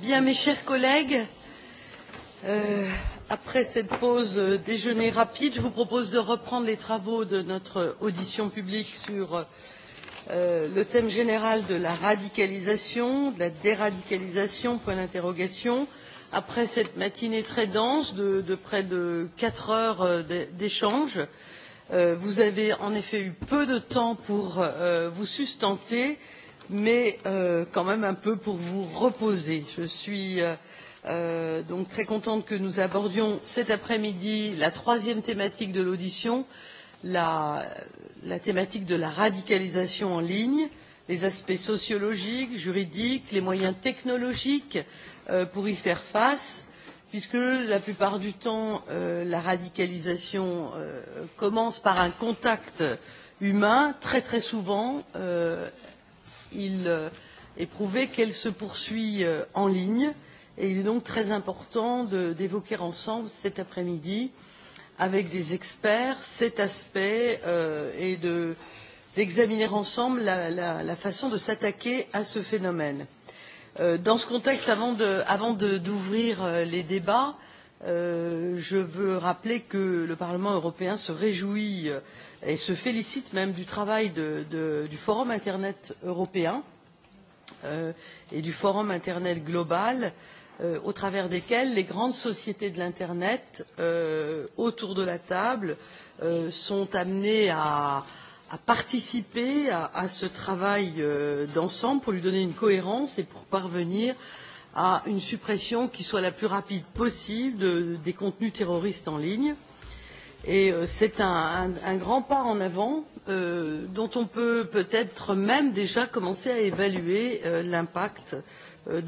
Bien, mes chers collègues, après cette pause déjeuner rapide, je vous propose de reprendre les travaux de notre audition publique sur le thème général de la radicalisation, de la déradicalisation, point d'interrogation, après cette matinée très dense de près de quatre heures d'échange. Vous avez en effet eu peu de temps pour vous sustenter mais quand même un peu pour vous reposer. Je suis donc très contente que nous abordions cet après-midi la troisième thématique de l'audition, la thématique de la radicalisation en ligne, les aspects sociologiques, juridiques, les moyens technologiques pour y faire face, puisque la plupart du temps, la radicalisation commence par un contact humain, très très souvent il est prouvé qu'elle se poursuit en ligne et il est donc très important d'évoquer ensemble cet après-midi avec des experts cet aspect et d'examiner ensemble la façon de s'attaquer à ce phénomène. Dans ce contexte, avant d'ouvrir les débats, je veux rappeler que le Parlement européen se réjouit et se félicite même du travail du Forum Internet européen et du Forum Internet global, au travers desquels les grandes sociétés de l'Internet, autour de la table, sont amenées à participer à ce travail d'ensemble pour lui donner une cohérence et pour parvenir à une suppression qui soit la plus rapide possible des contenus terroristes en ligne Et c'est un grand pas en avant dont on peut peut-être même déjà commencer à évaluer l'impact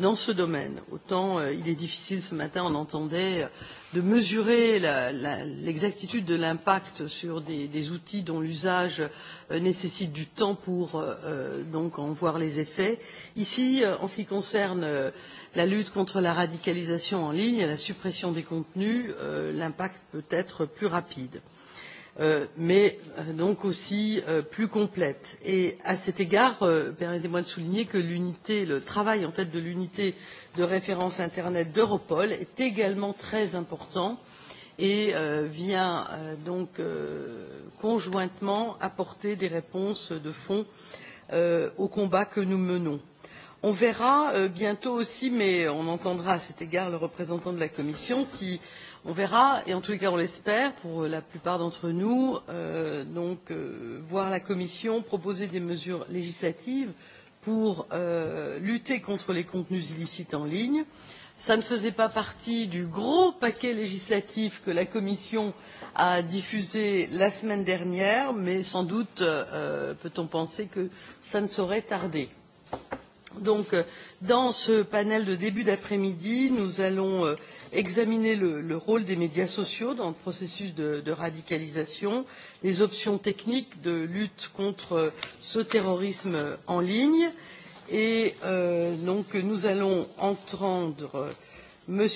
dans ce domaine. Autant il est difficile ce matin, on entendait, de mesurer l'exactitude de l'impact sur des outils dont l'usage nécessite du temps pour donc en voir les effets. Ici, en ce qui concerne la lutte contre la radicalisation en ligne et la suppression des contenus, l'impact peut être plus rapide, mais donc aussi plus complète. Et à cet égard, permettez-moi de souligner que l'unité, le travail en fait de l'unité de référence Internet d'Europol est également très important et vient donc conjointement apporter des réponses de fond au combat que nous menons On verra bientôt aussi, mais on entendra à cet égard le représentant de la Commission, si on verra, et en tous les cas on l'espère pour la plupart d'entre nous, donc voir la Commission proposer des mesures législatives pour lutter contre les contenus illicites en ligne. Ça ne faisait pas partie du gros paquet législatif que la Commission a diffusé la semaine dernière, mais sans doute peut-on penser que ça ne saurait tarder. Donc, dans ce panel de début d'après-midi, nous allons examiner le rôle des médias sociaux dans le processus de radicalisation, les options techniques de lutte contre ce terrorisme en ligne. Et donc, nous allons entendre M.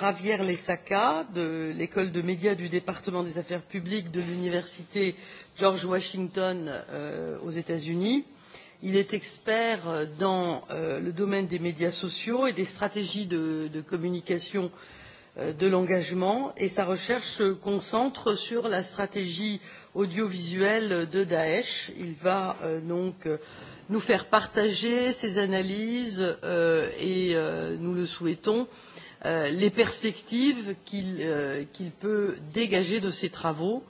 Javier Lesaca, de l'école de médias du département des affaires publiques de l'université George Washington aux États-Unis Il est expert dans le domaine des médias sociaux et des stratégies de communication de l'engagement et sa recherche se concentre sur la stratégie audiovisuelle de DaesH. Il va donc nous faire partager ses analyses et nous le souhaitons les perspectives qu'il peut dégager de ses travaux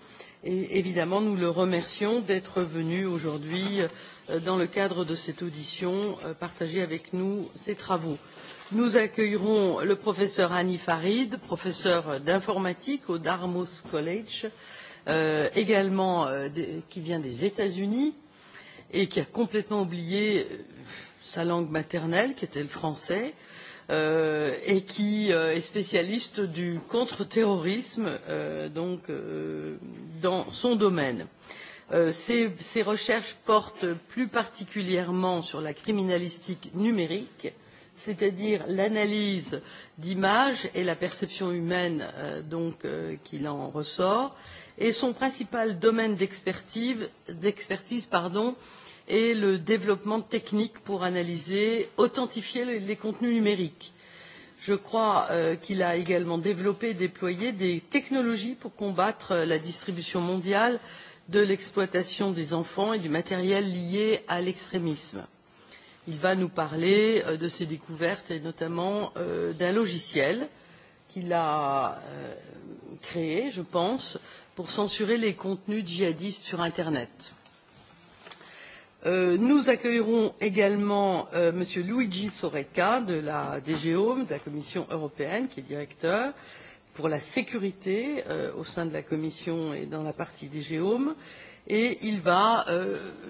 et évidemment nous le remercions d'être venu aujourd'hui dans le cadre de cette audition, partager avec nous ses travaux. Nous accueillerons le professeur Annie Farid, professeur d'informatique au Dartmouth College, également qui vient des États-Unis et qui a complètement oublié sa langue maternelle, qui était le français, et qui est spécialiste du contre-terrorisme dans son domaine. Ces recherches portent plus particulièrement sur la criminalistique numérique, c'est-à-dire l'analyse d'images et la perception humaine qu'il en ressort, et son principal domaine d'expertise est le développement technique pour analyser, authentifier les contenus numériques. Je crois qu'il a également développé et déployé des technologies pour combattre la distribution mondiale de l'exploitation des enfants et du matériel lié à l'extrémisme. Il va nous parler de ses découvertes et notamment d'un logiciel qu'il a créé, je pense, pour censurer les contenus djihadistes sur Internet. Nous accueillerons également M. Luigi Soreca de la DG de la Commission européenne, qui est directeur, pour la sécurité au sein de la Commission et dans la partie des Géomes. Et il va,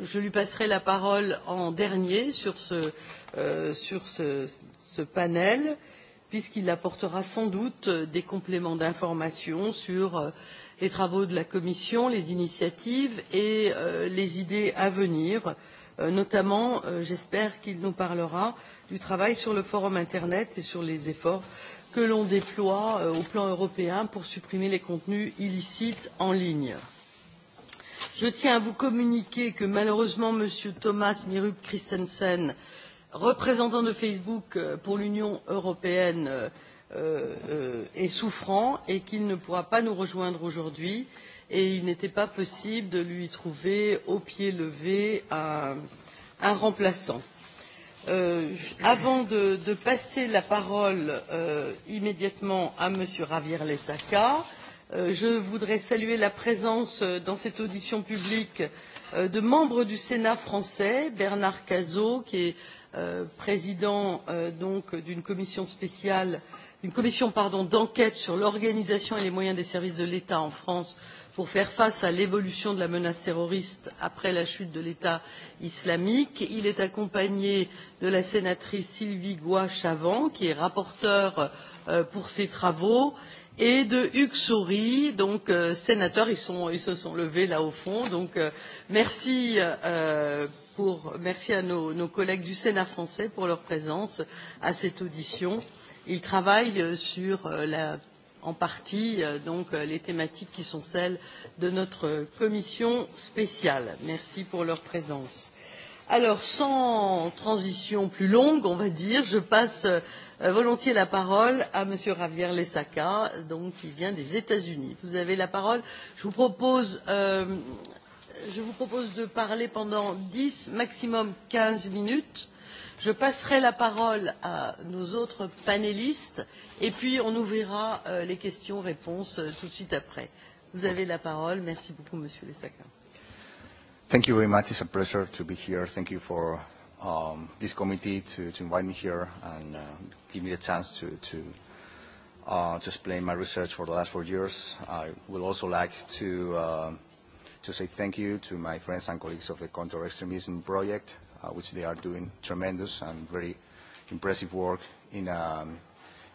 je lui passerai la parole en dernier sur ce panel, puisqu'il apportera sans doute des compléments d'information sur les travaux de la Commission, les initiatives et les idées à venir. Notamment, j'espère qu'il nous parlera du travail sur le forum Internet et sur les efforts que l'on déploie au plan européen pour supprimer les contenus illicites en ligne. Je tiens à vous communiquer que malheureusement M. Thomas Mirup Christensen, représentant de Facebook pour l'Union européenne, est souffrant et qu'il ne pourra pas nous rejoindre aujourd'hui et il n'était pas possible de lui trouver au pied levé un remplaçant. Avant de passer la parole immédiatement à M. Javier Lesaca, je voudrais saluer la présence dans cette audition publique de membres du Sénat français, Bernard Cazot, qui est président d'une commission spéciale d'une commission d'enquête sur l'organisation et les moyens des services de l'État en France pour faire face à l'évolution de la menace terroriste après la chute de l'État islamique. Il est accompagné de la sénatrice Sylvie Goy Chavant, qui est rapporteure pour ses travaux, et de Hugues Soury, donc sénateur, ils se sont levés là au fond. Donc merci pour merci à nos collègues du Sénat français pour leur présence à cette audition. Ils travaillent sur la en partie donc les thématiques qui sont celles de notre commission spéciale. Merci pour leur présence. Alors, sans transition plus longue, on va dire, je passe volontiers la parole à M. Javier Lesaca, donc, qui vient des États-Unis. Vous avez la parole. Je vous propose je vous propose de parler pendant 10, maximum 15 minutes. Je passerai la parole à nos autres panélistes et puis on ouvrira les questions-réponses tout de suite après. Vous avez la parole. Merci beaucoup, Monsieur Lesaka. Thank you very much. It's a pleasure to be here. Thank you for um, this committee to, to invite me here and give me the chance to, to, uh, to explain my research for the last four years. I will also like to uh, to say thank you to my friends and colleagues of the Counter Extremism Project, which they are doing tremendous and very impressive work in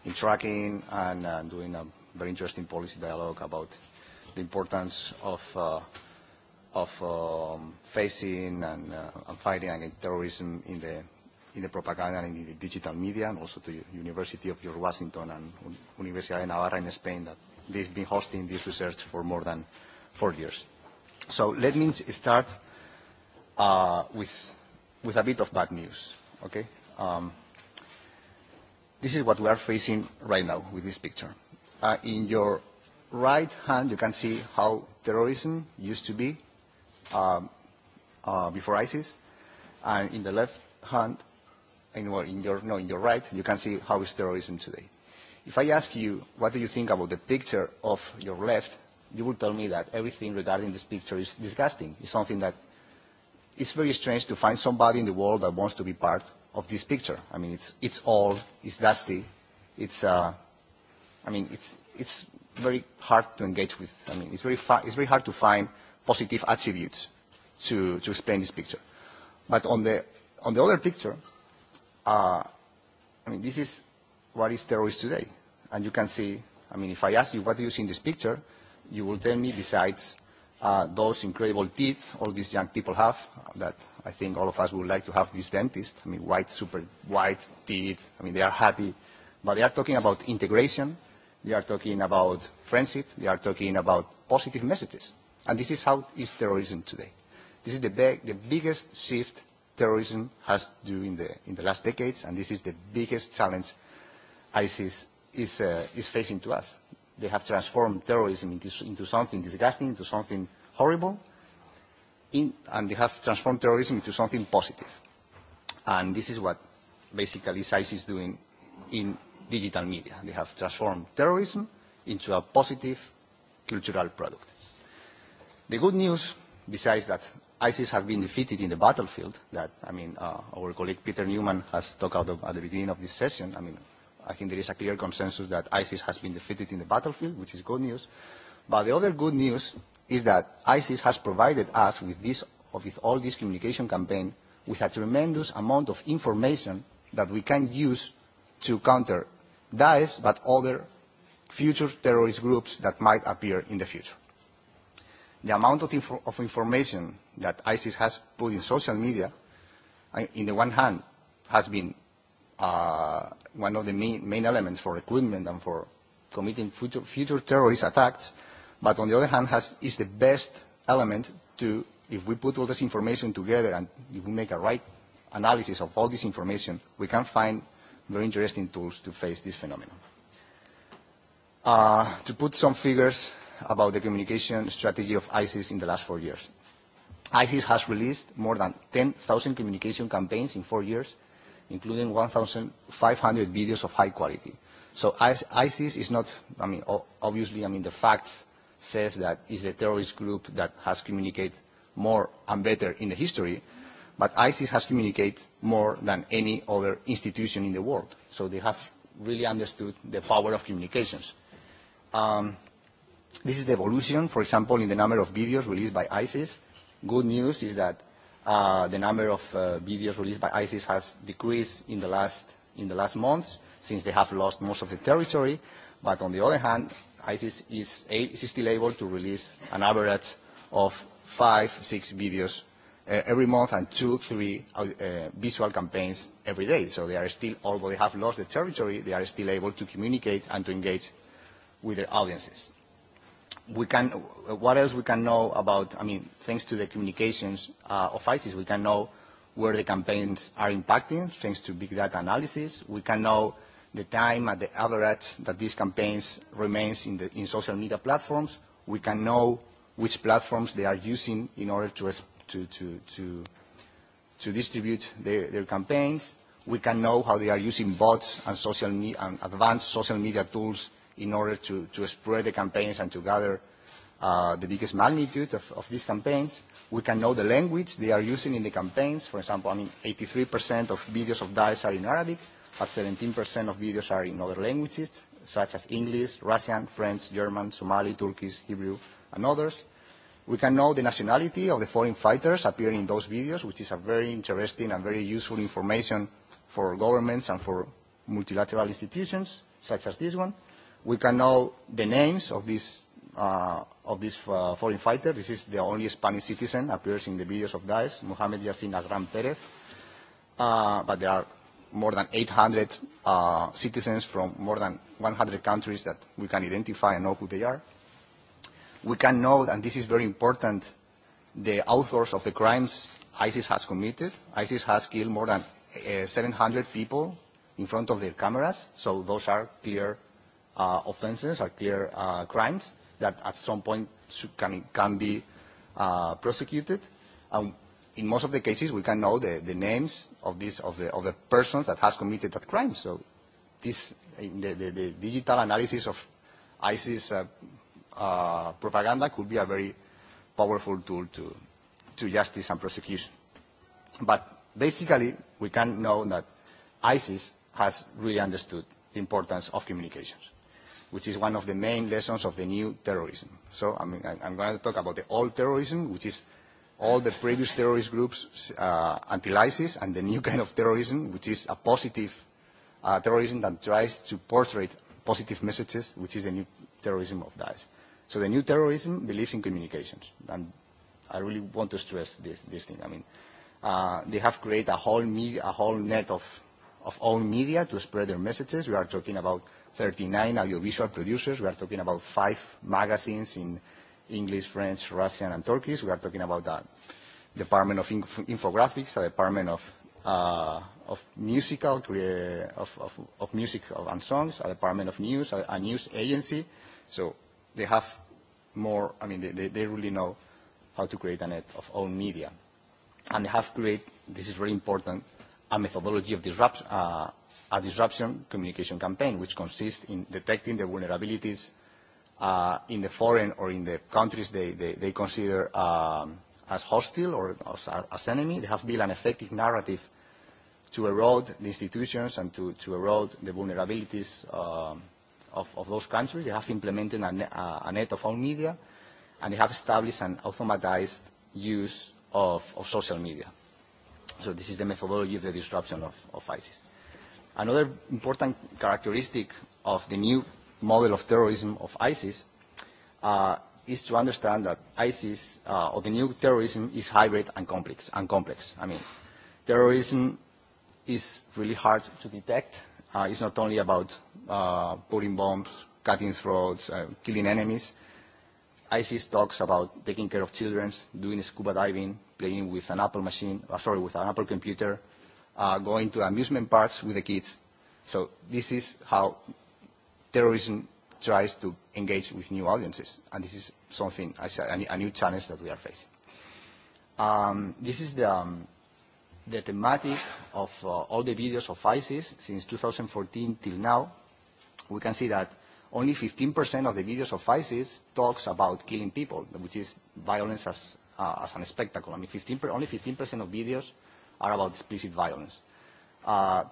in tracking and doing a very interesting policy dialogue about the importance of of facing and fighting against terrorism in the in the propaganda and in the digital media, and also to the University of George Washington and Universidad de Navarra in Spain that they've been hosting this research for more than four years. So let me start with with a bit of bad news. Okay, this is what we are facing right now with this picture. In your right hand, you can see how terrorism used to be before ISIS, and in the left hand, in your no, in your right, you can see how is terrorism today. If I ask you, what do you think about the picture of your left? you will tell me that everything regarding this picture is disgusting. It's something that it's very strange to find somebody in the world that wants to be part of this picture. I mean, it's, it's old, it's dusty, it's, uh, I mean, it's, it's very hard to engage with. I mean, it's very, it's very hard to find positive attributes to, to explain this picture. But on the, on the other picture, uh, I mean, this is what is terrorist today. And you can see, I mean, if I ask you what do you see in this picture, you will tell me besides those incredible teeth all these young people have that I think all of us would like to have these dentists. I mean, white, super white teeth. I mean, they are happy. But they are talking about integration. They are talking about friendship. They are talking about positive messages. And this is how is terrorism today. This is the, the biggest shift terrorism has done in the, in the last decades, and this is the biggest challenge ISIS is, is facing to us. They have transformed terrorism into something disgusting, into something horrible, and they have transformed terrorism into something positive. And this is what basically ISIS is doing in digital media. They have transformed terrorism into a positive cultural product. The good news, besides that ISIS have been defeated in the battlefield, that, I mean, our colleague Peter Newman has talked about at the beginning of this session, I mean, I think there is a clear consensus that ISIS has been defeated in the battlefield, which is good news. But the other good news is that ISIS has provided us with this, with all this communication campaign, with a tremendous amount of information that we can use to counter Daesh, but other future terrorist groups that might appear in the future. The amount of information that ISIS has put in social media, in the one hand, has been one of the main elements for equipment and for committing future terrorist attacks, but on the other hand is the best element to, if we put all this information together and if we make a right analysis of all this information, we can find very interesting tools to face this phenomenon. To put some figures about the communication strategy of ISIS in the last four years. ISIS has released more than 10,000 communication campaigns in four years, including 1,500 videos of high quality. So ISIS is not, I mean, obviously, I mean, the facts says that it's a terrorist group that has communicated more and better in the history, but ISIS has communicated more than any other institution in the world. So they have really understood the power of communications. This is the evolution, for example, in the number of videos released by ISIS. Good news is that the number of videos released by ISIS has decreased in the last months since they have lost most of the territory. But on the other hand, ISIS is still able to release an average of five, six videos every month and two, three visual campaigns every day. So they are still, although they have lost the territory, they are still able to communicate and to engage with their audiences we can, what else we can know about, I mean, thanks to the communications of ISIS, we can know where the campaigns are impacting, thanks to big data analysis. We can know the time at the average that these campaigns remains in, in social media platforms. We can know which platforms they are using in order to, to, to, to, to distribute their, their campaigns. We can know how they are using bots and, social and advanced social media tools in order to, to spread the campaigns and to gather the biggest magnitude of, these campaigns. We can know the language they are using in the campaigns. For example, I mean, 83% of videos of Daesh are in Arabic, but 17% of videos are in other languages, such as English, Russian, French, German, Somali, Turkish, Hebrew, and others. We can know the nationality of the foreign fighters appearing in those videos, which is a very interesting and very useful information for governments and for multilateral institutions, such as this one. We can know the names of these of this foreign fighter. This is the only Spanish citizen appears in the videos of Daesh, Mohamed Yassin Agram Perez. But there are more than 800 citizens from more than 100 countries that we can identify and know who they are. We can know, and this is very important, the authors of the crimes ISIS has committed. ISIS has killed more than 700 people in front of their cameras, so those are clear offenses, are clear crimes that at some point can be prosecuted. And in most of the cases, we can know the names of the persons that has committed that crime. So this the digital analysis of ISIS propaganda could be a very powerful tool to to justice and prosecution. But basically, we can know that ISIS has really understood the importance of communications which is one of the main lessons of the new terrorism. So I mean, I'm going to talk about the old terrorism, which is all the previous terrorist groups until ISIS, and the new kind of terrorism, which is a positive terrorism that tries to portray positive messages, which is the new terrorism of Daesh. So the new terrorism believes in communications, and I really want to stress this, this thing. I mean, they have created a whole, a whole net of, of own media to spread their messages. We are talking about 39 audiovisual producers. We are talking about five magazines in English, French, Russian, and Turkish. We are talking about the Department of Infographics, a Department of of musical of music and songs, a Department of News, a news agency. So they have more. I mean, they they really know how to create a net of own media, and they have created. This is very important. A methodology of disruption a disruption communication campaign, which consists in detecting the vulnerabilities in the foreign or in the countries they they consider as hostile or as enemy. They have built an effective narrative to erode the institutions and to to erode the vulnerabilities of those countries. They have implemented a net of all media, and they have established an automatized use of social media. So this is the methodology of the disruption of ISIS. Another important characteristic of the new model of terrorism of ISIS is to understand that ISIS or the new terrorism is hybrid and complex. And complex. I mean, terrorism is really hard to detect. It's not only about putting bombs, cutting throats, killing enemies. ISIS talks about taking care of children, doing scuba diving, playing with an Apple machine, sorry, with an Apple computer, going to amusement parks with the kids. So this is how terrorism tries to engage with new audiences, and this is something, a new challenge that we are facing. This is the the thematic of all the videos of ISIS since 2014 till now. We can see that only 15% of the videos of ISIS talks about killing people, which is violence as as an spectacle. I mean, only 15% of videos are about explicit violence. 24%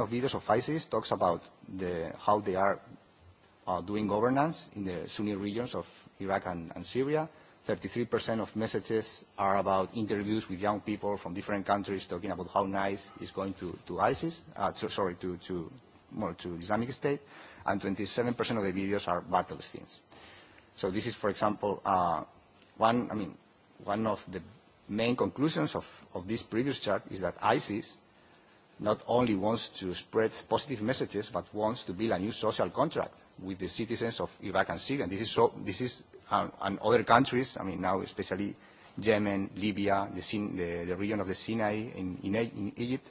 of videos of ISIS talks about how they are doing governance in the Sunni regions of Iraq and Syria. 33% of messages are about interviews with young people from different countries talking about how nice is going to ISIS, sorry, to to more to Islamic State, and 27% of the videos are battle scenes. So this is, for example, one, I mean, one of the main conclusions of this previous chart is that ISIS not only wants to spread positive messages, but wants to build a new social contract with the citizens of Iraq and Syria. This is so. This is and other countries. I mean now, especially Yemen, Libya, the region of the Sinai in Egypt.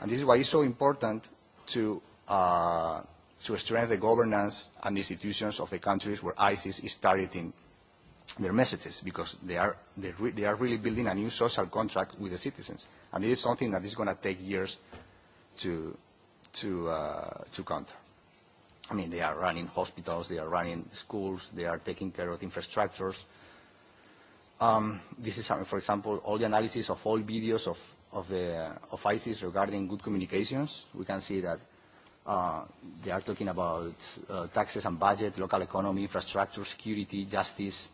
And this is why it's so important to to strengthen the governance and institutions of the countries where ISIS is targeting their messages because they are they, re, they are really building a new social contract with the citizens and it is something that is going to take years to to uh, to counter i mean they are running hospitals they are running schools they are taking care of infrastructures um this is for example all the analysis of all videos of of the of isis regarding good communications we can see that uh they are talking about taxes and budget local economy infrastructure security justice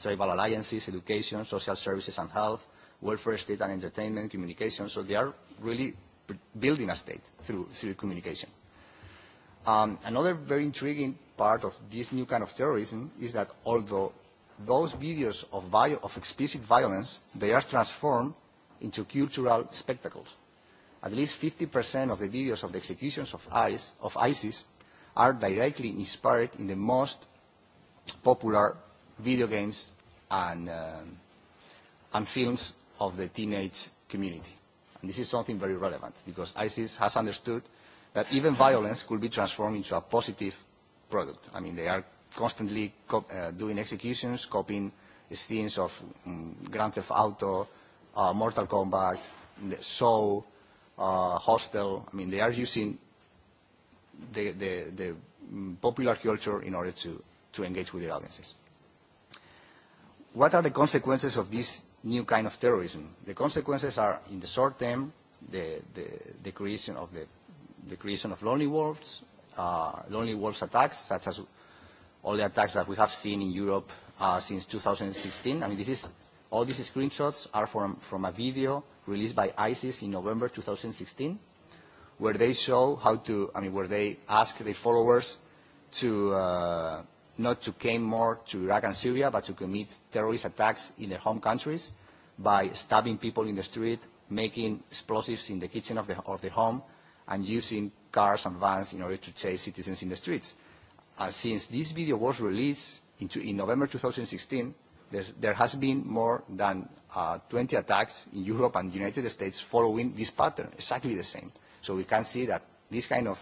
tribal alliances, education, social services and health, welfare state and entertainment, communication. So they are really building a state through through communication. Another very intriguing part of this new kind of terrorism is that although those videos of of explicit violence, they are transformed into cultural spectacles. At least 50% of the videos of the executions of of ISIS are directly inspired in the most popular video games and and films of the teenage community. And this is something very relevant because ISIS has understood that even violence could be transformed into a positive product. I mean, they are constantly doing executions, copying scenes of Grand Theft Auto, Mortal Kombat, Saw, Hostel. I mean, they are using the popular culture in order to engage with their audiences. What are the consequences of this new kind of terrorism? The consequences are, in the short term, the creation of the the creation of lonely wolves, lonely wolves attacks, such as all the attacks that we have seen in Europe since 2016. I mean, this is all these screenshots are from from a video released by ISIS in November 2016, where they show how to, I mean, where they ask their followers to not to come more to Iraq and Syria, but to commit terrorist attacks in their home countries by stabbing people in the street, making explosives in the kitchen of their home, and using cars and vans in order to chase citizens in the streets. Since this video was released in November 2016, there has been more than 20 attacks in Europe and the United States following this pattern, exactly the same. So we can see that this kind of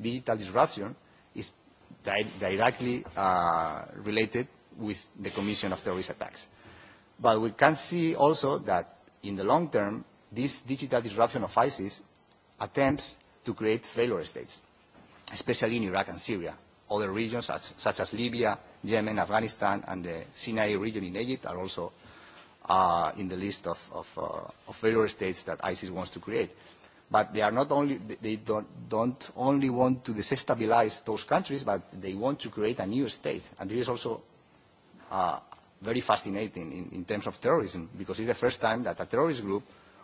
digital disruption directly related with the commission of terrorist attacks. But we can see also that in the long term, this digital disruption of ISIS attempts to create failure states, especially in Iraq and Syria. Other regions such as Libya, Yemen, Afghanistan, and the Sinai region in Egypt are also in the list of failure states that ISIS wants to create. But they are not only they don't only want to destabilize those countries, but they want to create a new state. And this is also very fascinating in terms of terrorism, because it's the first time that a terrorist group,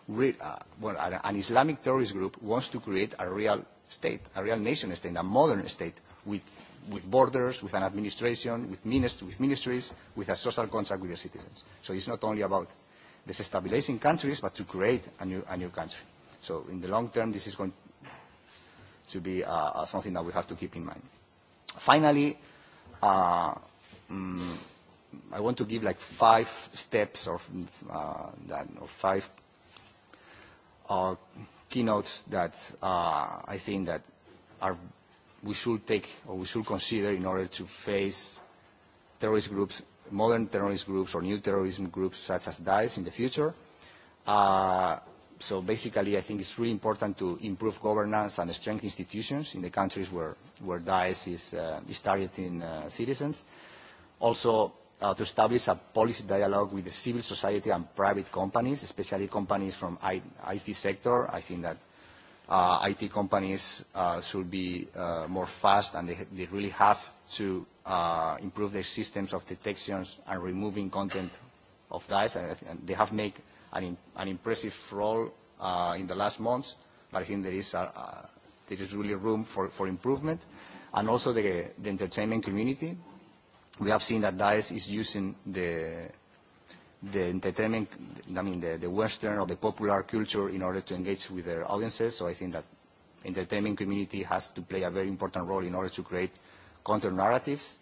well, an Islamic terrorist group, wants to create a real state, a real nation state, a modern state, with with borders, with an administration, with with ministries, with a social contract with the citizens. So it's not only about destabilizing countries, but to create a new country. So in the long term, this is going to be something that we have to keep in mind. Finally, I want to give like five steps or five keynotes that I think that we should take or we should consider in order to face terrorist groups, modern terrorist groups or new terrorism groups such as Daesh in the future. So basically, I think it's really important to improve governance and strengthen institutions in the countries where DAESH is targeting citizens. Also, to establish a policy dialogue with the civil society and private companies, especially companies from IT sector. I think that IT companies should be more fast, and they really have to improve their systems of detections and removing content of DAESH. They have made an impressive role in the last months, but I think there is really room for improvement. And also the entertainment community. We have seen that DICE is using the entertainment, I mean, the Western or the popular culture in order to engage with their audiences. So I think that entertainment community has to play a very important role in order to create counter narratives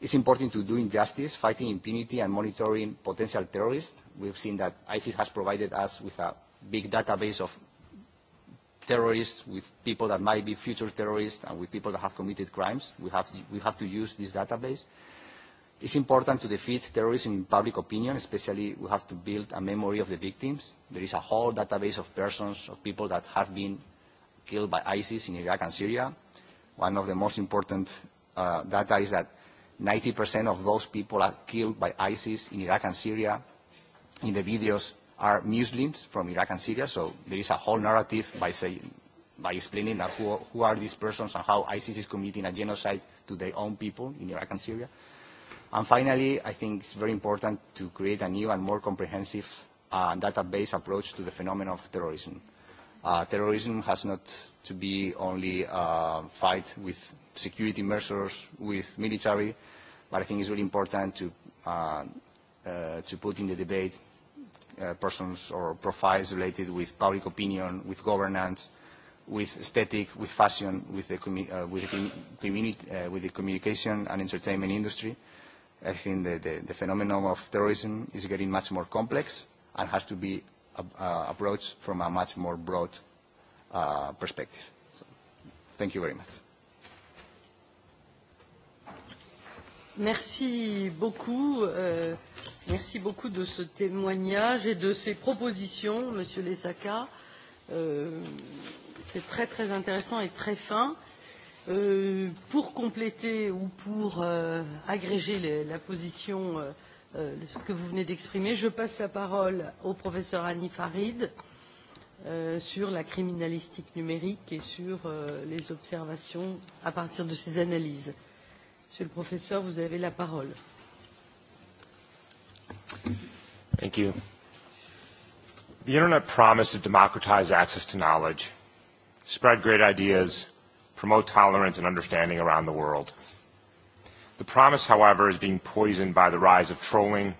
It's important to do injustice, fighting impunity and monitoring potential terrorists. We've seen that ISIS has provided us with a big database of terrorists, with people that might be future terrorists and with people that have committed crimes. We have, to use this database. It's important to defeat terrorism in public opinion, especially we have to build a memory of the victims. There is a whole database of persons, of people that have been killed by ISIS in Iraq and Syria. One of the most important data is that 90% of those people are killed by ISIS in Iraq and Syria. In the videos are Muslims from Iraq and Syria, so there is a whole narrative by saying by explaining that who, who are these persons and how ISIS is committing a genocide to their own people in Iraq and Syria. And finally, I think it's very important to create a new and more comprehensive database approach to the phenomenon of terrorism. Terrorism has not to be only fight with security measures with military, but I think it's really important to to put in the debate persons or profiles related with public opinion, with governance, with aesthetic, with fashion, with the with the communication and entertainment industry. I think the the phenomenon of terrorism is getting much more complex and has to be approached from a much more broad perspective. Thank you very much. Merci beaucoup. Merci beaucoup de ce témoignage et de ces propositions, Monsieur Lesaka. C'est très très intéressant et très fin. Pour compléter ou pour agréger la position que vous venez d'exprimer, je passe la parole au professeur Annie Farid sur la criminalistique numérique et sur les observations à partir de ses analyses. Monsieur le professeur, vous avez la parole. Thank you. The Internet promised to democratize access to knowledge, spread great ideas, promote tolerance and understanding around the world. The promise, however, is being poisoned by the rise of trolling,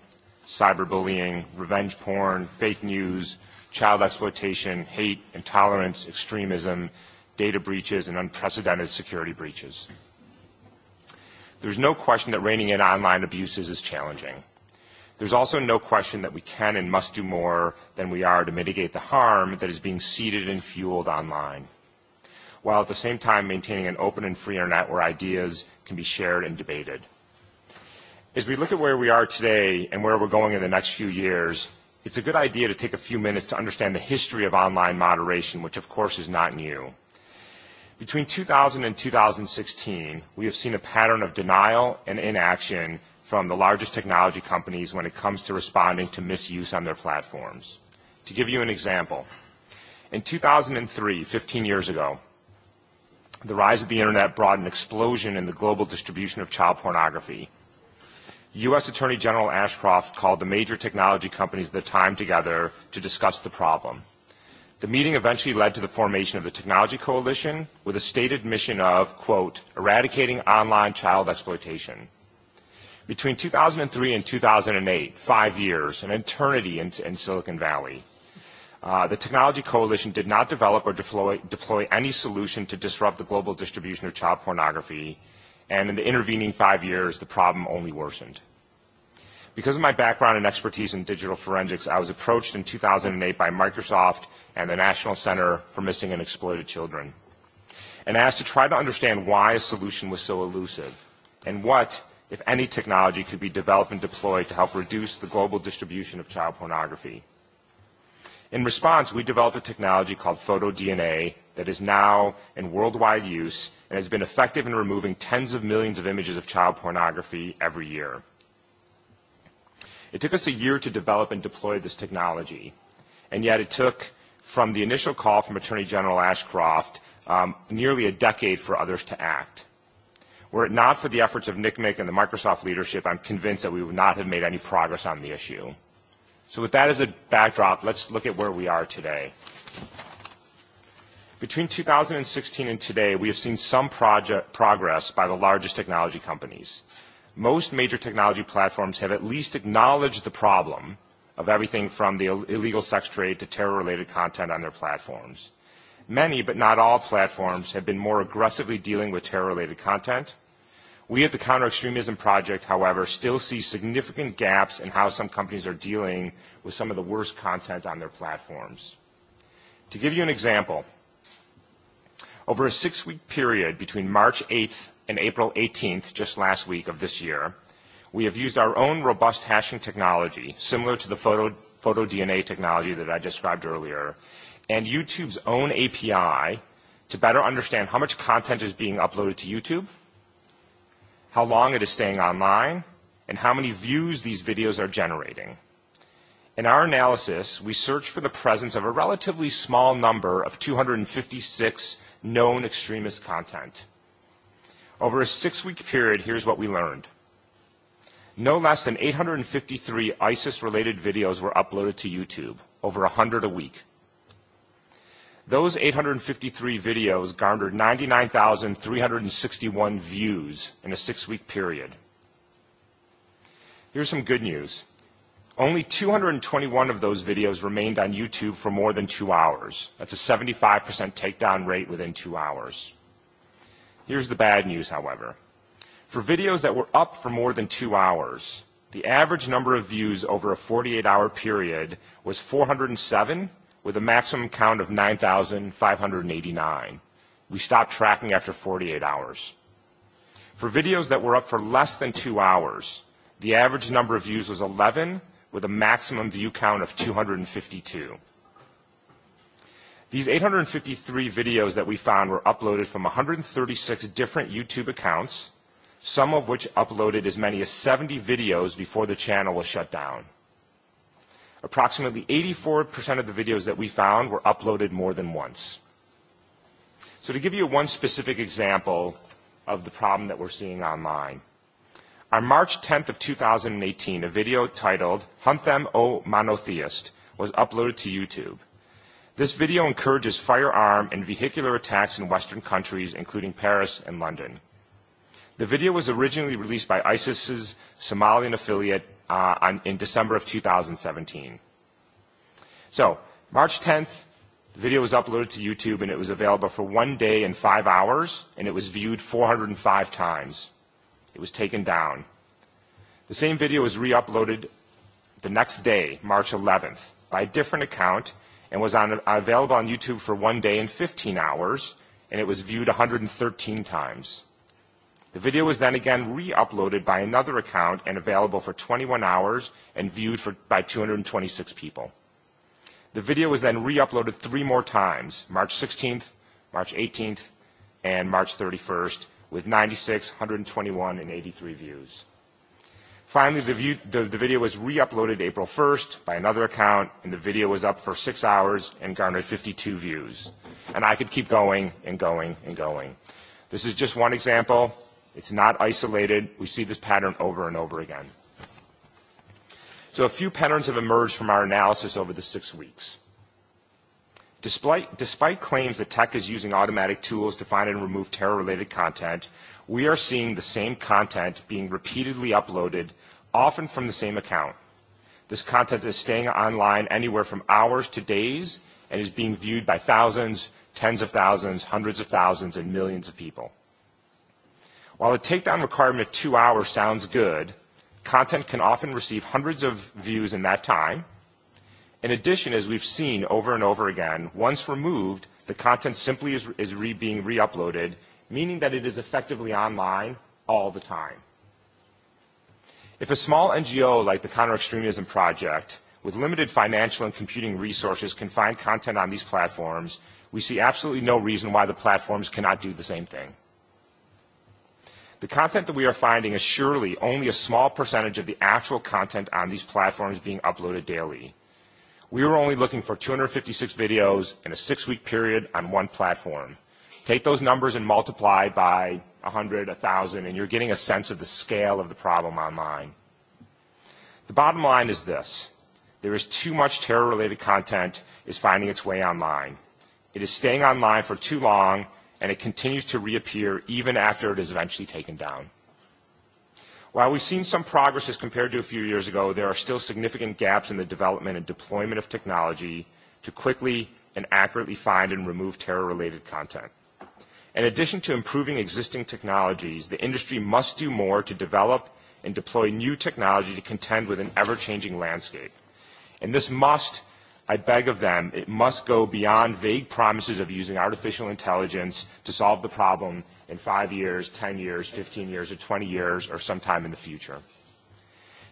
cyberbullying, revenge porn, fake news, child exploitation, hate, intolerance, extremism, data breaches, and unprecedented security breaches. There's no question that reining in online abuses is challenging. There's also no question that we can and must do more than we are to mitigate the harm that is being seeded and fueled online, while at the same time maintaining an open and free internet where ideas can be shared and debated. As we look at where we are today and where we're going in the next few years, it's a good idea to take a few minutes to understand the history of online moderation, which of course is not new. Between 2000 and 2016, we have seen a pattern of denial and inaction from the largest technology companies when it comes to responding to misuse on their platforms. To give you an example, in 2003, 15 years ago, the rise of the Internet brought an explosion in the global distribution of child pornography. U.S. Attorney General Ashcroft called the major technology companies at the time together to discuss the problem. The meeting eventually led to the formation of the Technology Coalition with a stated mission of, quote, eradicating online child exploitation. Between 2003 and 2008, five years, an eternity in Silicon Valley, the Technology Coalition did not develop or deploy any solution to disrupt the global distribution of child pornography, and in the intervening five years, the problem only worsened. Because of my background and expertise in digital forensics, I was approached in 2008 by Microsoft and the National Center for Missing and Exploited Children and asked to try to understand why a solution was so elusive and what, if any, technology could be developed and deployed to help reduce the global distribution of child pornography. In response, we developed a technology called PhotoDNA that is now in worldwide use and has been effective in removing tens of millions of images of child pornography every year. It took us a year to develop and deploy this technology, and yet it took, from the initial call from Attorney General Ashcroft, nearly a decade for others to act. Were it not for the efforts of NCMEC and the Microsoft leadership, I'm convinced that we would not have made any progress on the issue. So with that as a backdrop, let's look at where we are today. Between 2016 and today, we have seen some progress by the largest technology companies most major technology platforms have at least acknowledged the problem of everything from the illegal sex trade to terror-related content on their platforms. Many, but not all, platforms have been more aggressively dealing with terror-related content. We at the Counter-Extremism Project, however, still see significant gaps in how some companies are dealing with some of the worst content on their platforms. To give you an example, over a six-week period between March 8th and April 18th, just last week of this year, we have used our own robust hashing technology, similar to the photo DNA technology that I described earlier, and YouTube's own API to better understand how much content is being uploaded to YouTube, how long it is staying online, and how many views these videos are generating. In our analysis, we searched for the presence of a relatively small number of 256 known extremist content. Over a six-week period, here's what we learned. No less than 853 ISIS-related videos were uploaded to YouTube, over 100 a week. Those 853 videos garnered 99,361 views in a six-week period. Here's some good news. Only 221 of those videos remained on YouTube for more than two hours. That's a 75% takedown rate within two hours. Here's the bad news, however. For videos that were up for more than two hours, the average number of views over a 48-hour period was 407, with a maximum count of 9,589. We stopped tracking after 48 hours. For videos that were up for less than two hours, the average number of views was 11, with a maximum view count of 252. These 853 videos that we found were uploaded from 136 different YouTube accounts, some of which uploaded as many as 70 videos before the channel was shut down. Approximately 84% of the videos that we found were uploaded more than once. So to give you one specific example of the problem that we're seeing online, on March 10th of 2018, a video titled Hunt Them, O Monotheist, was uploaded to YouTube. This video encourages firearm and vehicular attacks in Western countries, including Paris and London. The video was originally released by ISIS's Somalian affiliate in December of 2017. So, March 10th, the video was uploaded to YouTube, and it was available for one day and five hours, and it was viewed 405 times. It was taken down. The same video was re-uploaded the next day, March 11th, by a different account and was available on YouTube for one day and 15 hours, and it was viewed 113 times. The video was then again re-uploaded by another account and available for 21 hours and viewed by 226 people. The video was then re-uploaded three more times, March 16th, March 18th, and March 31st, with 96, 121, and 83 views. Finally, the video was re-uploaded April 1st by another account, and the video was up for six hours and garnered 52 views. And I could keep going and going and going. This is just one example. It's not isolated. We see this pattern over and over again. So a few patterns have emerged from our analysis over the six weeks. Despite claims that tech is using automatic tools to find and remove terror-related content, we are seeing the same content being repeatedly uploaded, often from the same account. This content is staying online anywhere from hours to days and is being viewed by thousands, tens of thousands, hundreds of thousands, and millions of people. While a takedown requirement of two hours sounds good, content can often receive hundreds of views in that time. In addition, as we've seen over and over again, once removed, the content simply is being re-uploaded meaning that it is effectively online all the time. If a small NGO like the Counter-Extremism Project, with limited financial and computing resources, can find content on these platforms, we see absolutely no reason why the platforms cannot do the same thing. The content that we are finding is surely only a small percentage of the actual content on these platforms being uploaded daily. We were only looking for 256 videos in a six-week period on one platform. Take those numbers and multiply by 100, 1,000, and you're getting a sense of the scale of the problem online. The bottom line is this. There is too much terror-related content is finding its way online. It is staying online for too long, and it continues to reappear even after it is eventually taken down. While we've seen some progress as compared to a few years ago, there are still significant gaps in the development and deployment of technology to quickly and accurately find and remove terror-related content. In addition to improving existing technologies, the industry must do more to develop and deploy new technology to contend with an ever-changing landscape. And this must, I beg of them, it must go beyond vague promises of using artificial intelligence to solve the problem in five years, 10 years, 15 years, or 20 years, or sometime in the future.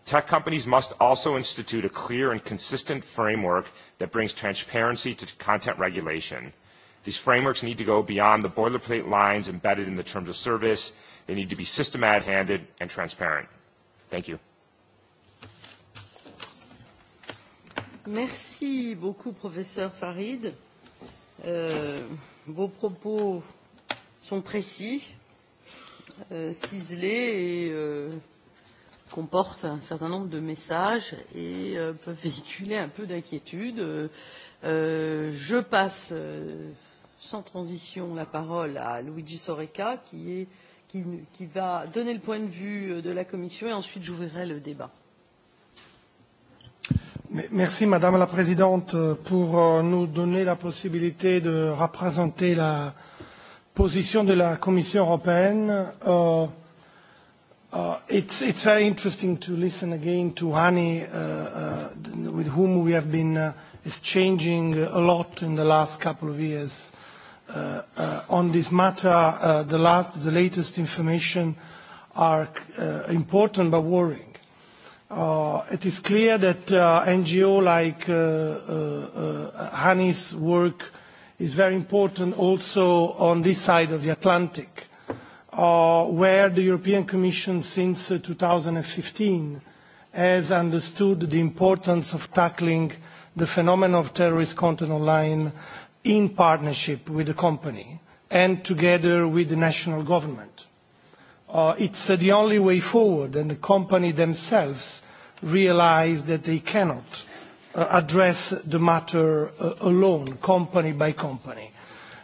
Tech companies must also institute a clear and consistent framework that brings transparency to content regulation. These frameworks need to go beyond the boilerplate lines embedded in the terms of service. They need to be systematic-handed and transparent. Thank you. Merci beaucoup, professeur Farid. Vos propos sont précis, ciselés et comportent un certain nombre de messages et peuvent véhiculer un peu d'inquiétude. Je passe sans transition la parole à Luigi Soreca, qui, qui, qui va donner le point de vue de la Commission, et ensuite j'ouvrirai le débat. Merci Madame la Présidente pour nous donner la possibilité de représenter la position de la Commission européenne. It's it's interesting to listen again to Hani, with whom we have been exchanging a lot in the last couple of years on this matter, the last, the latest information are important but worrying. It is clear that NGO like Hani's work is very important also on this side of the Atlantic, where the European Commission since 2015 has understood the importance of tackling the phenomenon of terrorist content online in partnership with the company and together with the national government. It's the only way forward, and the company themselves realize that they cannot address the matter alone, company by company.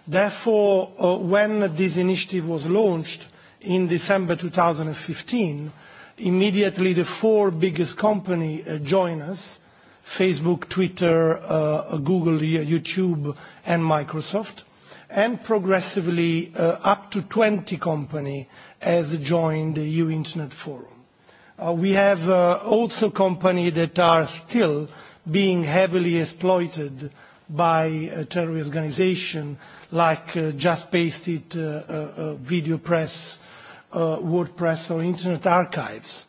Therefore, when this initiative was launched in December 2015, immediately the four biggest companies joined us Facebook, Twitter, Google, YouTube, and Microsoft. And progressively, up to 20 companies have joined the EU Internet Forum. We have also companies that are still being heavily exploited by terrorist organizations like Just Pasted, Video Press, WordPress, or Internet Archives.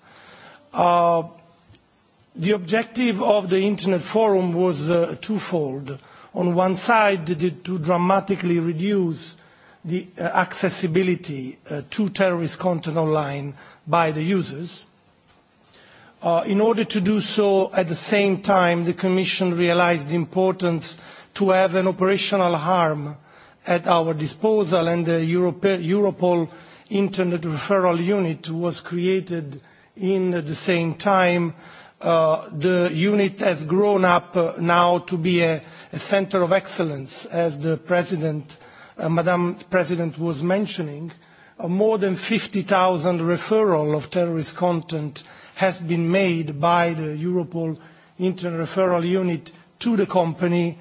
The objective of the Internet Forum was twofold. On one side, to dramatically reduce the accessibility to terrorist content online by the users. In order to do so, at the same time, the Commission realised the importance to have an operational harm at our disposal, and the Europol Internet Referral Unit was created in the same time the unit has grown up now to be a centre of excellence, as the President, Madam President was mentioning. More than 50,000 referral of terrorist content has been made by the Europol inter Referral Unit to the company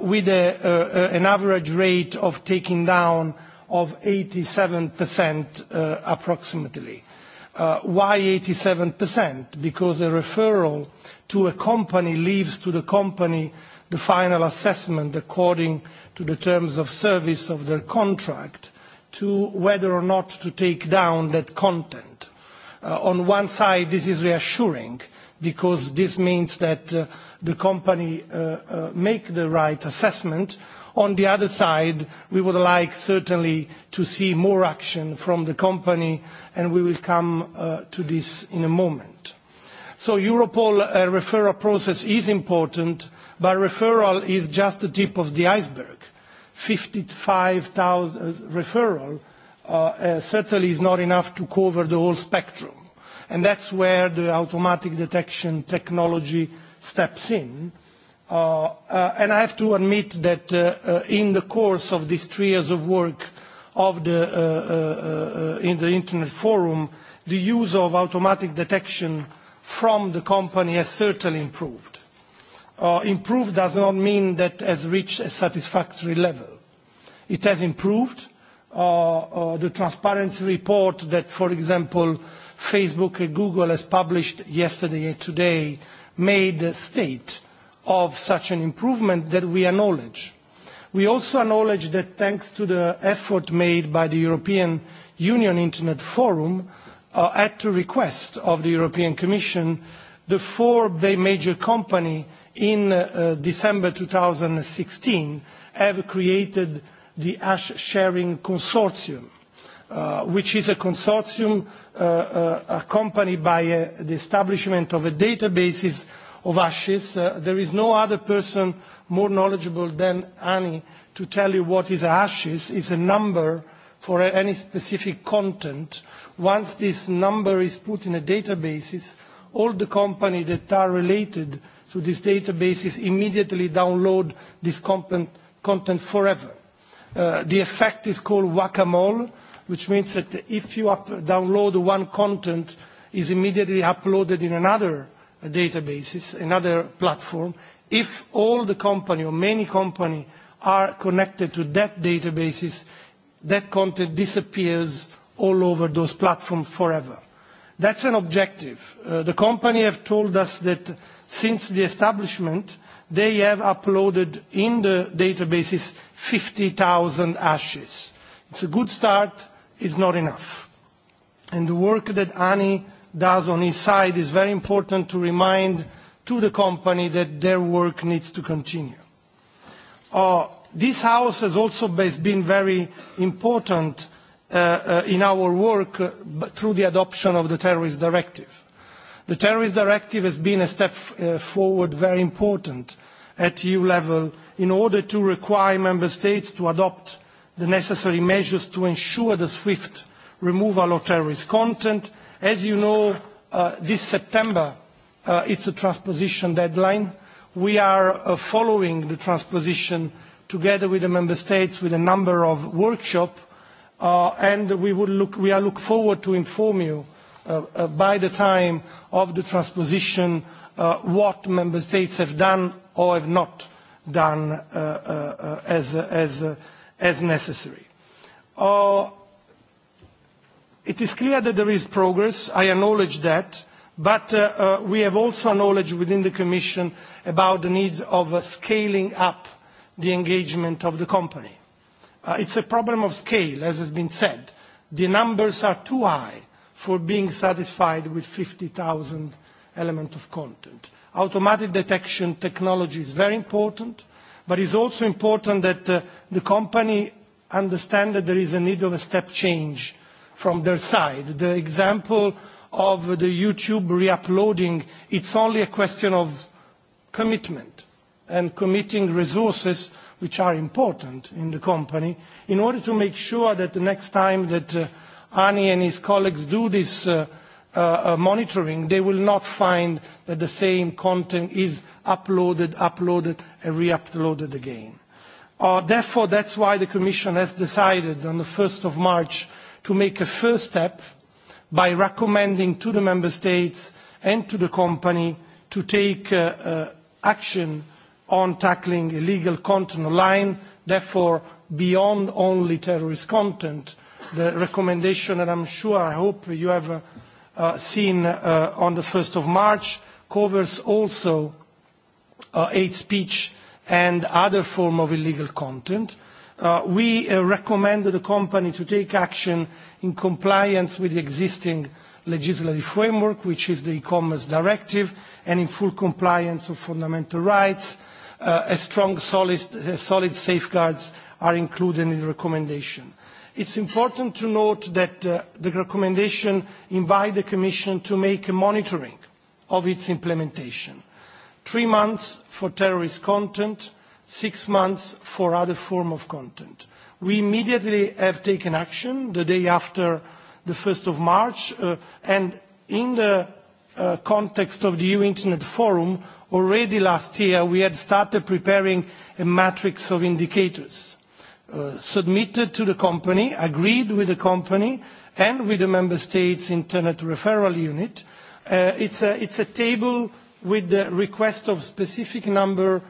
with an average rate of taking down of 87% approximately. Why 87%? Because a referral to a company leaves to the company the final assessment according to the terms of service of their contract to whether or not to take down that content. On one side, this is reassuring because this means that the company make the right assessment On the other side, we would like certainly to see more action from the company, and we will come to this in a moment. So Europol referral process is important, but referral is just the tip of the iceberg. 55,000 referral certainly is not enough to cover the whole spectrum. And that's where the automatic detection technology steps in And I have to admit that in the course of these three years of work in the Internet Forum, the use of automatic detection from the company has certainly improved. Improved does not mean that has reached a satisfactory level. It has improved. The transparency report that, for example, Facebook and Google has published yesterday and today made state of such an improvement that we acknowledge. We also acknowledge that thanks to the effort made by the European Union Internet Forum, at the request of the European Commission, the four major companies in December 2016 have created the Ash Sharing Consortium, which is a consortium accompanied by the establishment of a database of ashes. There is no other person more knowledgeable than Annie to tell you what is ashes. It's a number for any specific content. Once this number is put in a database, all the companies that are related to these databases immediately download this content forever. The effect is called whack-a-mole, which means that if you download one content, is immediately uploaded in another databases, another platform, if all the company or many company are connected to that database, that content disappears all over those platforms forever. That's an objective. The company have told us that since the establishment, they have uploaded in the databases 50,000 ashes. It's a good start. It's not enough. And the work that Ani does on his side is very important to remind to the company that their work needs to continue. This House has also been very important in our work through the adoption of the Terrorist Directive. The Terrorist Directive has been a step forward very important at EU level in order to require Member States to adopt the necessary measures to ensure the swift removal of terrorist content As you know, this September it's a transposition deadline. We are following the transposition together with the Member States with a number of workshops and we look forward to inform you by the time of the transposition what Member States have done or have not done as necessary. It is clear that there is progress. I acknowledge that. But we have also acknowledged within the Commission about the needs of scaling up the engagement of the company. It's a problem of scale, as has been said. The numbers are too high for being satisfied with 50,000 elements of content. Automatic detection technology is very important, but it's also important that the company understand that there is a need of a step change from their side. The example of the YouTube re-uploading, it's only a question of commitment and committing resources which are important in the company in order to make sure that the next time that Ani and his colleagues do this monitoring, they will not find that the same content is uploaded, uploaded and re-uploaded again. Therefore, that's why the Commission has decided on the 1st of March to make a first step by recommending to the member states and to the company to take action on tackling illegal content online. Therefore, beyond only terrorist content, the recommendation that I'm sure, I hope you have seen on the 1st of March, covers also hate speech and other form of illegal content we recommend the company to take action in compliance with the existing legislative framework, which is the e-commerce directive, and in full compliance of fundamental rights. A strong, solid safeguards are included in the recommendation. It's important to note that the recommendation invites the Commission to make a monitoring of its implementation. Three months for terrorist content, six months for other form of content. We immediately have taken action the day after the 1st of March and in the context of the EU Internet Forum already last year we had started preparing a matrix of indicators submitted to the company, agreed with the company and with the Member States Internet Referral Unit. It's a table with the request of specific number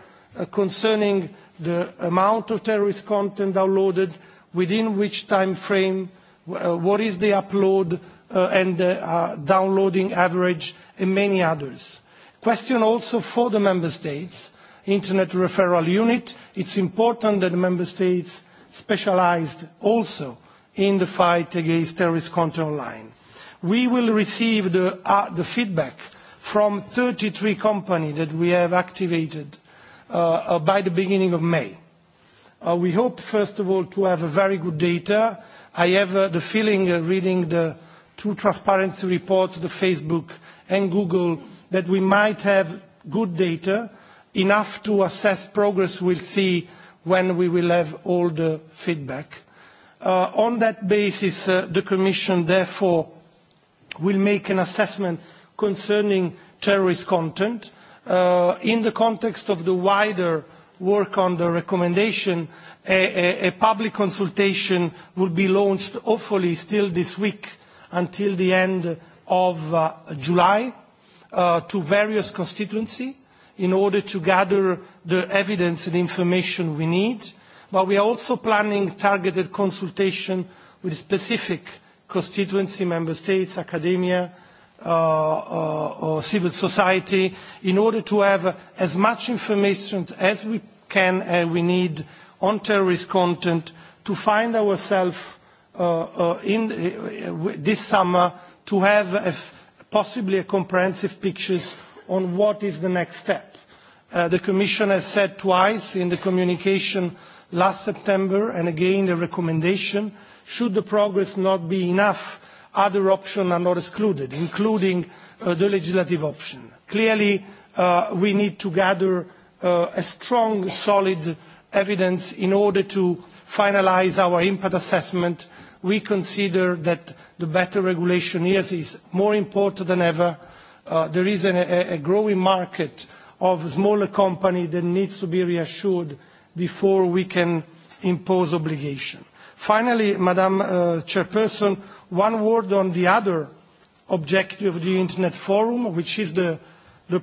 concerning the amount of terrorist content downloaded, within which time frame, what is the upload and downloading average, and many others. Question also for the member states, Internet Referral Unit. It's important that the member states specialise also in the fight against terrorist content online. We will receive the feedback from 33 companies that we have activated by the beginning of May. We hope, first of all, to have very good data. I have the feeling, reading the two transparency reports, the Facebook and Google, that we might have good data, enough to assess progress. We'll see when we will have all the feedback. On that basis, the Commission, therefore, will make an assessment concerning terrorist content in the context of the wider work on the recommendation, a public consultation will be launched hopefully still this week until the end of July to various constituencies in order to gather the evidence and information we need. But we are also planning targeted consultation with specific constituency member states, academia, civil society in order to have as much information as we can and we need on terrorist content to find ourselves this summer to have possibly a comprehensive picture on what is the next step. The Commission has said twice in the communication last September and again the recommendation should the progress not be enough other options are not excluded, including the legislative option. Clearly, we need to gather a strong, solid evidence in order to finalise our impact assessment. We consider that the better regulation is more important than ever. There is a growing market of smaller companies that needs to be reassured before we can impose obligation. Finally, Madam Chairperson, One word on the other objective of the Internet Forum, which is the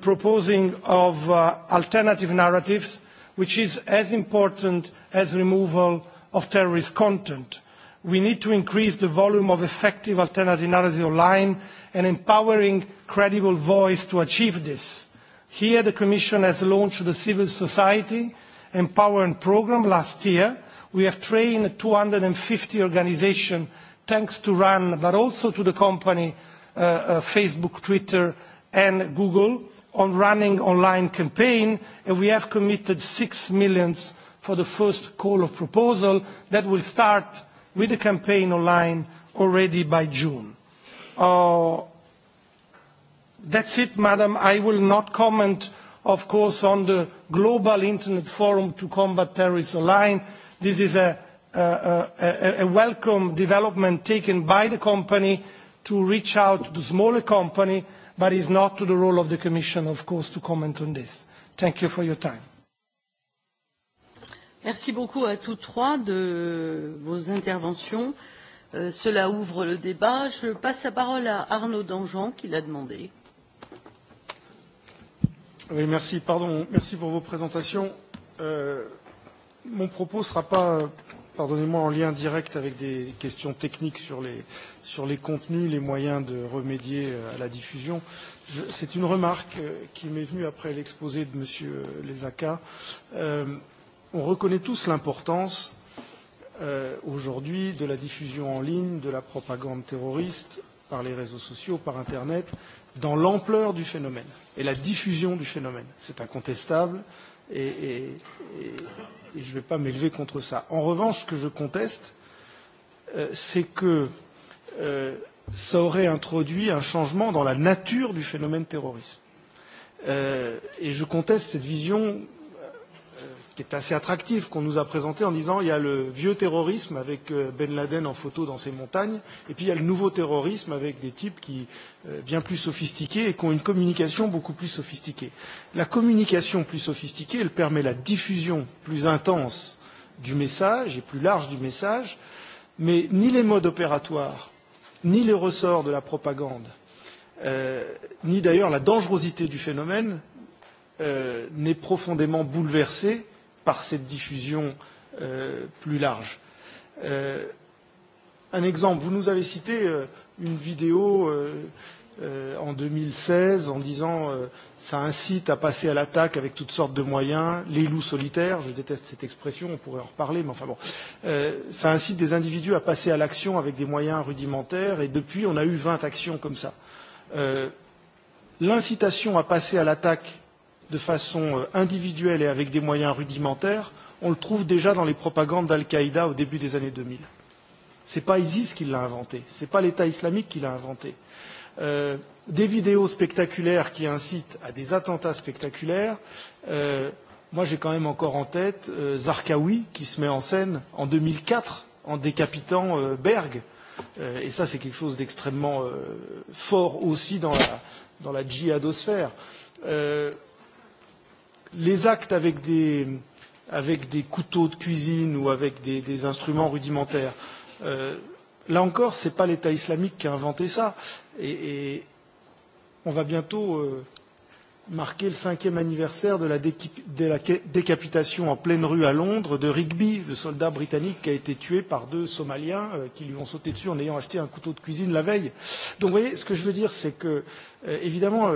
proposing of alternative narratives, which is as important as removal of terrorist content. We need to increase the volume of effective alternative narratives online and empowering credible voice to achieve this. Here the Commission has launched the Civil Society Empowerment Programme last year. We have trained 250 organisations thanks to RAN, but also to the company Facebook, Twitter and Google on running online campaign, and we have committed 6 millions for the first call of proposal that will start with the campaign online already by June. That's it, Madam. I will not comment, of course, on the Global Internet Forum to Combat Terrorism Online. This is a a welcome development taken by the company to reach out to smaller company, but it's not to the role of the Commission, of course, to comment on this. Thank you for your time. Merci beaucoup à tous trois de vos interventions. Cela ouvre le débat. Je passe la parole à Arnaud Dangean qui l'a demandé. Oui, merci. Pardon. Merci pour vos présentations. Mon propos ne sera pas pardonnez-moi, en lien direct avec des questions techniques sur les, sur les contenus, les moyens de remédier à la diffusion. C'est une remarque qui m'est venue après l'exposé de M. Lesaka. On reconnaît tous l'importance aujourd'hui de la diffusion en ligne, de la propagande terroriste par les réseaux sociaux, par Internet, dans l'ampleur du phénomène et la diffusion du phénomène. C'est incontestable et et je ne vais pas m'élever contre ça. En revanche, ce que je conteste, c'est que ça aurait introduit un changement dans la nature du phénomène terroriste. Et je conteste cette vision qui est assez attractif, qu'on nous a présenté en disant il y a le vieux terrorisme avec Ben Laden en photo dans ses montagnes, et puis il y a le nouveau terrorisme avec des types qui bien plus sophistiqués et qui ont une communication beaucoup plus sophistiquée. La communication plus sophistiquée, elle permet la diffusion plus intense du message et plus large du message, mais ni les modes opératoires, ni les ressorts de la propagande, ni d'ailleurs la dangerosité du phénomène n'est profondément bouleversée par cette diffusion plus large. Un exemple, vous nous avez cité une vidéo en 2016 en disant ça incite à passer à l'attaque avec toutes sortes de moyens, les loups solitaires, je déteste cette expression, on pourrait en reparler, mais enfin bon, ça incite des individus à passer à l'action avec des moyens rudimentaires et depuis on a eu 20 actions comme ça. L'incitation à passer à l'attaque de façon individuelle et avec des moyens rudimentaires, on le trouve déjà dans les propagandes d'Al-Qaïda au début des années 2000. Ce n'est pas ISIS qui l'a inventé, ce n'est pas l'État islamique qui l'a inventé. Des vidéos spectaculaires qui incitent à des attentats spectaculaires, moi j'ai quand même encore en tête Zarqawi qui se met en scène en 2004 en décapitant Berg. Et ça c'est quelque chose d'extrêmement fort aussi dans la djihadosphère les actes avec des, avec des couteaux de cuisine ou avec des, des instruments rudimentaires, là encore, ce n'est pas l'État islamique qui a inventé ça. Et, et on va bientôt marquer le cinquième anniversaire de la, décapitation en pleine rue à Londres de Rigby, le soldat britannique qui a été tué par deux Somaliens qui lui ont sauté dessus en ayant acheté un couteau de cuisine la veille. Donc vous voyez, ce que je veux dire, c'est que Évidemment,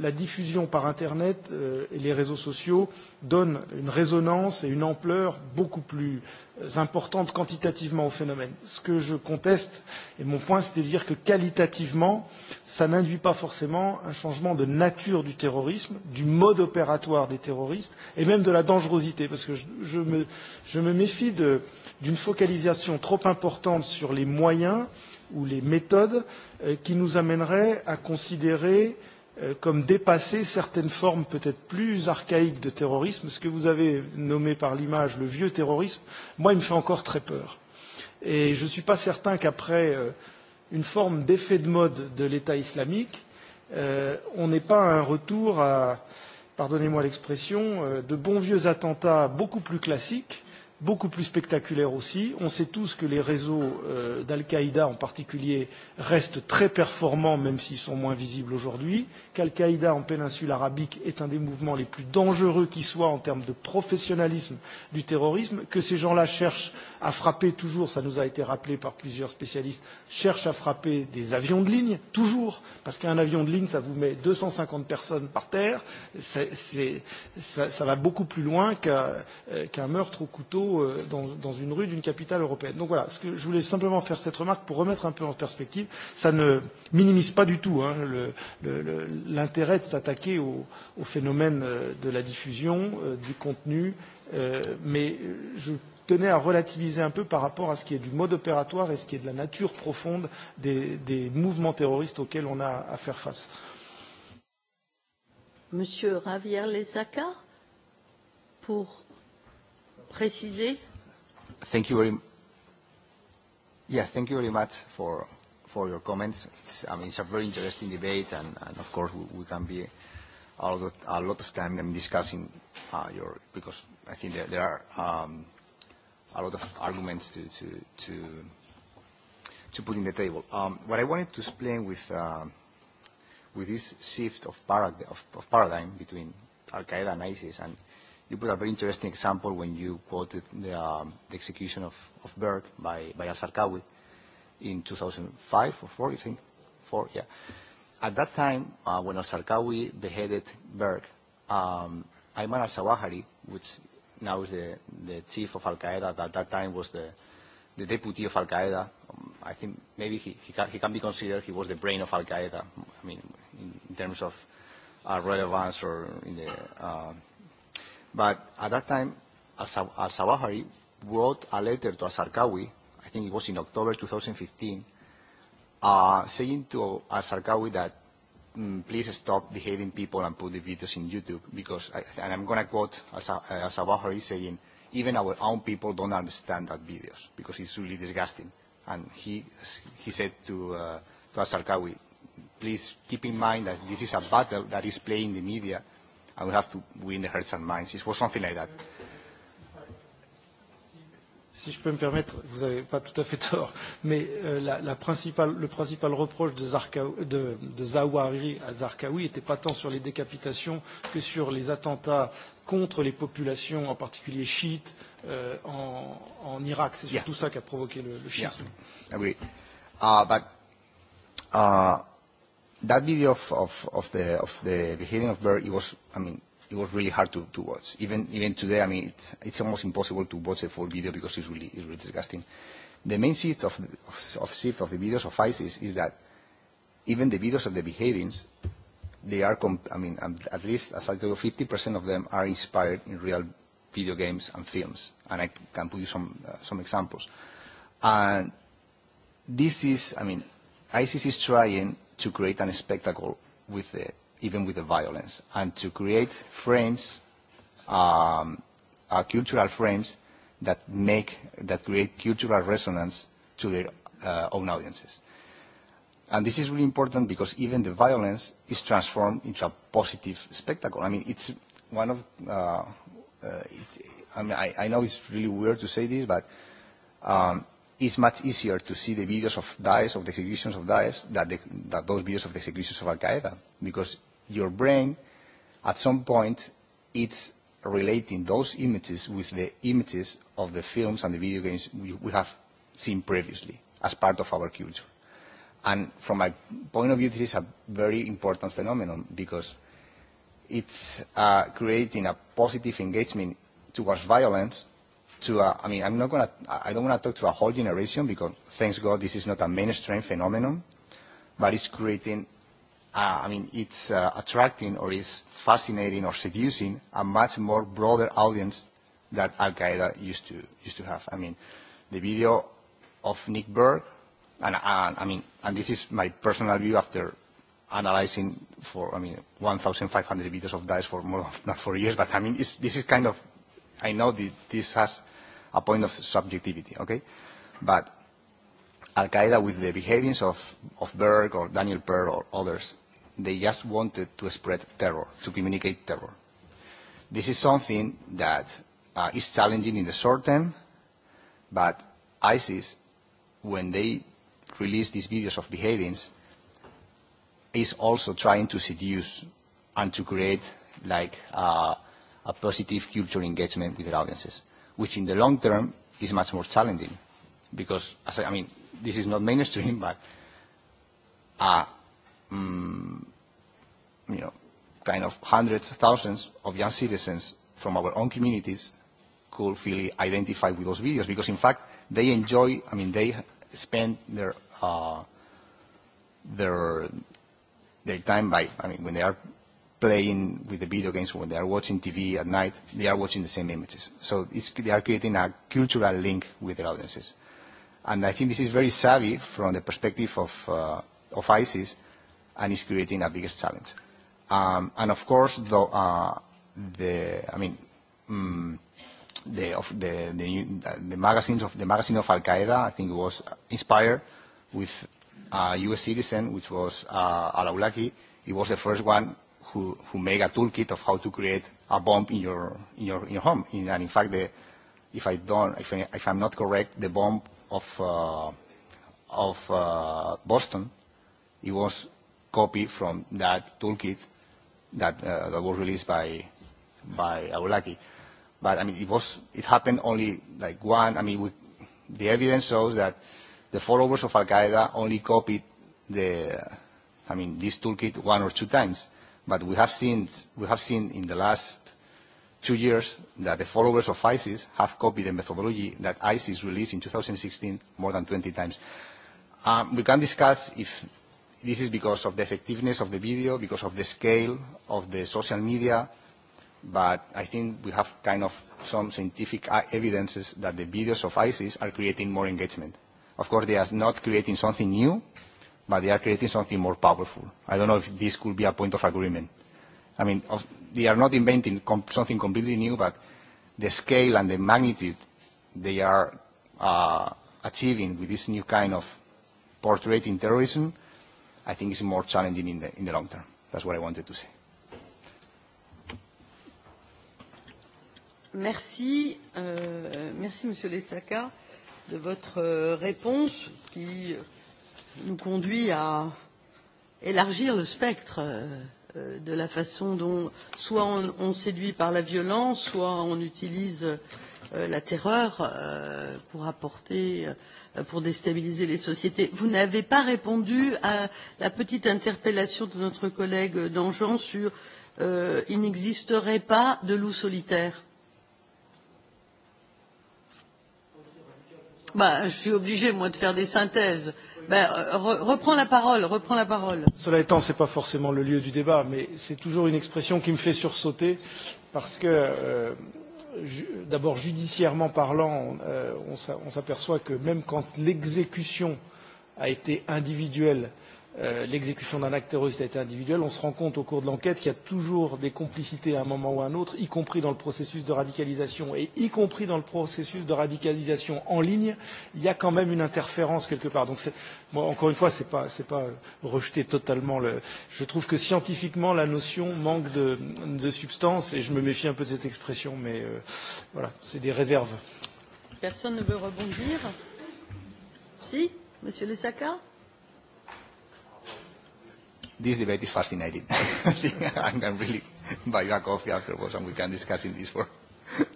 la diffusion par Internet et les réseaux sociaux donne une résonance et une ampleur beaucoup plus importante quantitativement au phénomène. Ce que je conteste, et mon point, c'est de dire que qualitativement, cela n'induit pas forcément un changement de nature du terrorisme, du mode opératoire des terroristes, et même de la dangerosité, parce que je me méfie d'une focalisation trop importante sur les moyens ou les méthodes qui nous amèneraient à considérer comme dépasser certaines formes peut-être plus archaïques de terrorisme. Ce que vous avez nommé par l'image le vieux terrorisme, moi, il me fait encore très peur. Et je ne suis pas certain qu'après une forme d'effet de mode de l'État islamique, on n'ait pas un retour à, pardonnez-moi l'expression, de bons vieux attentats beaucoup plus classiques beaucoup plus spectaculaire aussi. On sait tous que les réseaux d'Al-Qaïda en particulier restent très performants, même s'ils sont moins visibles aujourd'hui, qu'Al-Qaïda en péninsule arabique est un des mouvements les plus dangereux qui soit en termes de professionnalisme du terrorisme, que ces gens-là cherchent à frapper toujours, ça nous a été rappelé par plusieurs spécialistes, cherchent à frapper des avions de ligne, toujours, parce qu'un avion de ligne, ça vous met 250 personnes par terre, ça va beaucoup plus loin qu'un meurtre au couteau dans une rue d'une capitale européenne. Donc voilà, je voulais simplement faire cette remarque pour remettre un peu en perspective. Ça ne minimise pas du tout l'intérêt de s'attaquer au phénomène de la diffusion, du contenu, mais je tenais à relativiser un peu par rapport à ce qui est du mode opératoire et ce qui est de la nature profonde des mouvements terroristes auxquels on a à faire face. Monsieur Javier Lesaca, pour préciser Thank you very Yeah, thank you very much for for your comments. It's, I mean, it's a very interesting debate, and, and of course we, we can be a lot of, a lot of time discussing uh, your because I think there, there are um, a lot of arguments to to to, to put in the table. Um, what I wanted to explain with uh, with this shift of, parad of, of paradigm between Al Qaeda and ISIS and you put a very interesting example when you quoted the execution of Berg by al-Sarkawi in 2005 or 4, you think? 4, yeah. At that time, when al-Sarkawi beheaded Berg, Ayman al Sawahari, which now is the, the chief of al-Qaeda, at that time was the, the deputy of al-Qaeda. I think maybe he, he, can, he can be considered he was the brain of al-Qaeda, I mean, in terms of relevance or in the But at that time, al-Sawahari wrote a letter to al I think it was in October 2015, saying to al-Sarkawi that please stop behaving people and put the videos in YouTube because, and I'm going to quote al-Sawahari saying, even our own people don't understand that videos because it's really disgusting. And he, he said to, uh, to al please keep in mind that this is a battle that is playing the media and we have to win the hearts and minds. It was something like that. Si je peux me permettre, vous n'avez pas tout à fait tort, mais la principale le principal reproche de Zawahiri à Zarqawi n'était pas tant sur les décapitations que sur les attentats contre les populations, en particulier chiites, en Irak. C'est surtout ça qui a provoqué le schisme that video of, of, of the of the beheading of Bird, it was, I mean, it was really hard to, to watch. Even even today, I mean, it's, it's almost impossible to watch the full video because it's really it's really disgusting. The main shift of, of, of shift of the videos of ISIS is that even the videos of the beheadings, they are, comp I mean, at least as I told you, 50% of them are inspired in real video games and films, and I can put you some uh, some examples. And this is, I mean, ISIS is trying to create a spectacle with the, even with the violence and to create frames, um, uh, cultural frames that make, that create cultural resonance to their uh, own audiences. And this is really important because even the violence is transformed into a positive spectacle. I mean, it's one of, uh, uh, I mean, I, I know it's really weird to say this, but um, It's much easier to see the videos of Daesh, of the executions of Daesh, than those videos of the executions of Al Qaeda, because your brain, at some point, it's relating those images with the images of the films and the video games we have seen previously as part of our culture. And from my point of view, this is a very important phenomenon because it's creating a positive engagement towards violence to I mean I'm not gonna I don't want to talk to a whole generation because thanks God this is not a mainstream phenomenon, but it's creating I mean it's attracting or is fascinating or seducing a much more broader audience that Al Qaeda used to used to have. I mean the video of Nick Berg and I mean and this is my personal view after analyzing for I mean 1,500 videos of Daesh for more than four years, but I mean this is kind of I know this has a point of subjectivity, okay? But Al-Qaeda, with the behaviors of Berg or Daniel Pearl or others, they just wanted to spread terror, to communicate terror. This is something that is challenging in the short term, but ISIS, when they release these videos of behaviors, is also trying to seduce and to create like a positive cultural engagement with their audiences which in the long term is much more challenging because, I mean, this is not mainstream, but you know, kind of hundreds, of thousands of young citizens from our own communities could feel identify with those videos because, in fact, they enjoy, I mean, they spend their, their, their time by, I mean, when they are playing with the video games when they are watching TV at night, they are watching the same images. So it's, they are creating a cultural link with their audiences. And I think this is very savvy from the perspective of, uh, of ISIS and is creating a biggest challenge. Um, and of course, the, uh, the I mean, um, the, of the, the, the magazines of the magazine of Al Qaeda, I think, was inspired with a U.S. citizen, which was uh, Al Awlaki. He was the first one who who make a toolkit of how to create a bomb in your in your in your home. And in fact, if I don't, if if I'm not correct, the bomb of of Boston, it was copied from that toolkit that that was released by by Aulaki. But I mean, it was it happened only like one. I mean, the evidence shows that the followers of Al Qaeda only copied the, I mean, this toolkit one or two times. But we have seen in the last two years that the followers of ISIS have copied the methodology that ISIS released in 2016 more than 20 times. We can discuss if this is because of the effectiveness of the video, because of the scale of the social media, but I think we have kind of some scientific evidences that the videos of ISIS are creating more engagement. Of course, they are not creating something new, but they are creating something more powerful. I don't know if this could be a point of agreement. I mean, they are not inventing something completely new, but the scale and the magnitude they are achieving with this new kind of portrait in terrorism, I think is more challenging in the, in the long term. That's what I wanted to say. Merci, euh, merci Monsieur Lesaka de votre réponse qui nous conduit à élargir le spectre de la façon dont soit on séduit par la violence, soit on utilise la terreur pour apporter, pour déstabiliser les sociétés. Vous n'avez pas répondu à la petite interpellation de notre collègue Dangean sur il n'existerait pas de loup solitaire. Je suis obligée, moi, de faire des synthèses reprends la parole, reprends la parole. Cela étant, ce n'est pas forcément le lieu du débat, mais c'est toujours une expression qui me fait sursauter, parce que, d'abord, judiciairement parlant, on s'aperçoit que même quand l'exécution a été individuelle l'exécution d'un acte terroriste a été individuelle, on se rend compte au cours de l'enquête qu'il y a toujours des complicités à un moment ou à un autre, y compris dans le processus de radicalisation et y compris dans le processus de radicalisation en ligne, il y a quand même une interférence quelque part. Donc, encore une fois, ce n'est pas rejeter totalement le... Je trouve que scientifiquement, la notion manque de substance et je me méfie un peu de cette expression, mais voilà, c'est des réserves. Personne ne veut rebondir Si Monsieur Lesaka this debate is fascinating. I'm really buy you a coffee afterwards and we can discuss in this for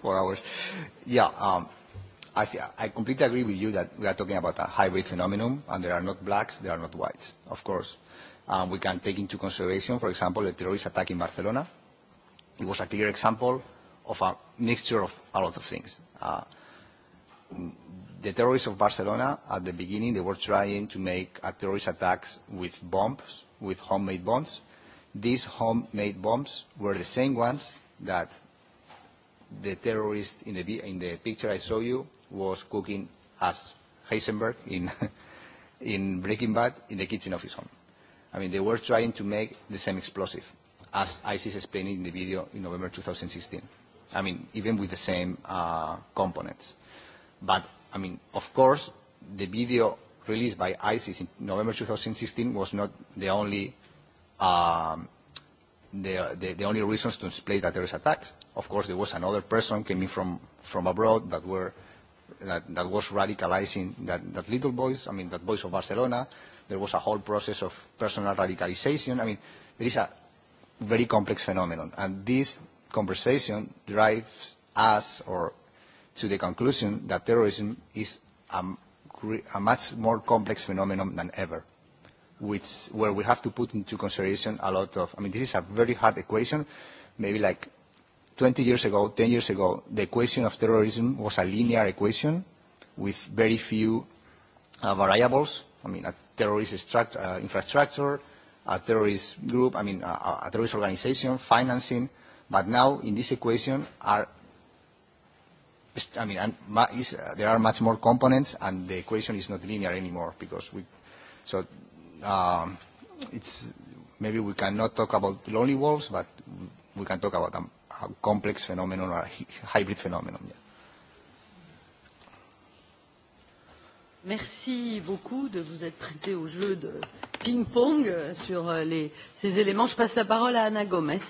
four hours. Yeah, um, I, I completely agree with you that we are talking about a hybrid phenomenon and there are not blacks, there are not whites, of course. Um, we can take into consideration, for example, the terrorist attack in Barcelona. It was a clear example of a mixture of a lot of things. Uh, the terrorists of Barcelona, at the beginning, they were trying to make a terrorist attacks with bombs with homemade bombs. These homemade bombs were the same ones that the terrorist in the, in the picture I showed you was cooking as Heisenberg in, in Breaking Bad in the kitchen of his home. I mean, they were trying to make the same explosive, as ISIS explained in the video in November 2016. I mean, even with the same uh, components. But, I mean, of course, the video released by ISIS in November 2016 was not the only the only reasons to display that terrorist attacks. Of course, there was another person coming from from abroad that were that that was radicalizing that that little boys. I mean, that boys of Barcelona. There was a whole process of personal radicalization. I mean, there is a very complex phenomenon, and this conversation drives us or to the conclusion that terrorism is a a much more complex phenomenon than ever, which where we have to put into consideration a lot of. I mean, this is a very hard equation. Maybe like 20 years ago, 10 years ago, the equation of terrorism was a linear equation with very few variables. I mean, a terrorist infrastructure, a terrorist group, I mean, a terrorist organization, financing. But now in this equation are I mean, there are much more components, and the equation is not linear anymore because we. So, um it's maybe we cannot talk about lonely wolves, but we can talk about a complex phenomenon or a hybrid phenomenon. Merci beaucoup de vous être prêté au jeu de ping-pong sur les, ces éléments. Je passe la parole à Anna Gomez.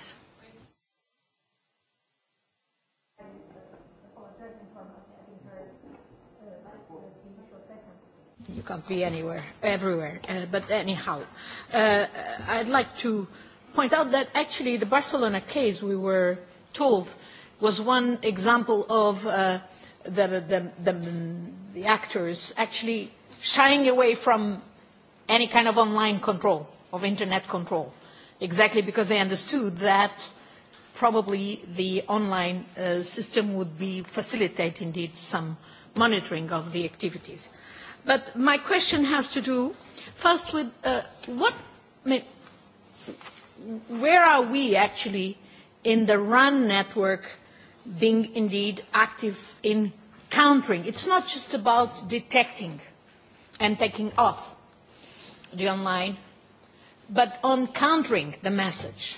can't be anywhere, everywhere. But anyhow, I'd like to point out that actually the Barcelona case, we were told, was one example of the actors actually shying away from any kind of online control, of Internet control, exactly because they understood that probably the online system would be facilitate indeed some monitoring of the activities. But my question has to do first with what, where are we actually in the RAN network being indeed active in countering? It's not just about detecting and taking off the online, but on countering the message,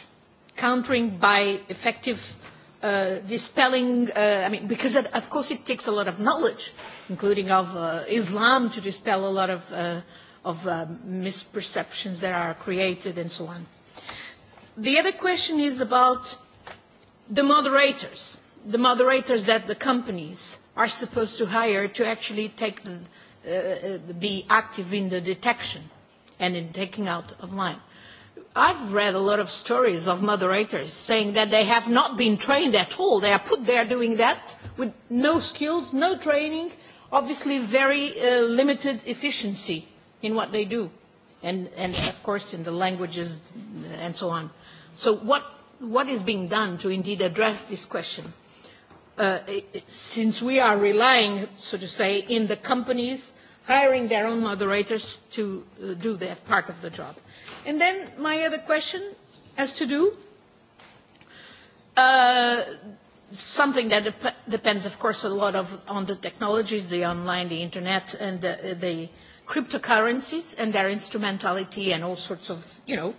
countering by effective dispelling, I mean, because of course it takes a lot of knowledge, including of Islam, to dispel a lot of of misperceptions that are created and so on. The other question is about the moderators, the moderators that the companies are supposed to hire to actually take, be active in the detection and in taking out of line I've read a lot of stories of moderators saying that they have not been trained at all. They are put there doing that with no skills, no training, obviously very limited efficiency in what they do, and of course in the languages and so on. So what is being done to indeed address this question? Since we are relying, so to say, in the companies hiring their own moderators to do that part of the job. And then my other question has to do something that depends, of course, a lot of on the technologies, the online, the internet, and the cryptocurrencies and their instrumentality and all sorts of, you know,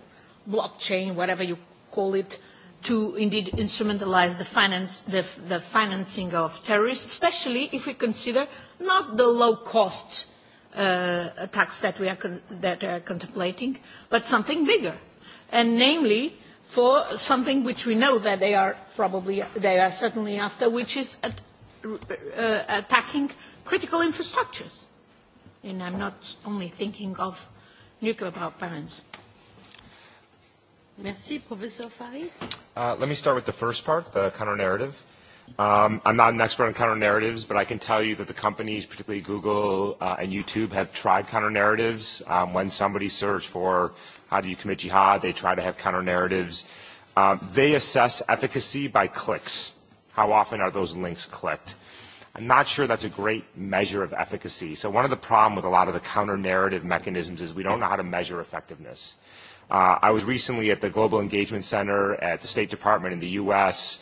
blockchain, whatever you call it, to indeed instrumentalize the finance, the financing of terrorists, especially if we consider not the low cost attacks that we are contemplating, but something bigger, and namely for something which we know that they are probably, they are certainly after, which is attacking critical infrastructures. And I'm not only thinking of nuclear power plants. Merci, Professor Farid. Let me start with the first part, the counter-narrative. Um, I'm not an expert on counter narratives, but I can tell you that the companies, particularly Google and YouTube, have tried counter narratives. when somebody searched for how do you commit jihad, they try to have counter narratives. they assess efficacy by clicks. How often are those links clicked? I'm not sure that's a great measure of efficacy. So one of the problems with a lot of the counter narrative mechanisms is we don't know how to measure effectiveness. I was recently at the Global Engagement Center at the State Department in the U.S.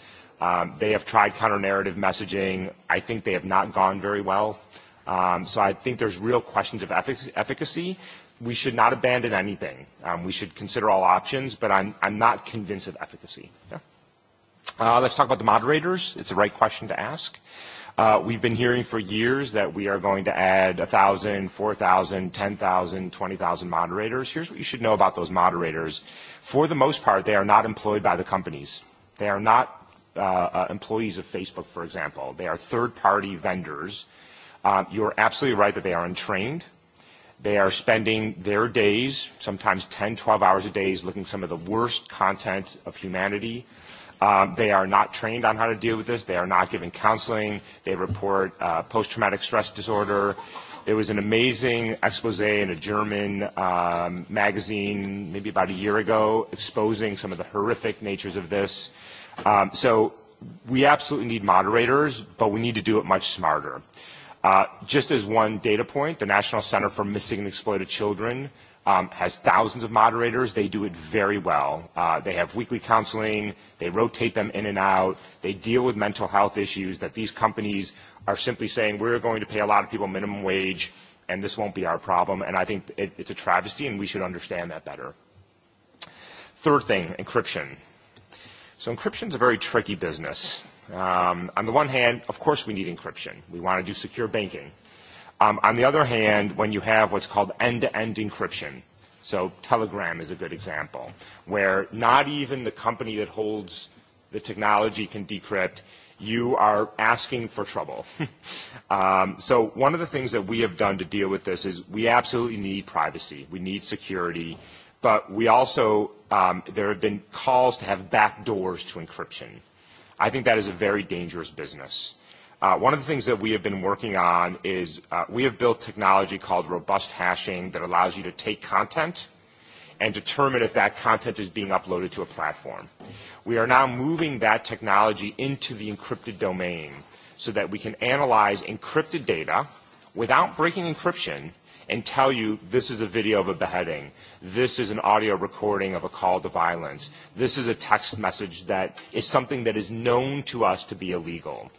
They have tried counter-narrative messaging. I think they have not gone very well. So I think there's real questions of efficacy. We should not abandon anything. We should consider all options, but I'm not convinced of efficacy. Let's talk about the moderators. It's the right question to ask. We've been hearing for years that we are going to add 1,000, 4,000, 10,000, 20,000 moderators. Here's what you should know about those moderators. For the most part, they are not employed by the companies. They are not employees of Facebook, for example. They are third-party vendors. You're absolutely right that they are untrained. They are spending their days, sometimes 10, 12 hours a day, looking at some of the worst content of humanity. They are not trained on how to deal with this. They are not given counseling. They report post-traumatic stress disorder. There was an amazing expose in a German magazine maybe about a year ago exposing some of the horrific natures of this. So we absolutely need moderators, but we need to do it much smarter. Just as one data point, the National Center for Missing and Exploited Children has thousands of moderators. They do it very well. They have weekly counseling. They rotate them in and out. They deal with mental health issues that these companies are simply saying, we're going to pay a lot of people minimum wage, and this won't be our problem. And I think it's a travesty, and we should understand that better. Third thing, encryption. So encryption is a very tricky business. On the one hand, of course we need encryption. We want to do secure banking. On the other hand, when you have what's called end-to-end encryption, so Telegram is a good example, where not even the company that holds the technology can decrypt, you are asking for trouble. So one of the things that we have done to deal with this is we absolutely need privacy. We need security. But we also, there have been calls to have back doors to encryption. I think that is a very dangerous business. One of the things that we have been working on is we have built technology called robust hashing that allows you to take content and determine if that content is being uploaded to a platform. We are now moving that technology into the encrypted domain so that we can analyze encrypted data without breaking encryption and tell you this is a video of a beheading, this is an audio recording of a call to violence, this is a text message that is something that is known to us to be illegal.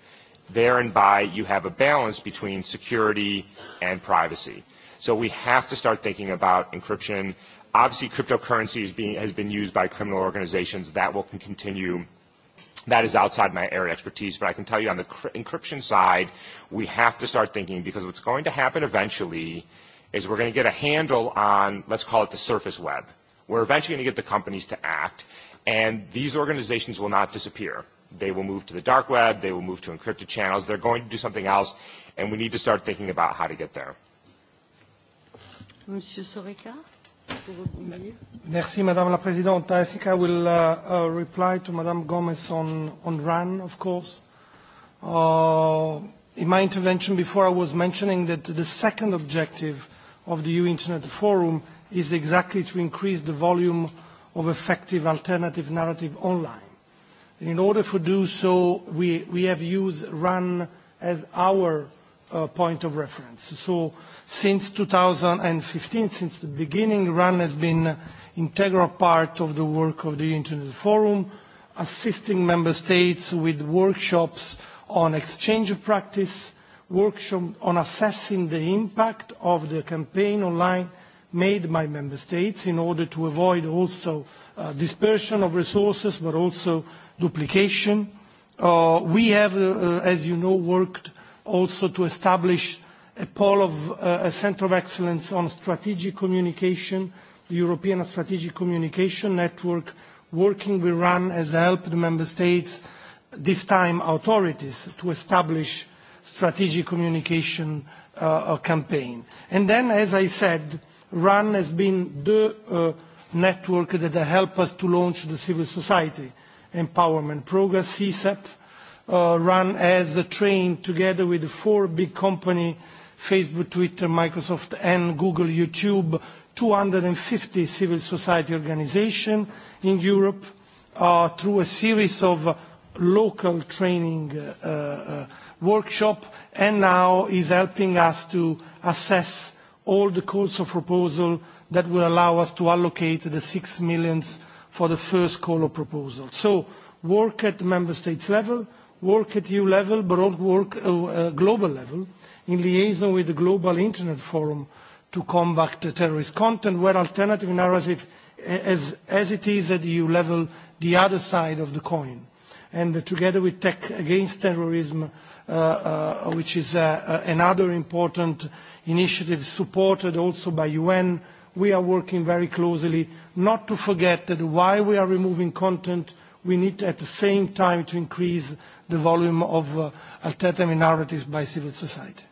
There and by, you have a balance between security and privacy. So we have to start thinking about encryption. Obviously, cryptocurrency has been used by criminal organizations. That will continue. That is outside my area of expertise, but I can tell you on the encryption side, we have to start thinking because what's going to happen eventually is we're going to get a handle on, let's call it the surface web. We're eventually going to get the companies to act, and these organizations will not disappear. They will move to the dark web. They will move to encrypted channels. They're going to do something else, and we need to start thinking about how to get there. Monsieur Soreka. Merci, Madame la Présidente. I think I will reply to Madame Gomez on, on RAN, of course. in my intervention before, I was mentioning that the second objective of the EU Internet Forum is exactly to increase the volume of effective alternative narrative online. In order to do so, we have used RUN as our point of reference. So since 2015, since the beginning, RUN has been an integral part of the work of the EU Internet Forum, assisting member states with workshops on exchange of practice, workshop on assessing the impact of the campaign online made by member states in order to avoid also dispersion of resources but also duplication. We have, as you know, worked also to establish a pole of a centre of excellence on strategic communication, the European Strategic Communication Network, working with RAN as helped the member states, this time authorities, to establish strategic communication campaign. And then, as I said, RUN has been the network that helped us to launch the civil society empowerment program, CSEP. RUN has trained, together with four big companies, Facebook, Twitter, Microsoft, and Google, YouTube, 250 civil society organizations in Europe through a series of local training workshop and now is helping us to assess all the calls of proposal that will allow us to allocate the 6 million for the first call of proposal. So work at member states level, work at EU level, but also work at global level in liaison with the Global Internet Forum to combat terrorist content, where alternative narrative, as it is at EU level, the other side of the coin and together with Tech Against Terrorism, which is another important initiative supported also by the UN, we are working very closely not to forget that while we are removing content, we need at the same time to increase the volume of alternative narratives by civil society.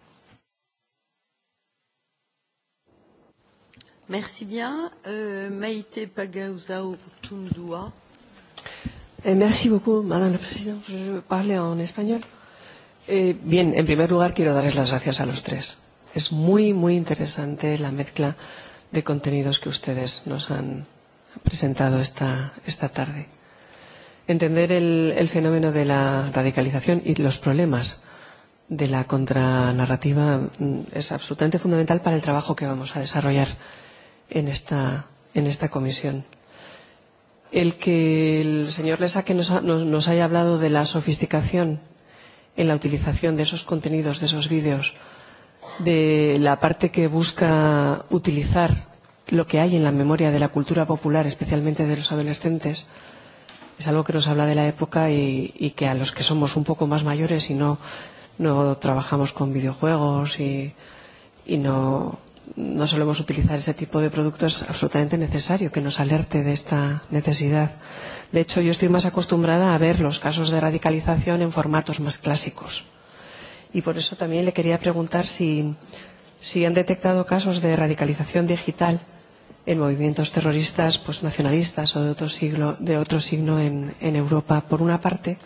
Merci beaucoup, Madame la Présidente. Je en español. Eh, bien, en primer lugar, quiero darles las gracias a los tres. Es muy, muy interesante la mezcla de contenidos que ustedes nos han presentado esta, esta tarde. Entender el, el fenómeno de la radicalización y los problemas de la contranarrativa es absolutamente fundamental para el trabajo que vamos a desarrollar en esta, en esta comisión el que el señor Lesaque nos haya hablado de la sofisticación en la utilización de esos contenidos, de esos vídeos, de la parte que busca utilizar lo que hay en la memoria de la cultura popular, especialmente de los adolescentes, es algo que nos habla de la época y, y que a los que somos un poco más mayores y no, no trabajamos con videojuegos y, y no no solemos utilizar ese tipo de productos, es absolutamente necesario que nos alerte de esta necesidad. De hecho, yo estoy más acostumbrada a ver los casos de radicalización en formatos más clásicos. Y por eso también le quería preguntar si, si han detectado casos de radicalización digital en movimientos terroristas pues nacionalistas o de otro siglo de otro signo en en Europa por una parte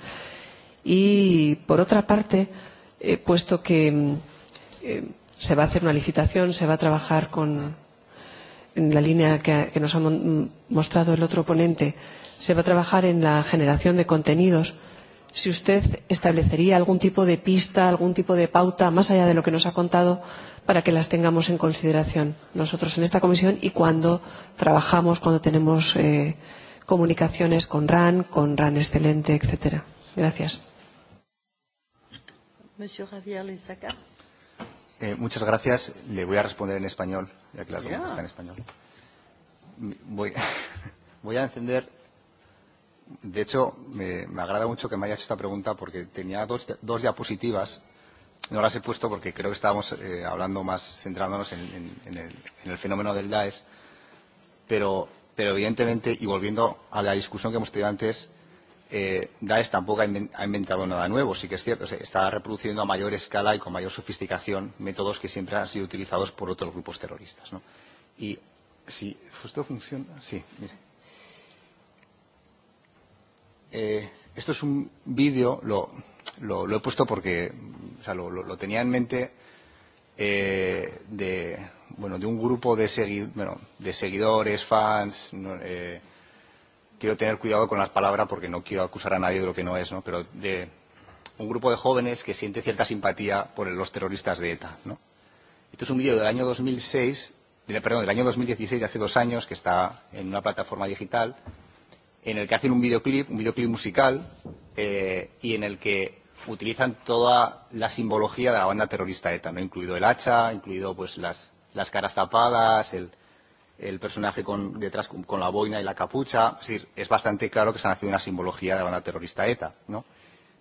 y por otra parte puesto que se va a hacer una licitación, se va a trabajar con, en la línea que, nos ha mostrado el otro ponente, se va a trabajar en la generación de contenidos. Si usted establecería algún tipo de pista, algún tipo de pauta, más allá de lo que nos ha contado, para que las tengamos en consideración nosotros en esta comisión y cuando trabajamos, cuando tenemos comunicaciones con RAN, con RAN excelente, etcétera. Gracias muchas gracias. Le voy a responder en español, ya que la pregunta está en español. Voy, voy a encender. De hecho, me, me agrada mucho que me hayas hecho esta pregunta porque tenía dos, dos diapositivas. No las he puesto porque creo que estábamos eh, hablando más, centrándonos en, en, el, en el fenómeno del DAES, Pero, pero evidentemente, y volviendo a la discusión que hemos tenido antes, eh, DAES tampoco ha inventado nada nuevo, sí que es cierto, está reproduciendo a mayor escala y con mayor sofisticación métodos que siempre han sido utilizados por otros grupos terroristas. ¿no? Y si esto funciona, sí, mire. Eh, esto es un vídeo, lo, lo, he puesto porque o sea, lo, lo, tenía en mente eh, de, bueno, de un grupo de, de seguidores, fans, eh, quiero tener cuidado con las palabras porque no quiero acusar a nadie de lo que no es, ¿no? Pero de un grupo de jóvenes que siente cierta simpatía por los terroristas de ETA, ¿no? Esto es un vídeo del año 2006, perdón, del año 2016, hace dos años, que está en una plataforma digital, en el que hacen un videoclip, un videoclip musical, eh, y en el que utilizan toda la simbología de la banda terrorista ETA, ¿no? incluido el hacha, incluido pues las, las caras tapadas, el, el personaje con, detrás con la boina y la capucha. Es decir, es bastante claro que están haciendo una simbología de la banda terrorista ETA, ¿no?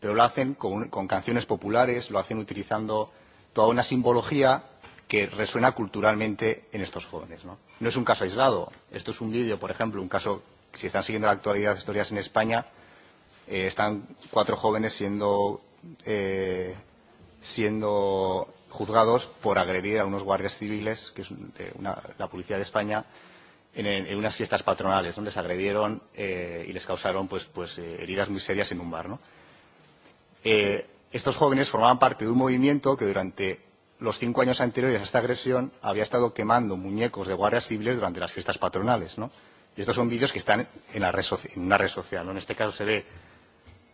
Pero lo hacen con, con canciones populares, lo hacen utilizando toda una simbología que resuena culturalmente en estos jóvenes, ¿no? No es un caso aislado. Esto es un vídeo, por ejemplo, un caso, si están siguiendo la actualidad de historias en España, están cuatro jóvenes siendo, eh, siendo juzgados por agredir a unos guardias civiles, que es una, la policía de España, en, en unas fiestas patronales, donde se agredieron y les causaron pues, pues, heridas muy serias en un bar. ¿no? Eh, estos jóvenes formaban parte de un movimiento que durante los cinco años anteriores a esta agresión había estado quemando muñecos de guardias civiles durante las fiestas patronales. ¿no? Y estos son vídeos que están en, la red en una red social. ¿no? En este caso se ve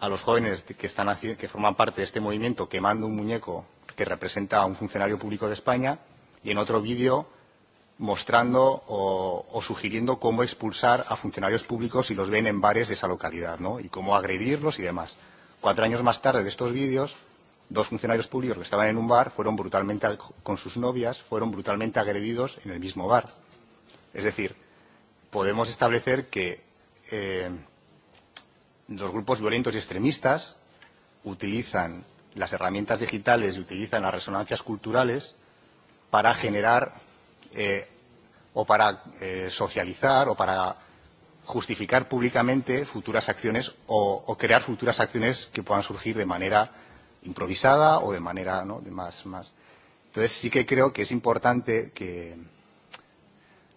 a los jóvenes que, están, que forman parte de este movimiento quemando un muñeco que representa a un funcionario público de España y en otro vídeo mostrando o, sugiriendo cómo expulsar a funcionarios públicos si los ven en bares de esa localidad, ¿no? Y cómo agredirlos y demás. Cuatro años más tarde de estos vídeos, dos funcionarios públicos que estaban en un bar fueron brutalmente, con sus novias, fueron brutalmente agredidos en el mismo bar. Es decir, podemos establecer que eh, los grupos violentos y extremistas utilizan las herramientas digitales y utilizan las resonancias culturales para generar o para socializar o para justificar públicamente futuras acciones o crear futuras acciones que puedan surgir de manera improvisada o de manera ¿no? de más más entonces sí que creo que es importante que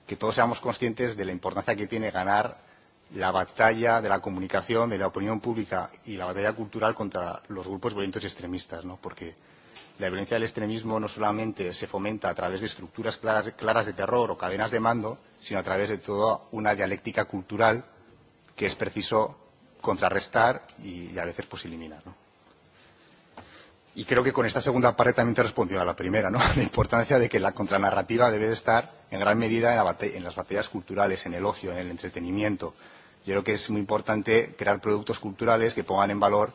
que todos seamos conscientes de la importancia que tiene ganar la batalla de la comunicación, de la opinión pública y la batalla cultural contra los grupos violentos y extremistas, ¿no? Porque la violencia del extremismo no solamente se fomenta a través de estructuras claras de terror o cadenas de mando, sino a través de toda una dialéctica cultural que es preciso contrarrestar y a veces pues eliminar, ¿no? Y creo que con esta segunda parte también te he respondido a la primera, ¿no? La importancia de que la contranarrativa debe estar en gran medida en las batallas culturales, en el ocio, en el entretenimiento, Yo creo que es muy importante crear productos culturales que pongan en valor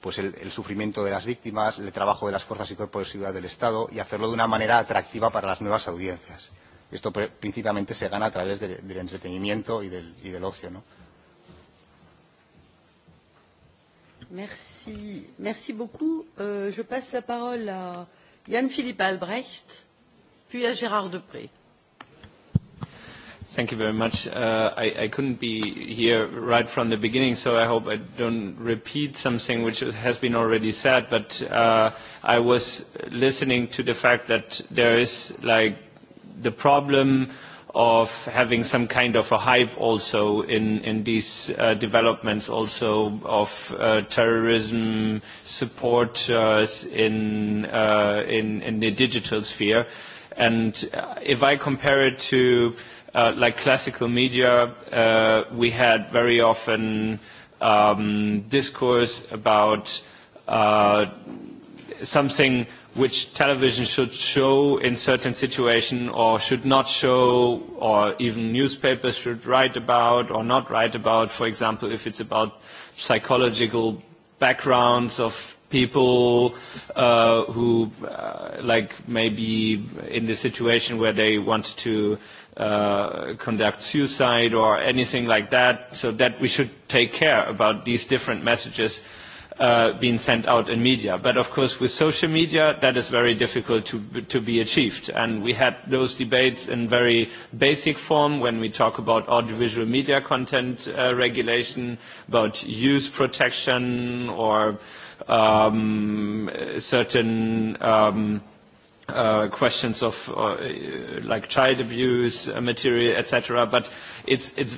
pues el, el sufrimiento de las víctimas, el trabajo de las fuerzas y cuerpos de seguridad del Estado y hacerlo de una manera atractiva para las nuevas audiencias. Esto principalmente se gana a través del, del entretenimiento y del, y del ocio. ¿no? Merci, merci beaucoup. Euh, je passe la parole à Yann Philippe Albrecht, puis à Gérard Depré. Thank you very much. I couldn't be here right from the beginning, so I hope I don't repeat something which has been already said, but I was listening to the fact that there is like the problem of having some kind of a hype also in these developments also of terrorism supporters in the digital sphere. And if I compare it to like classical media, we had very often discourse about something which television should show in certain situations or should not show or even newspapers should write about or not write about, for example, if it's about psychological backgrounds of people who like maybe in the situation where they want to conduct suicide or anything like that, so that we should take care about these different messages being sent out in media. But of course with social media that is very difficult to be achieved. And we had those debates in very basic form when we talk about audiovisual media content regulation, about use protection or certain questions of like child abuse material, etc. But it's it's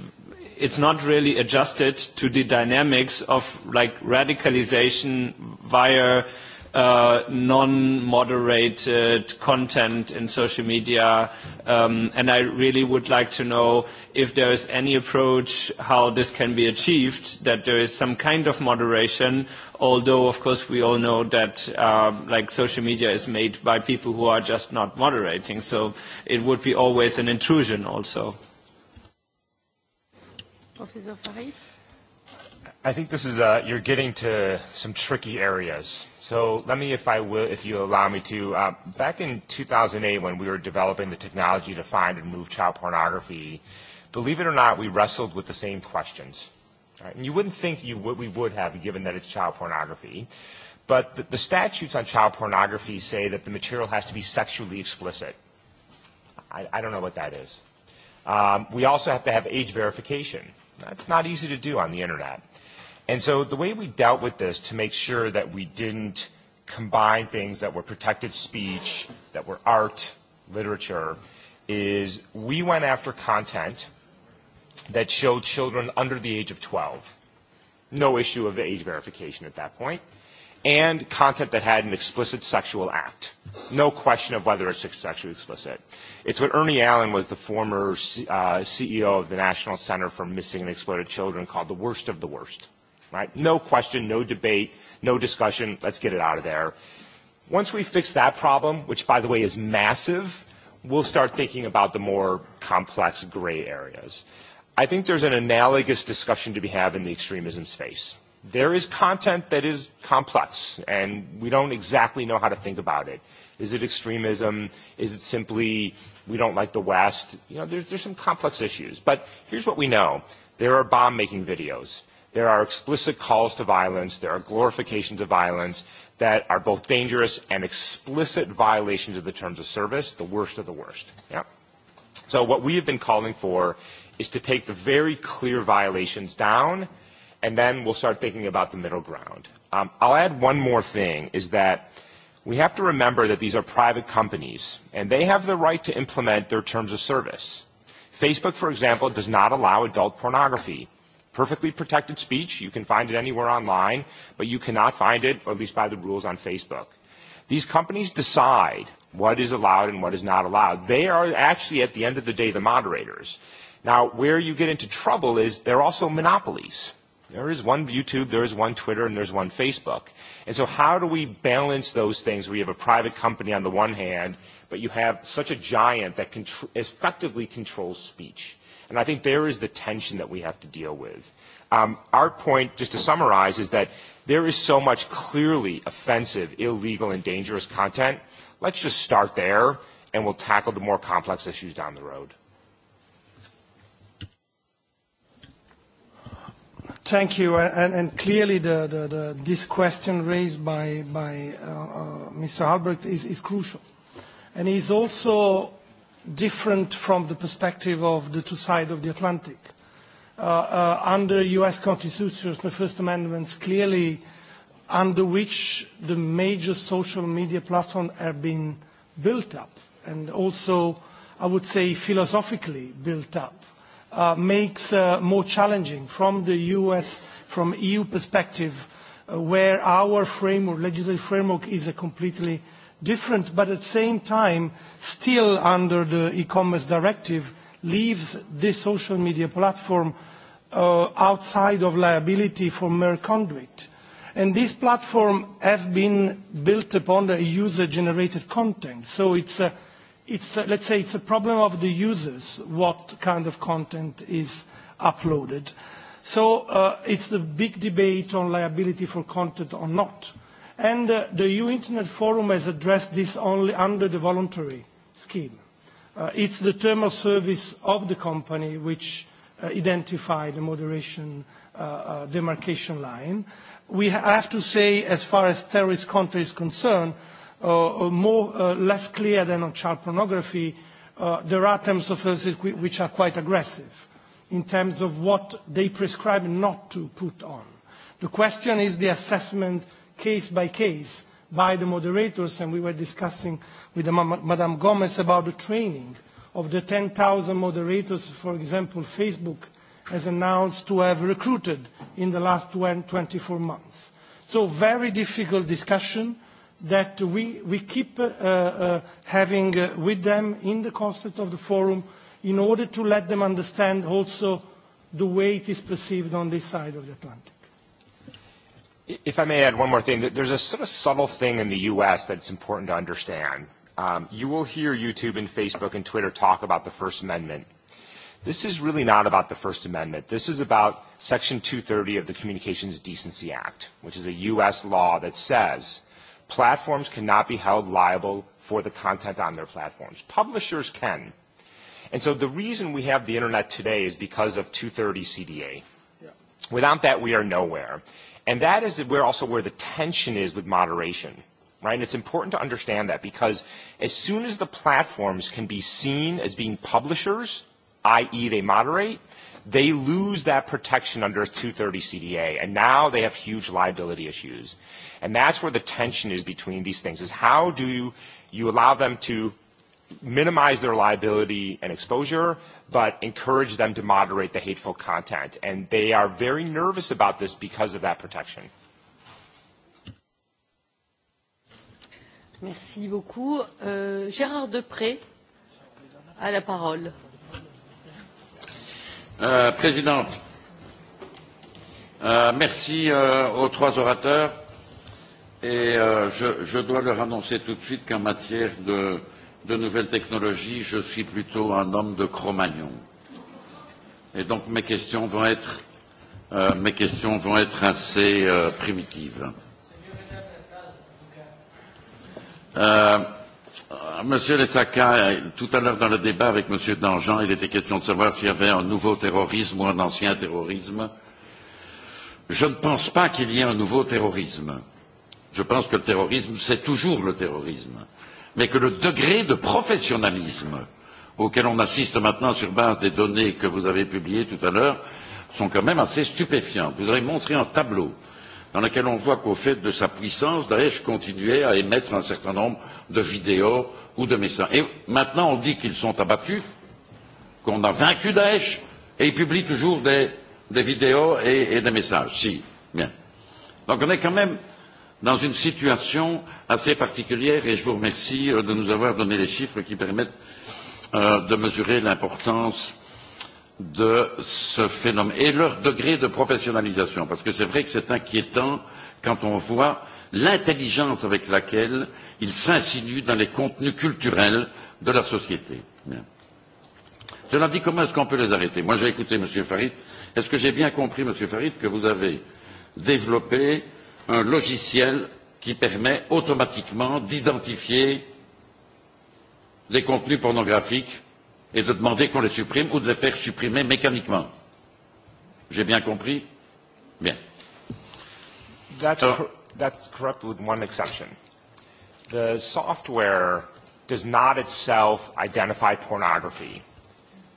it's not really adjusted to the dynamics of like radicalization via non-moderated content in social media. And I really would like to know if there is any approach how this can be achieved, that there is some kind of moderation, although, of course, we all know that like social media is made by people who are just not moderating. So it would be always an intrusion also. Professor Farid? I think this is, you're getting to some tricky areas So let me, if I will, if you allow me to, back in 2008 when we were developing the technology to find and move child pornography, believe it or not, we wrestled with the same questions. And you wouldn't think you we would have, given that it's child pornography. But the statutes on child pornography say that the material has to be sexually explicit. I don't know what that is. We also have to have age verification. That's not easy to do on the Internet. And so the way we dealt with this to make sure that we didn't combine things that were protected speech, that were art, literature, is we went after content that showed children under the age of 12. No issue of age verification at that point. And content that had an explicit sexual act. No question of whether it's sexually explicit. It's what Ernie Allen was the former CEO of the National Center for Missing and Exploited Children called the worst of the worst right? No question, no debate, no discussion. Let's get it out of there. Once we fix that problem, which, by the way, is massive, we'll start thinking about the more complex gray areas. I think there's an analogous discussion to be had in the extremism space. There is content that is complex, and we don't exactly know how to think about it. Is it extremism? Is it simply we don't like the West? You know, there's, there's some complex issues. But here's what we know. There are bomb-making videos there are explicit calls to violence, there are glorifications of violence that are both dangerous and explicit violations of the terms of service, the worst of the worst. So what we have been calling for is to take the very clear violations down, and then we'll start thinking about the middle ground. I'll add one more thing, is that we have to remember that these are private companies, and they have the right to implement their terms of service. Facebook, for example, does not allow adult pornography perfectly protected speech. You can find it anywhere online, but you cannot find it, or at least by the rules on Facebook. These companies decide what is allowed and what is not allowed. They are actually, at the end of the day, the moderators. Now, where you get into trouble is they're also monopolies. There is one YouTube, there is one Twitter, and there's one Facebook. And so how do we balance those things where you have a private company on the one hand, but you have such a giant that effectively controls speech? And I think there is the tension that we have to deal with. Our point, just to summarize, is that there is so much clearly offensive, illegal, and dangerous content. Let's just start there, and we'll tackle the more complex issues down the road. Thank you. And clearly, this question raised by Mr. Albrecht is crucial. And is also different from the perspective of the two sides of the Atlantic. Under U.S. Constitution, the First Amendment clearly under which the major social media platforms have been built up and also, I would say, philosophically built up, makes more challenging from the U.S., from EU perspective, where our framework, legislative framework, is a completely different, but at the same time, still under the e-commerce directive, leaves this social media platform outside of liability for mere conduit. And these platforms have been built upon the user-generated content. So it's, let's say, it's a problem of the users what kind of content is uploaded. So it's the big debate on liability for content or not and the EU Internet Forum has addressed this only under the voluntary scheme. It's the term of service of the company which identify the moderation demarcation line. We have to say, as far as terrorist content is concerned, more less clear than on child pornography, there are terms of service which are quite aggressive in terms of what they prescribe not to put on. The question is the assessment case by case by the moderators, and we were discussing with Madame Gomez about the training of the 10,000 moderators, for example, Facebook has announced to have recruited in the last 24 months. So very difficult discussion that we keep having with them in the concept of the forum in order to let them understand also the way it is perceived on this side of the Atlantic. If I may add one more thing, there's a sort of subtle thing in the U.S. that's important to understand. You will hear YouTube and Facebook and Twitter talk about the First Amendment. This is really not about the First Amendment. This is about Section 230 of the Communications Decency Act, which is a U.S. law that says platforms cannot be held liable for the content on their platforms. Publishers can. And so the reason we have the Internet today is because of 230 CDA. Without that, we are nowhere. And that is where also where the tension is with moderation. Right? And it's important to understand that because as soon as the platforms can be seen as being publishers, i.e. they moderate, they lose that protection under 230 CDA. And now they have huge liability issues. And that's where the tension is between these things, is how do you allow them to minimize their liability and exposure, but encourage them to moderate the hateful content. And they are very nervous about this because of that protection. Merci beaucoup. Euh, Gérard Depré a la parole. Euh, Présidente, euh, merci euh, aux trois orateurs. Et euh, je, je dois leur annoncer tout de suite qu'en matière de euh, de nouvelles technologies, je suis plutôt un homme de Cro-Magnon. Et donc mes questions vont être, mes questions vont être assez primitives. Euh, Monsieur Letaka, tout à l'heure dans le débat avec Monsieur Dangean, il était question de savoir s'il y avait un nouveau terrorisme ou un ancien terrorisme. Je ne pense pas qu'il y ait un nouveau terrorisme. Je pense que le terrorisme, c'est toujours le terrorisme mais que le degré de professionnalisme auquel on assiste maintenant sur base des données que vous avez publiées tout à l'heure sont quand même assez stupéfiantes. Vous avez montré un tableau dans lequel on voit qu'au fait de sa puissance, Daesh continuait à émettre un certain nombre de vidéos ou de messages. Et maintenant, on dit qu'ils sont abattus, qu'on a vaincu Daesh, et ils publient toujours des, des vidéos et, et des messages. Si, bien. Donc on est quand même dans une situation assez particulière et je vous remercie de nous avoir donné les chiffres qui permettent de mesurer l'importance de ce phénomène et leur degré de professionnalisation parce que c'est vrai que c'est inquiétant quand on voit l'intelligence avec laquelle il s'insinue dans les contenus culturels de la société. Cela dit, comment est-ce qu'on peut les arrêter Moi, j'ai écouté M. Farid. Est-ce que j'ai bien compris, M. Farid, que vous avez développé un logiciel qui permet automatiquement d'identifier des contenus pornographiques et de demander qu'on les supprime ou de les faire supprimer mécaniquement. J'ai bien compris Bien. That's correct with one exception. The software does not itself identify pornography.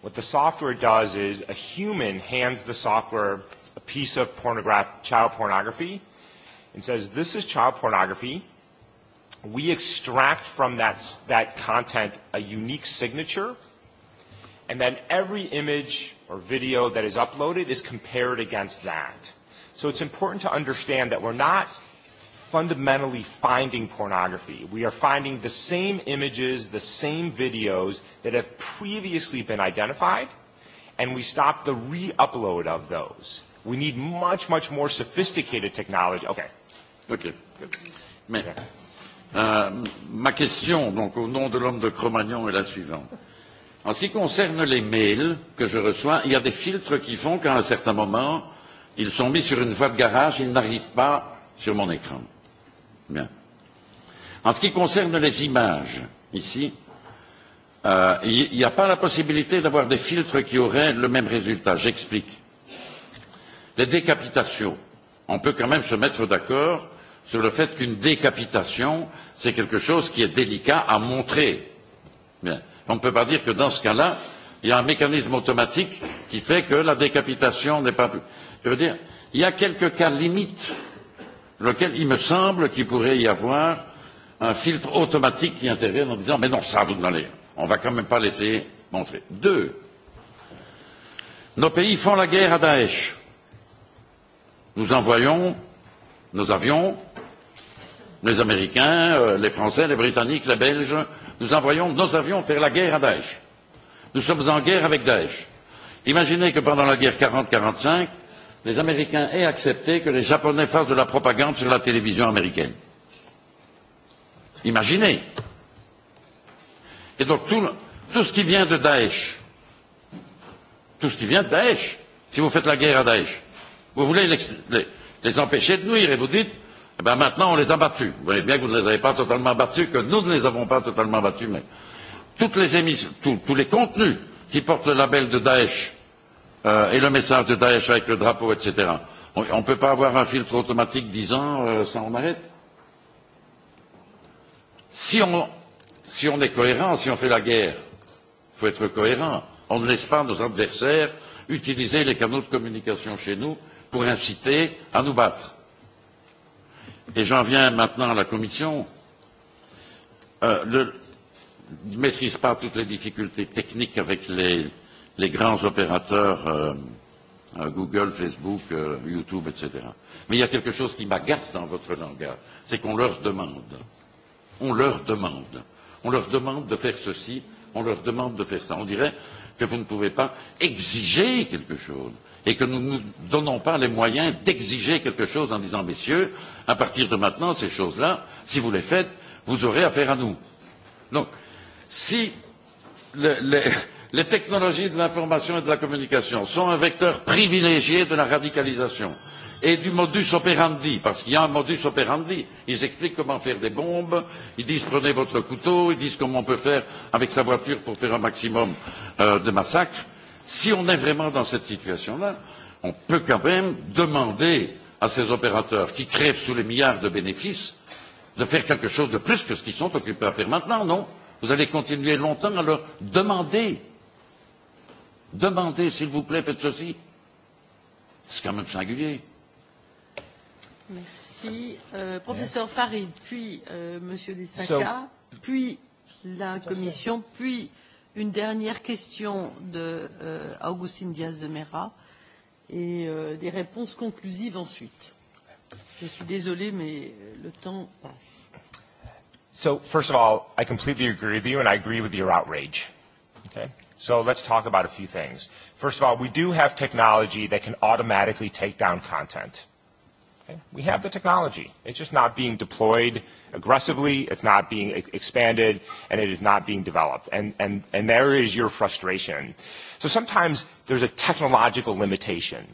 What the software does is a human hands the software a piece of child pornography, and says, this is child pornography. We extract from that, that content a unique signature, and then every image or video that is uploaded is compared against that. So it's important to understand that we're not fundamentally finding pornography. We are finding the same images, the same videos that have previously been identified, and we stop the re-upload of those. We need much, much more sophisticated technology. Okay, Ok. Mais euh, ma question, donc au nom de l'homme de Cro-Magnon, est la suivante. En ce qui concerne les mails que je reçois, il y a des filtres qui font qu'à un certain moment, ils sont mis sur une voie de garage, ils n'arrivent pas sur mon écran. Bien. En ce qui concerne les images, ici, il n'y a pas la possibilité d'avoir des filtres qui auraient le même résultat. J'explique. Les décapitations, on peut quand même se mettre d'accord sur le fait qu'une décapitation, c'est quelque chose qui est délicat à montrer. Bien. On ne peut pas dire que dans ce cas-là, il y a un mécanisme automatique qui fait que la décapitation n'est pas... Je veux dire, il y a quelques cas limites, lequel il me semble qu'il pourrait y avoir un filtre automatique qui intervient en disant, mais non, ça, vous n'allez, on ne va quand même pas laisser montrer. Deux, nos pays font la guerre à Daesh. Nous envoyons nos avions les Américains, les Français, les Britanniques, les Belges, nous envoyons nos avions faire la guerre à Daesh. Nous sommes en guerre avec Daesh. Imaginez que pendant la guerre 40-45, les Américains aient accepté que les Japonais fassent de la propagande sur la télévision américaine. Imaginez. Et donc tout, tout ce qui vient de Daesh, tout ce qui vient de Daesh, si vous faites la guerre à Daesh, vous voulez les, les empêcher de nuire et vous dites Eh bien maintenant, on les a battus. Vous voyez bien que vous ne les avez pas totalement battus, que nous ne les avons pas totalement battus, mais toutes les émissions, tous les contenus qui portent le label de Daesh et le message de Daesh avec le drapeau, etc. On ne peut pas avoir un filtre automatique disant ça on arrête. Si on, si on est cohérent, si on fait la guerre, il faut être cohérent. On ne laisse pas nos adversaires utiliser les canaux de communication chez nous pour inciter à nous battre. Et j'en viens maintenant à la Commission. Euh, ne maîtrise pas toutes les difficultés techniques avec les, les grands opérateurs Google, Facebook, YouTube, etc. Mais il y a quelque chose qui m'agace dans votre langage, c'est qu'on leur demande. On leur demande. On leur demande de faire ceci, on leur demande de faire ça. On dirait que vous ne pouvez pas exiger quelque chose et que nous ne nous donnons pas les moyens d'exiger quelque chose en disant messieurs, à partir de maintenant, ces choses-là, si vous les faites, vous aurez affaire à nous. Donc, si les technologies de l'information et de la communication sont un vecteur privilégié de la radicalisation et du modus operandi, parce qu'il y a un modus operandi, ils expliquent comment faire des bombes, ils disent prenez votre couteau, ils disent comment on peut faire avec sa voiture pour faire un maximum de massacres, Si on est vraiment dans cette situation-là, on peut quand même demander à ces opérateurs qui crèvent sous les milliards de bénéfices de faire quelque chose de plus que ce qu'ils sont occupés à faire maintenant, non Vous allez continuer longtemps à leur demander. Demandez, s'il vous plaît, faites ceci. C'est quand même singulier. Merci. professeur Farid, puis euh, Monsieur Dessaka, puis la Commission, puis une dernière question de Augustine Diaz de Mera et des réponses conclusives ensuite. Je suis désolé mais le temps passe. So, first of all, I completely agree with you, and I agree with your outrage. Okay? So let's talk about a few things. First of all, we do have technology that can automatically take down content. We have the technology. It's just not being deployed aggressively. It's not being expanded, and it is not being developed. And, and, and there is your frustration. So sometimes there's a technological limitation.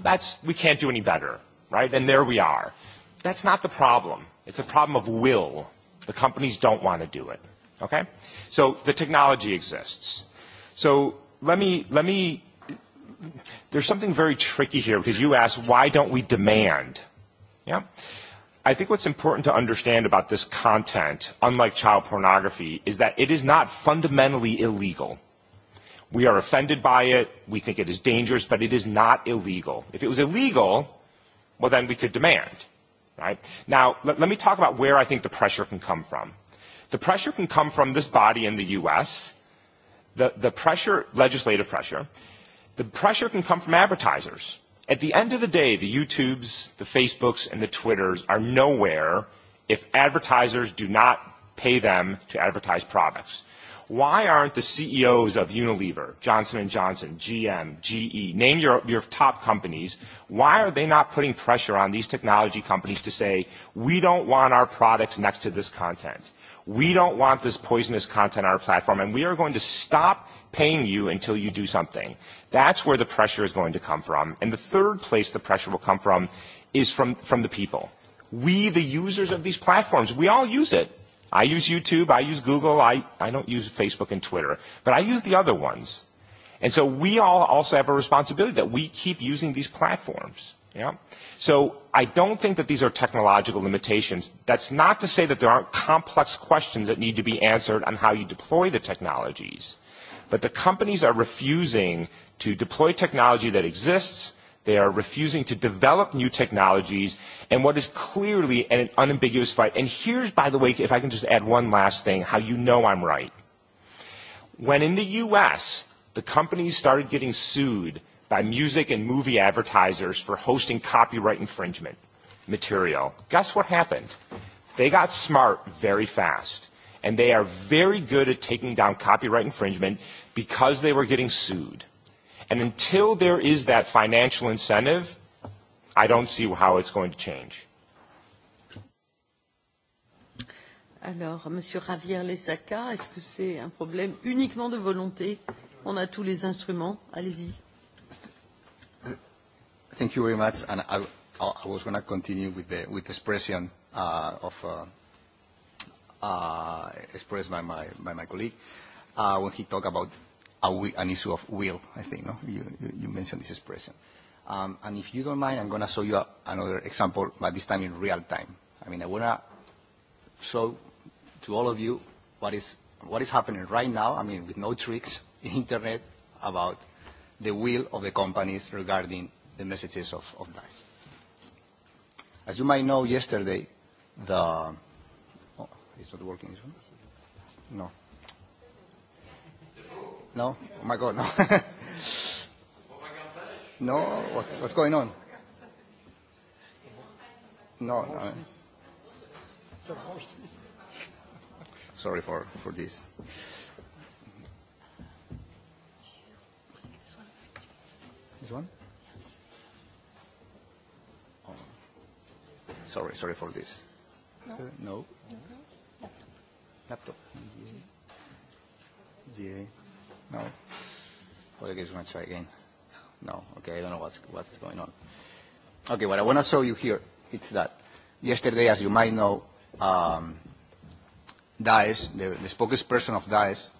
That's, we can't do any better, right? And there we are. That's not the problem. It's a problem of will. The companies don't want to do it, okay? So the technology exists. So let me, let me there's something very tricky here because you asked, why don't we demand? Yeah. I think what's important to understand about this content, unlike child pornography, is that it is not fundamentally illegal. We are offended by it. We think it is dangerous, but it is not illegal. If it was illegal, well, then we could demand. Right? Now, let me talk about where I think the pressure can come from. The pressure can come from this body in the U.S., the pressure, legislative pressure, the pressure can come from advertisers. At the end of the day, the YouTubes, the Facebooks, and the Twitters are nowhere if advertisers do not pay them to advertise products. Why aren't the CEOs of Unilever, Johnson Johnson, GM, GE, name your, your top companies, why are they not putting pressure on these technology companies to say, we don't want our products next to this content. We don't want this poisonous content on our platform, and we are going to stop paying you until you do something. That's where the pressure is going to come from. And the third place the pressure will come from is from the people. We, the users of these platforms, we all use it. I use YouTube, I use Google, I don't use Facebook and Twitter, but I use the other ones. And so we all also have a responsibility that we keep using these platforms. So I don't think that these are technological limitations. That's not to say that there aren't complex questions that need to be answered on how you deploy the technologies. But the companies are refusing to deploy technology that exists. They are refusing to develop new technologies. And what is clearly an unambiguous fight. And here's, by the way, if I can just add one last thing, how you know I'm right. When in the U.S., the companies started getting sued by music and movie advertisers for hosting copyright infringement material, guess what happened? They got smart very fast and they are very good at taking down copyright infringement because they were getting sued. And until there is that financial incentive, I don't see how it's going to change. Alors, Monsieur Javier Lesaca, est-ce que c'est un problème uniquement de volonté On a tous les instruments. Allez-y. Thank you very much. And I, I was going to continue with the, with the expression uh, of expressed by my by my colleague when he talked about an issue of will. I think you you mentioned this expression. Um, and if you don't mind, I'm going to show you another example, but this time in real time. I mean, I want to show to all of you what is what is happening right now. I mean, with no tricks, in internet about the will of the companies regarding the messages of, of DICE. As you might know, yesterday, the It's not working, this one? No. No? Oh my God, no. no? What's, what's going on? No, no. Sorry for, for this. This one? Sorry, sorry for this. No laptop. GA. No. Well, I guess try again. No. Okay, I don't know what's, what's going on. Okay, what I want to show you here is that yesterday, as you might know, um, Daesh, the, the spokesperson of Daesh,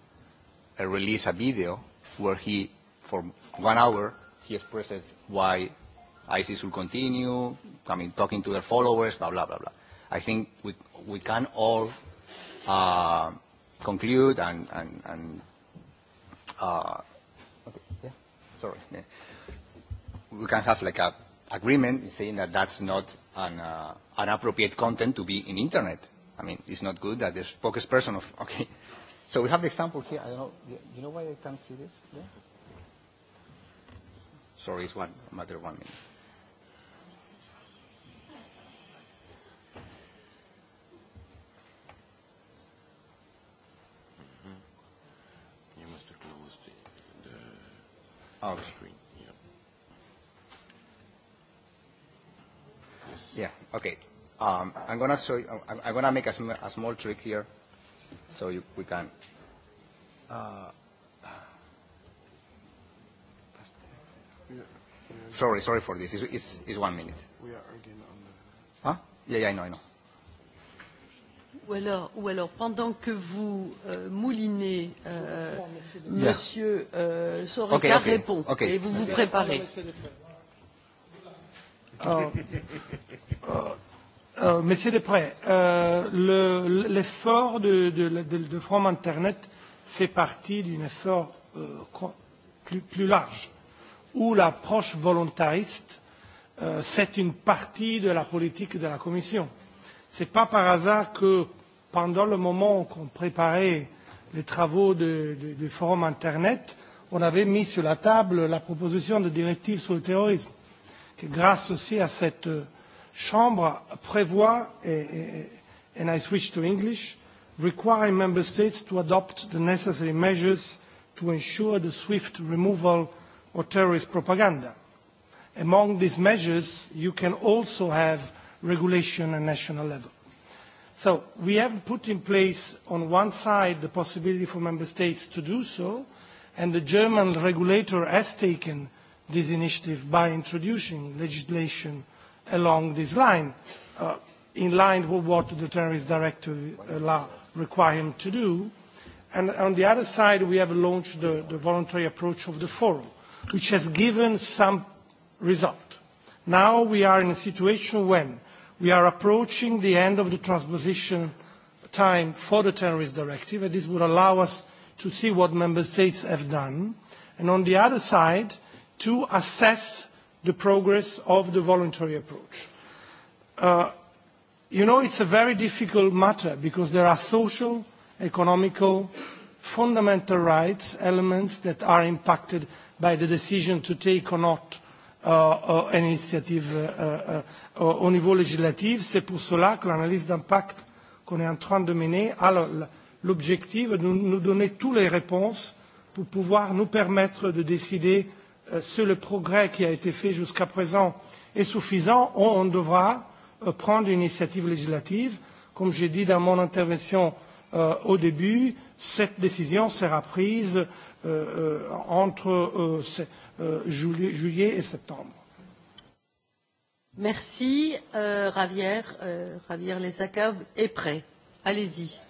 uh, released a video where he, for one hour, he expresses why ISIS will continue, I mean, talking to their followers, blah, blah, blah, blah. I think we, we can all conclude and and and okay yeah sorry we can have like a agreement saying that that's not an an appropriate content to be in internet i mean it's not good that the spokesperson of okay so we have the example here i don't know you know why i can't see this sorry it's one matter one minute screen. Yeah. Okay. Um, I'm gonna show. You, I'm, I'm gonna make a, small trick here, so you, we can. Uh, sorry, sorry for this. It's, it's one minute. We are again on the. Huh? Yeah, yeah, I know, I know. Ou alors, pendant que vous moulinez, Monsieur Sorica répond et vous vous préparez. Monsieur l'effort de, de, de, de From Internet fait partie d'un effort plus, plus large, où l'approche volontariste, c'est une partie de la politique de la Commission. Ce n'est pas par hasard que pendant le moment qu'on préparait les travaux du forum Internet, on avait mis sur la table la proposition de directive sur le terrorisme, qui, grâce aussi à cette Chambre, prévoit, and I switch to English, requiring Member States to adopt the necessary measures to ensure the swift removal of terrorist propaganda. Among these measures, you can also have regulation at national level. So we have put in place on one side the possibility for member states to do so, and the German regulator has taken this initiative by introducing legislation along this line, in line with what the terrorist directive law requires to do. And on the other side, we have launched the voluntary approach of the forum, which has given some result. Now we are in a situation when We are approaching the end of the transposition time for the terrorist directive, and this would allow us to see what member states have done, and on the other side, to assess the progress of the voluntary approach. You know, it's a very difficult matter because there are social, economical, fundamental rights elements that are impacted by the decision to take or not an initiative au niveau législatif. C'est pour cela que l'analyse d'impact qu'on est en train de mener a l'objectif de nous donner toutes les réponses pour pouvoir nous permettre de décider si le progrès qui a été fait jusqu'à présent est suffisant ou on devra prendre une initiative législative. Comme j'ai dit dans mon intervention au début, cette décision sera prise entre juillet et septembre. Merci. Euh, Javier, euh, Lesacab est prêt. Allez-y.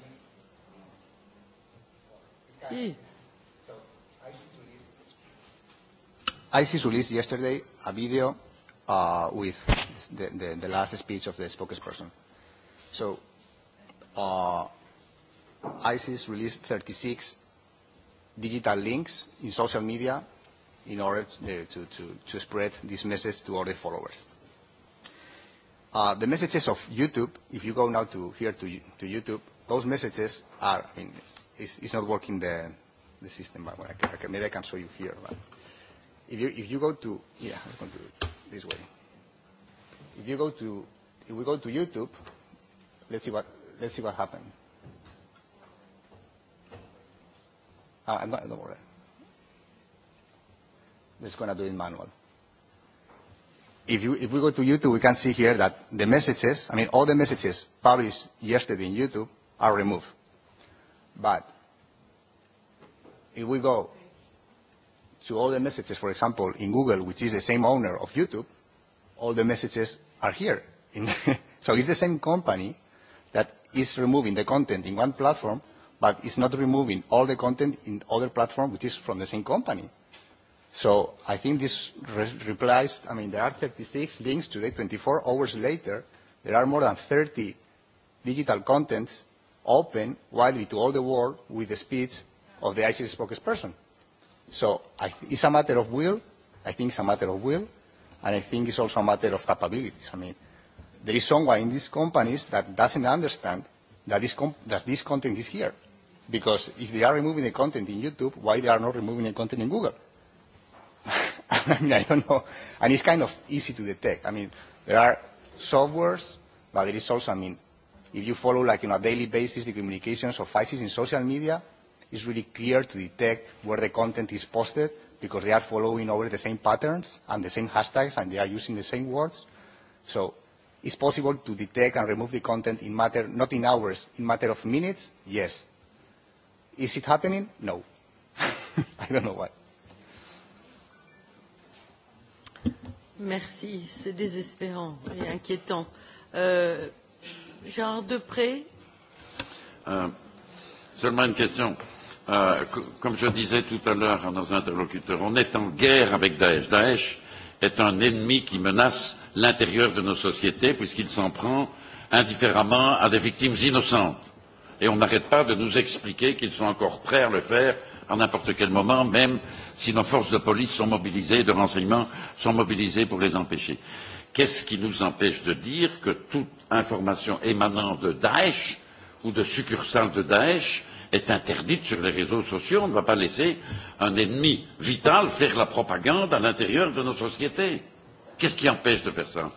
Si. ISIS released yesterday a video uh, with the, the, the last speech of the spokesperson. So uh, ISIS released 36 digital links in social media in order to, to, to, to spread this message to all the followers. Uh The messages of YouTube, if you go now to here to to YouTube, those messages are, I mean, it's not working the the system, but maybe I can show you here. But if you if you go to yeah, I'm going to do it this way. If you go to if we go to YouTube, let's see what let's see what happened. Ah, I'm not, don't worry. Just to do it manual if you if we go to YouTube, we can see here that the messages, I mean, all the messages published yesterday in YouTube are removed. But if we go to all the messages, for example, in Google, which is the same owner of YouTube, all the messages are here. So it's the same company that is removing the content in one platform, but is not removing all the content in other platform, which is from the same company. So I think this replies, I mean, there are 36 links today, 24 hours later. There are more than 30 digital contents open widely to all the world with the speech of the ICC spokesperson. So I it's a matter of will. I think it's a matter of will. And I think it's also a matter of capabilities. I mean, there is someone in these companies that doesn't understand that this, that this content is here. Because if they are removing the content in YouTube, why they are not removing the content in Google? I mean, I don't know. And it's kind of easy to detect. I mean, there are softwares, but there is also, I mean, if you follow like on a daily basis the communications of ISIS in social media, it's really clear to detect where the content is posted because they are following over the same patterns and the same hashtags and they are using the same words. So it's possible to detect and remove the content in matter, not in hours, in matter of minutes, yes. Is it happening? No. I don't know why. Merci, c'est désespérant et inquiétant. Euh, Gérard Depré euh, Seulement une question. Euh, comme je disais tout à l'heure à nos interlocuteurs, on est en guerre avec Daesh. Daesh est un ennemi qui menace l'intérieur de nos sociétés puisqu'il s'en prend indifféremment à des victimes innocentes. Et on n'arrête pas de nous expliquer qu'ils sont encore prêts à le faire à n'importe quel moment, même si nos forces de police sont mobilisées, de renseignement sont mobilisées pour les empêcher. Qu'est-ce qui nous empêche de dire que toute information émanant de Daesh ou de succursales de Daesh est interdite sur les réseaux sociaux On ne va pas laisser un ennemi vital faire la propagande à l'intérieur de nos sociétés. Qu'est-ce qui empêche de faire ça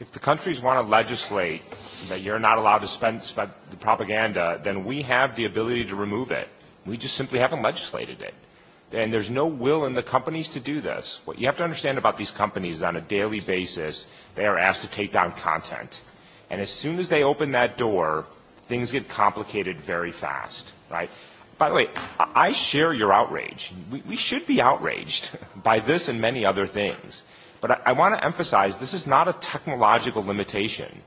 if the countries want to legislate that you're not allowed to spend, spend the propaganda, then we have the ability to remove it. We just simply haven't legislated it. And there's no will in the companies to do this. What you have to understand about these companies is on a daily basis, they are asked to take down content. And as soon as they open that door, things get complicated very fast, right? By the way, I share your outrage. We should be outraged by this and many other things. But I want to emphasize this is not a technological limitation.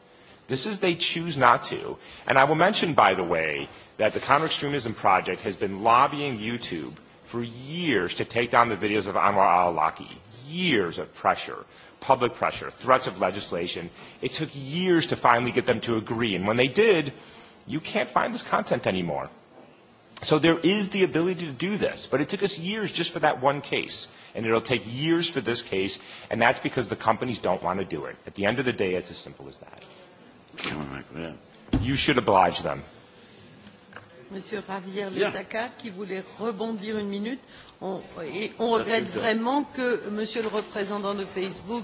This is they choose not to. And I will mention, by the way, that the Counter-Extremism Project has been lobbying YouTube for years to take down the videos of Anwar al-Awlaki, years of pressure, public pressure, threats of legislation. It took years to finally get them to agree. And when they did, you can't find this content anymore. So there is the ability to do this, but it took us years just for that one case and it'll take years for this case, and that's because the companies don't want to do it. At the end of the day, it's as simple as that. You should oblige them. Monsieur Ravier Lesaca, qui voulait rebondir une minute. On, on regrette vraiment que Monsieur le représentant de Facebook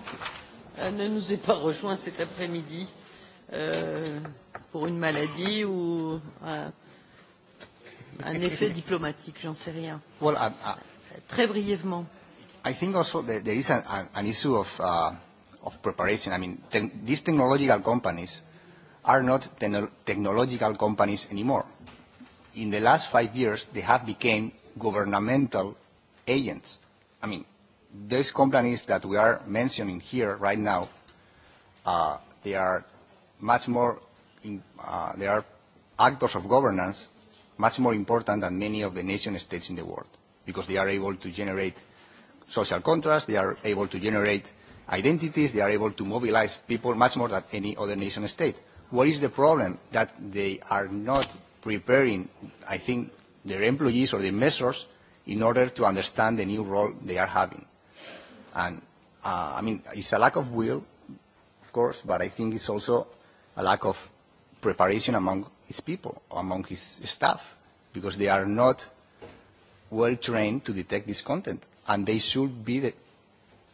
ne nous ait pas rejoint cet après-midi pour une maladie ou un effet diplomatique, j'en sais rien. Voilà. Très brièvement. I think also there is an issue of of preparation. I mean, these technological companies are not technological companies anymore. In the last five years, they have become governmental agents. I mean, these companies that we are mentioning here right now, they are much more, they are actors of governance, much more important than many of the nation states in the world, because they are able to generate social contrasts, they are able to generate identities, they are able to mobilize people much more than any other nation state. What is the problem? That they are not preparing, I think, their employees or their measures in order to understand the new role they are having. And, I mean, it's a lack of will, of course, but I think it's also a lack of preparation among its people, among his staff, because they are not well trained to detect this content and they should be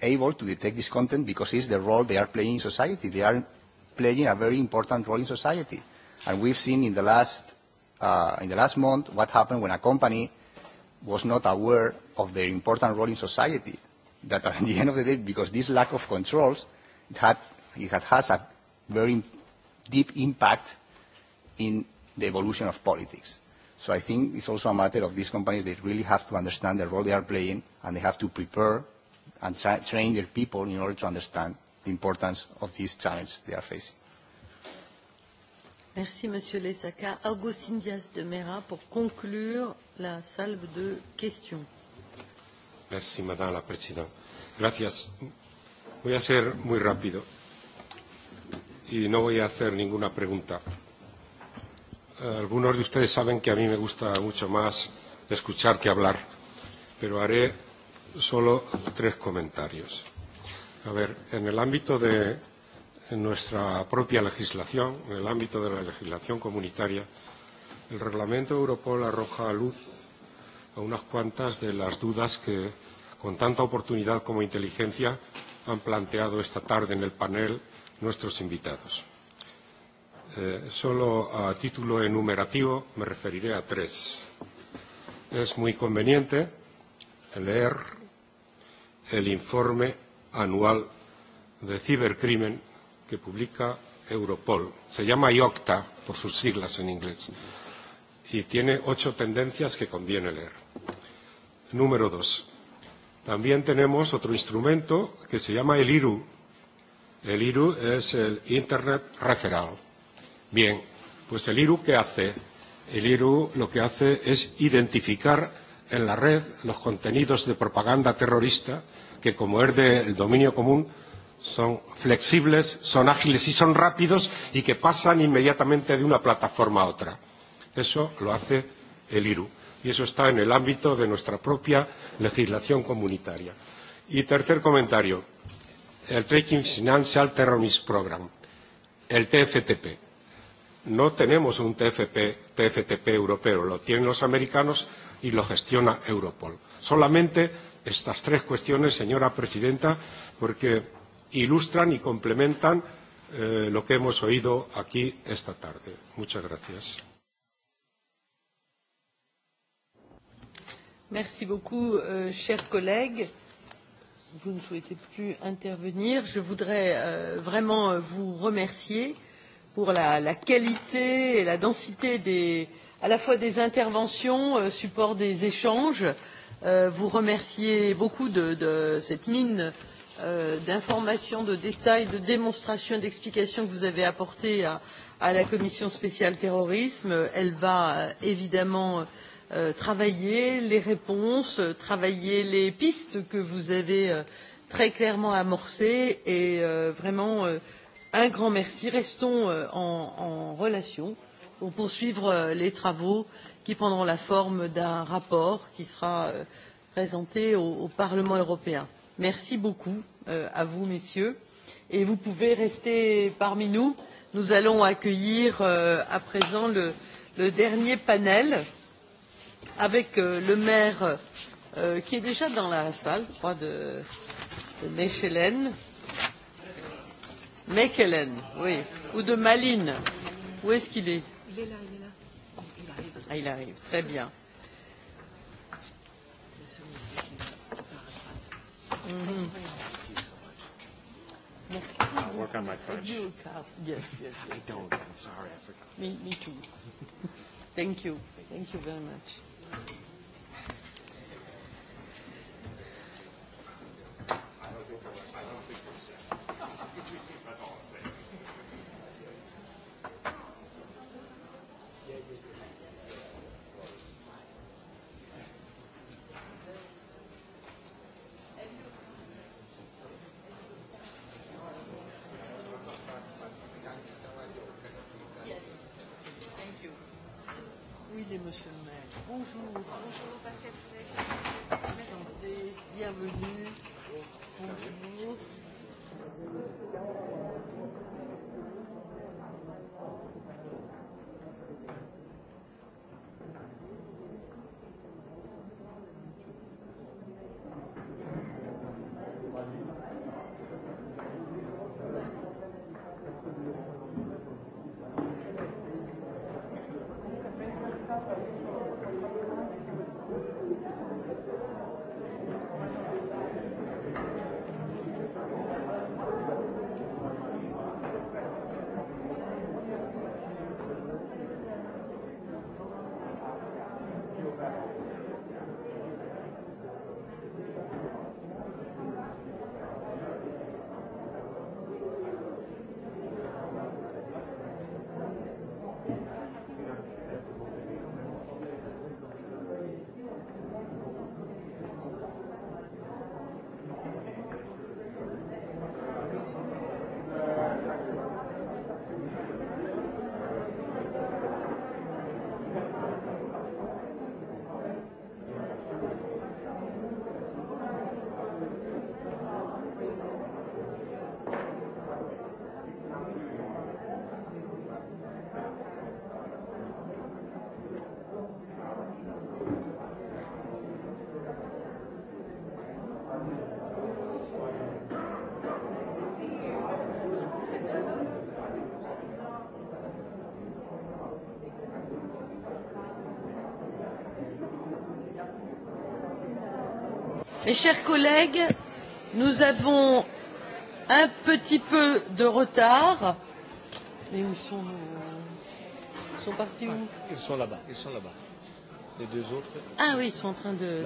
able to detect this content because it's the role they are playing in society. They are playing a very important role in society. And we've seen in the last in the last month what happened when a company was not aware of their important role in society. That at the end of the day, because this lack of controls, it had it had has a very deep impact in the evolution of politics. So I think it's also a matter of these companies, they really have to understand the role they are playing and they have to prepare and train their people in order to understand the importance of these challenges they are facing. Merci, Monsieur Lesaka. Augustin Diaz de Mera pour conclure la salve de questions. Merci, Madame la Présidente. Gracias. Voy a ser muy rápido y no voy a hacer ninguna pregunta algunos de ustedes saben que a mí me gusta mucho más escuchar que hablar, pero haré solo tres comentarios. A ver, en el ámbito de nuestra propia legislación, en el ámbito de la legislación comunitaria, el reglamento Europol arroja a luz a unas cuantas de las dudas que, con tanta oportunidad como inteligencia, han planteado esta tarde en el panel nuestros invitados solo a título enumerativo me referiré a tres. Es muy conveniente leer el informe anual de cibercrimen que publica Europol. Se llama IOCTA, por sus siglas en inglés, y tiene ocho tendencias que conviene leer. Número dos. También tenemos otro instrumento que se llama el IRU. El IRU es el Internet Referral Bien, pues el IRU, ¿qué hace? El IRU lo que hace es identificar en la red los contenidos de propaganda terrorista que, como es del dominio común, son flexibles, son ágiles y son rápidos y que pasan inmediatamente de una plataforma a otra. Eso lo hace el IRU y eso está en el ámbito de nuestra propia legislación comunitaria. Y tercer comentario, el Tracking Financial Terrorism Program, el TFTP no tenemos un TFTP europeo, lo tienen los americanos y lo gestiona Europol. Solamente estas tres cuestiones, señora presidenta, porque ilustran y complementan lo que hemos oído aquí esta tarde. Muchas gracias. Merci beaucoup, chers collègues. Vous ne souhaitez plus intervenir. Je voudrais vraiment vous remercier pour la qualité et la densité à la fois des interventions, support des échanges. Vous remerciez beaucoup de cette mine d'informations, de détails, de démonstrations, d'explications que vous avez apportées à la Commission spéciale terrorisme. Elle va évidemment travailler les réponses, travailler les pistes que vous avez très clairement amorcées et vraiment Un grand merci. Restons en relation pour poursuivre les travaux qui prendront la forme d'un rapport qui sera présenté au Parlement européen. Merci beaucoup à vous, messieurs. Et vous pouvez rester parmi nous. Nous allons accueillir à présent le dernier panel avec le maire qui est déjà dans la salle, je crois, de Mechelen Mekelen, oui. Ou de Maline. Où est-ce qu'il est Il est là, il est là. Ah, il arrive. Très bien. Merci. I'll work on my French. You, Yes, yes, yes. I don't. I'm sorry, I forgot. Me, me too. Thank you. Thank you very much. Mes chers collègues, nous avons un petit peu de retard. Mais où sont nos... Ils sont partis où Ils sont là-bas, ils sont là-bas. Les deux autres. Ah oui, ils sont en train de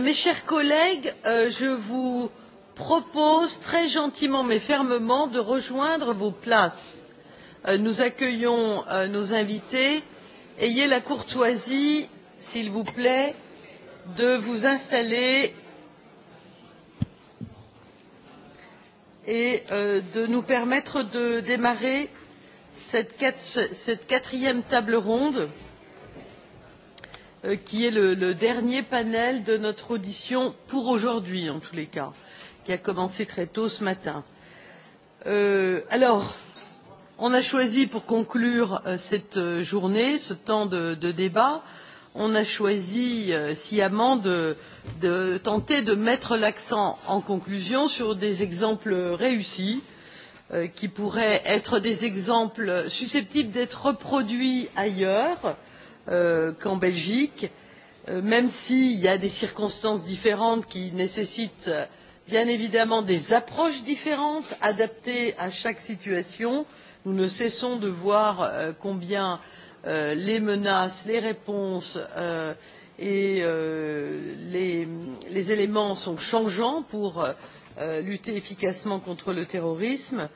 mes chers collègues, je vous propose très gentiment mais fermement de rejoindre vos places. Nous accueillons nos invités. Ayez la courtoisie, s'il vous plaît, de vous installer et de nous permettre de démarrer cette quatrième table ronde qui est le dernier panel de notre audition pour aujourd'hui en tous les cas qui a commencé très tôt ce matin. alors on a choisi pour conclure cette journée ce temps de débat on a choisi sciemment de tenter de mettre l'accent en conclusion sur des exemples réussis qui pourraient être des exemples susceptibles d'être reproduits ailleurs qu'en Belgique, même s'il y a des circonstances différentes qui nécessitent bien évidemment des approches différentes adaptées à chaque situation. Nous ne cessons de voir combien les menaces, les réponses et les éléments sont changeants pour lutter efficacement contre le terrorisme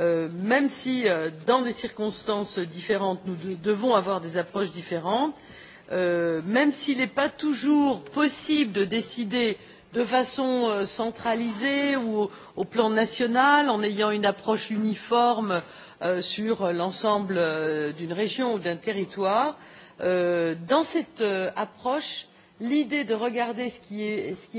même si dans des circonstances différentes nous devons avoir des approches différentes même s'il n'est pas toujours possible de décider de façon centralisée ou au plan national en ayant une approche uniforme sur l'ensemble d'une région ou d'un territoire dans cette approche l'idée de regarder ce qui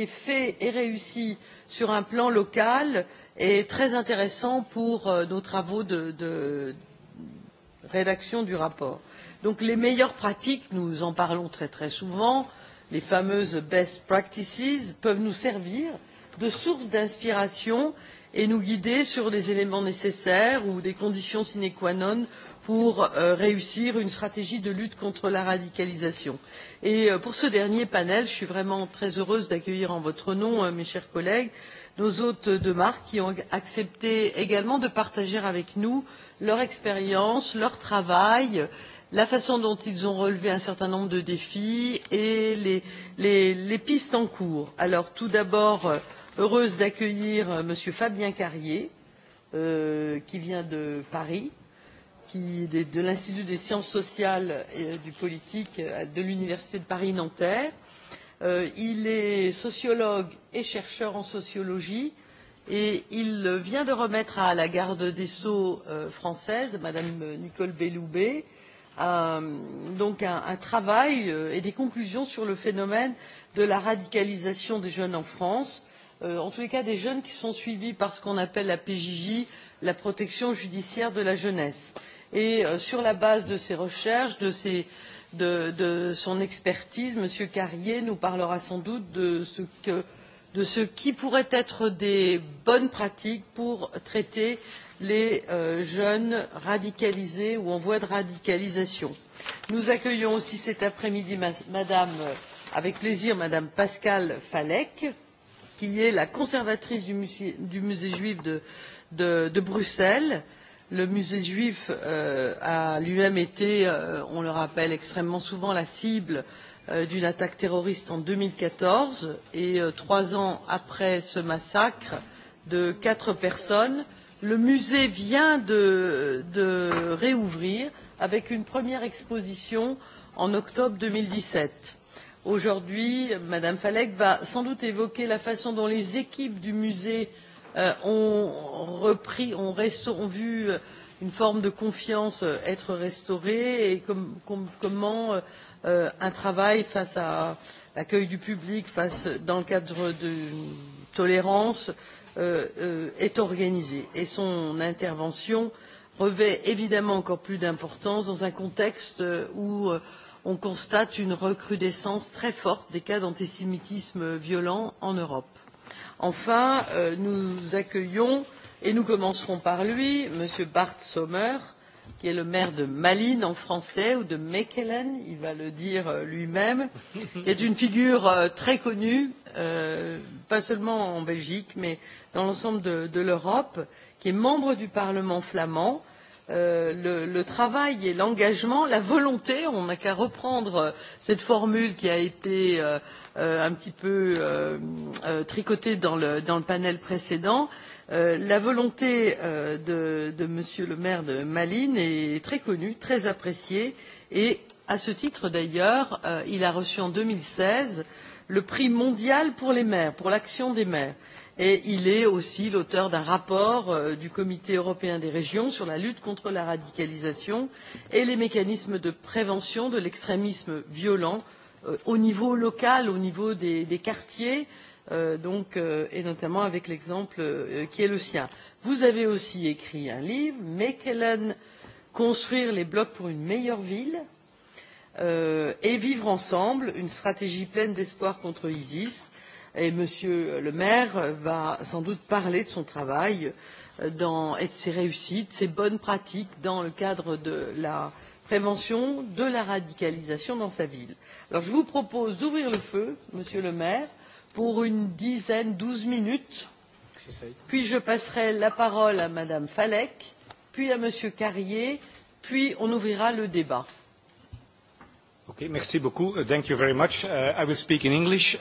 est fait et réussi sur un plan local est très intéressante pour nos travaux de rédaction du rapport. Donc les meilleures pratiques, nous en parlons très très souvent, les fameuses best practices peuvent nous servir de source d'inspiration et nous guider sur des éléments nécessaires ou des conditions sine qua non pour réussir une stratégie de lutte contre la radicalisation. Et pour ce dernier panel, je suis vraiment très heureuse d'accueillir en votre nom, mes chers collègues, nos hôtes de marque qui ont accepté également de partager avec nous leur expérience, leur travail, la façon dont ils ont relevé un certain nombre de défis et les pistes en cours. Alors tout d'abord, heureuse d'accueillir M. Fabien Carrier, qui vient de Paris de l'Institut des sciences sociales et du politique de l'Université de Paris-Nanterre. Il est sociologue et chercheur en sociologie et il vient de remettre à la garde des Sceaux française, Madame Nicole Belloubet, donc un travail et des conclusions sur le phénomène de la radicalisation des jeunes en France, en tous les cas des jeunes qui sont suivis par ce qu'on appelle la PJJ, la protection judiciaire de la jeunesse. Et sur la base de ses recherches, de, son expertise, M. Carrier nous parlera sans doute de ce, qui pourrait être des bonnes pratiques pour traiter les jeunes radicalisés ou en voie de radicalisation. Nous accueillons aussi cet après-midi Madame avec plaisir Madame Pascale Falek, qui est la conservatrice du musée juif de Bruxelles Le musée juif a lui-même été, on le rappelle extrêmement souvent, la cible d'une attaque terroriste en 2014 et trois ans après ce massacre de quatre personnes, le musée vient de réouvrir avec une première exposition en octobre 2017. Aujourd'hui, Madame Falek va sans doute évoquer la façon dont les équipes du musée ont vu une forme de confiance être restaurée et comment un travail face à l'accueil du public, dans le cadre de tolérance, est organisé. Et son intervention revêt évidemment encore plus d'importance dans un contexte où on constate une recrudescence très forte des cas d'antisémitisme violent en Europe Enfin, nous accueillons et nous commencerons par lui, M. Bart Sommer, qui est le maire de Malines en français, ou de Mechelen, il va le dire lui-même, qui est une figure très connue, pas seulement en Belgique, mais dans l'ensemble de l'Europe, qui est membre du Parlement flamand. Le travail et l'engagement, la volonté, on n'a qu'à reprendre cette formule qui a été un petit peu tricoté dans le panel précédent. La volonté de Monsieur le maire de Malines est très connue, très appréciée et, à ce titre d'ailleurs, il a reçu en 2016 le prix mondial pour les maires, pour l'action des maires. Et il est aussi l'auteur d'un rapport du Comité européen des régions sur la lutte contre la radicalisation et les mécanismes de prévention de l'extrémisme violent au niveau local, au niveau des quartiers, et notamment avec l'exemple qui est le sien. Vous avez aussi écrit un livre, Mekelen, Construire les blocs pour une meilleure ville et Vivre ensemble, une stratégie pleine d'espoir contre ISIS. Et Monsieur le maire va sans doute parler de son travail et de ses réussites, ses bonnes pratiques dans le cadre de la prévention de la radicalisation dans sa ville. Alors je vous propose d'ouvrir le feu, Monsieur le maire, pour une dizaine, douze minutes, puis je passerai la parole à Madame Falek, puis à Monsieur Carrier, puis on ouvrira le débat. Okay, merci beaucoup. Thank you very much. I will speak in English.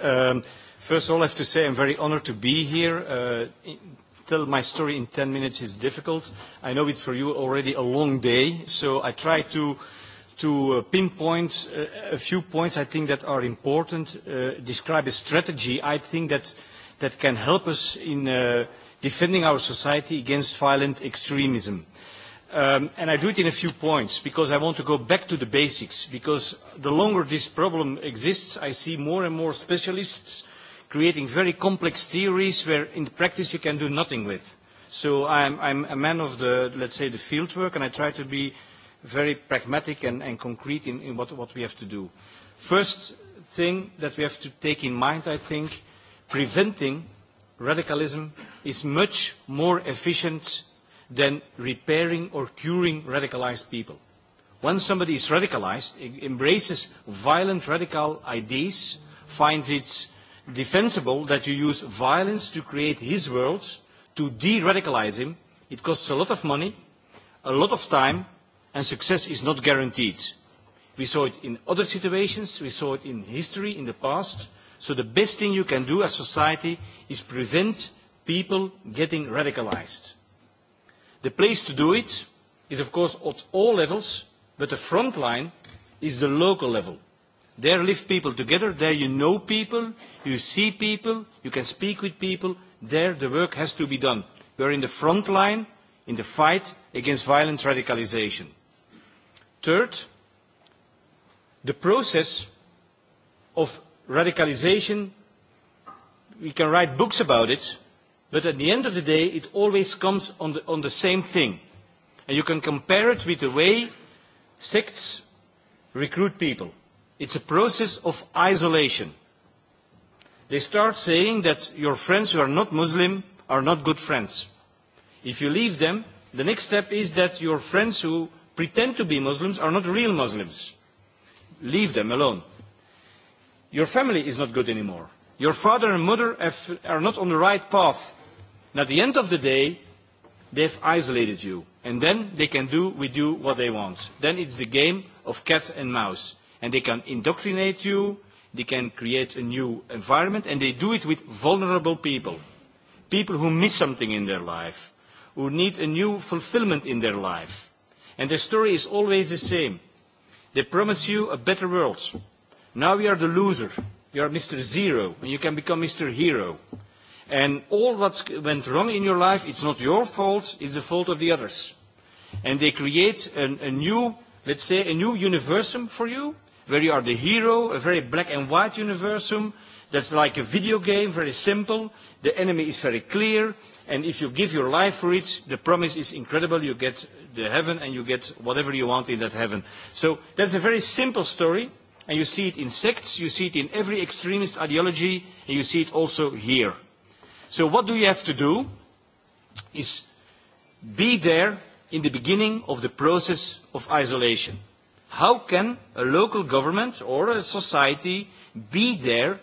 First of all, I have to say I'm very honored to be here tell my story in 10 minutes is difficult. I know it's for you already a long day, so I try to to pinpoint a few points I think that are important, describe a strategy I think that that can help us in defending our society against violent extremism. And I do it in a few points because I want to go back to the basics, because the longer this problem exists, I see more and more specialists creating very complex theories where in practice you can do nothing with. So I'm, I'm a man of the, let's say, the field work, and I try to be very pragmatic and, concrete in, what, what we have to do. First thing that we have to take in mind, I think, preventing radicalism is much more efficient than repairing or curing radicalized people. When somebody is radicalized, embraces violent radical ideas, finds its defensible that you use violence to create his world, to de radicalise him. It costs a lot of money, a lot of time, and success is not guaranteed. We saw it in other situations, we saw it in history, in the past. So the best thing you can do as a society is prevent people getting radicalised. The place to do it is, of course, at all levels, but the front line is the local level. There live people together, there you know people, you see people, you can speak with people, there the work has to be done. We are in the front line in the fight against violent radicalisation. Third, the process of radicalisation, we can write books about it, but at the end of the day it always comes on the same thing. And you can compare it with the way sects recruit people. It's a process of isolation. They start saying that your friends who are not Muslim are not good friends. If you leave them, the next step is that your friends who pretend to be Muslims are not real Muslims. Leave them alone. Your family is not good anymore. Your father and mother are not on the right path. And at the end of the day, they've isolated you. And then they can do with you what they want. Then it's the game of cat and mouse and they can indoctrinate you, they can create a new environment, and they do it with vulnerable people, people who miss something in their life, who need a new fulfillment in their life. And their story is always the same. They promise you a better world. Now you are the loser, you are Mr. Zero, and you can become Mr. Hero. And all what went wrong in your life, it's not your fault, it's the fault of the others. And they create a new, let's say, a new universum for you, where you are the hero, a very black and white universum that's like a video game, very simple. The enemy is very clear, and if you give your life for it, the promise is incredible. You get the heaven and you get whatever you want in that heaven. So that's a very simple story, and you see it in sects, you see it in every extremist ideology, and you see it also here. So what do you have to do is be there in the beginning of the process of isolation. How can a local government or a society be there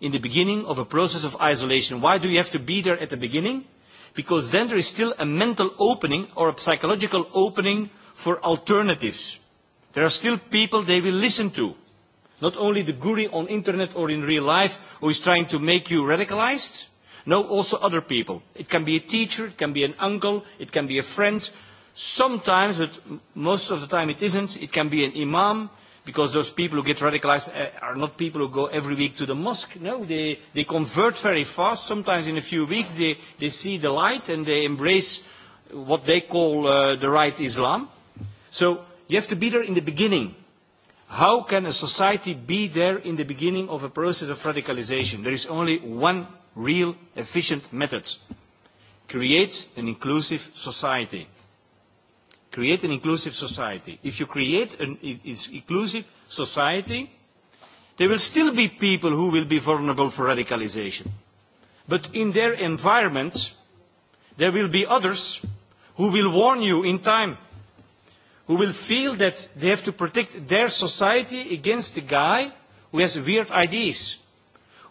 in the beginning of a process of isolation? Why do you have to be there at the beginning? Because then there is still a mental opening or a psychological opening for alternatives. There are still people they will listen to. Not only the guru on internet or in real life who is trying to make you radicalized, no, also other people. It can be a teacher, it can be an uncle, it can be a friend Sometimes, but most of the time it isn't. It can be an imam, because those people who get radicalized are not people who go every week to the mosque. No, they, they convert very fast. Sometimes in a few weeks they, they see the light and they embrace what they call the right Islam. So you have to be there in the beginning. How can a society be there in the beginning of a process of radicalization? There is only one real efficient method. Create an inclusive society create an inclusive society. If you create an inclusive society, there will still be people who will be vulnerable for radicalization. But in their environment, there will be others who will warn you in time, who will feel that they have to protect their society against the guy who has weird ideas,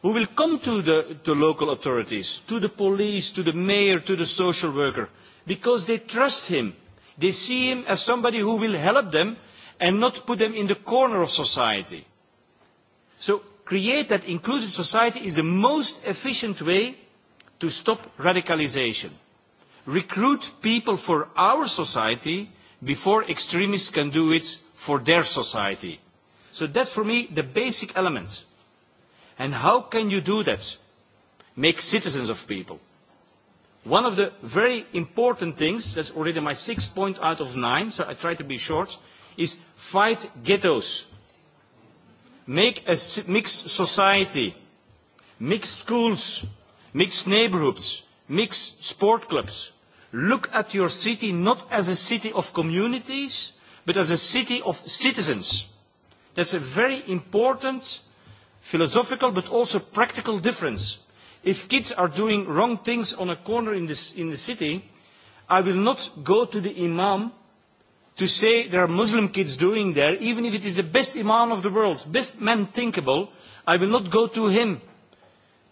who will come to the local authorities, to the police, to the mayor, to the social worker, because they trust him They see him as somebody who will help them and not put them in the corner of society. So create that inclusive society is the most efficient way to stop radicalization. Recruit people for our society before extremists can do it for their society. So that's for me the basic elements. And how can you do that? Make citizens of people. One of the very important things, that's already my sixth point out of nine, so I try to be short, is fight ghettos. Make a mixed society, mixed schools, mixed neighborhoods, mixed sport clubs. Look at your city not as a city of communities, but as a city of citizens. That's a very important philosophical but also practical difference If kids are doing wrong things on a corner in the city, I will not go to the imam to say there are Muslim kids doing there, even if it is the best imam of the world, best man thinkable, I will not go to him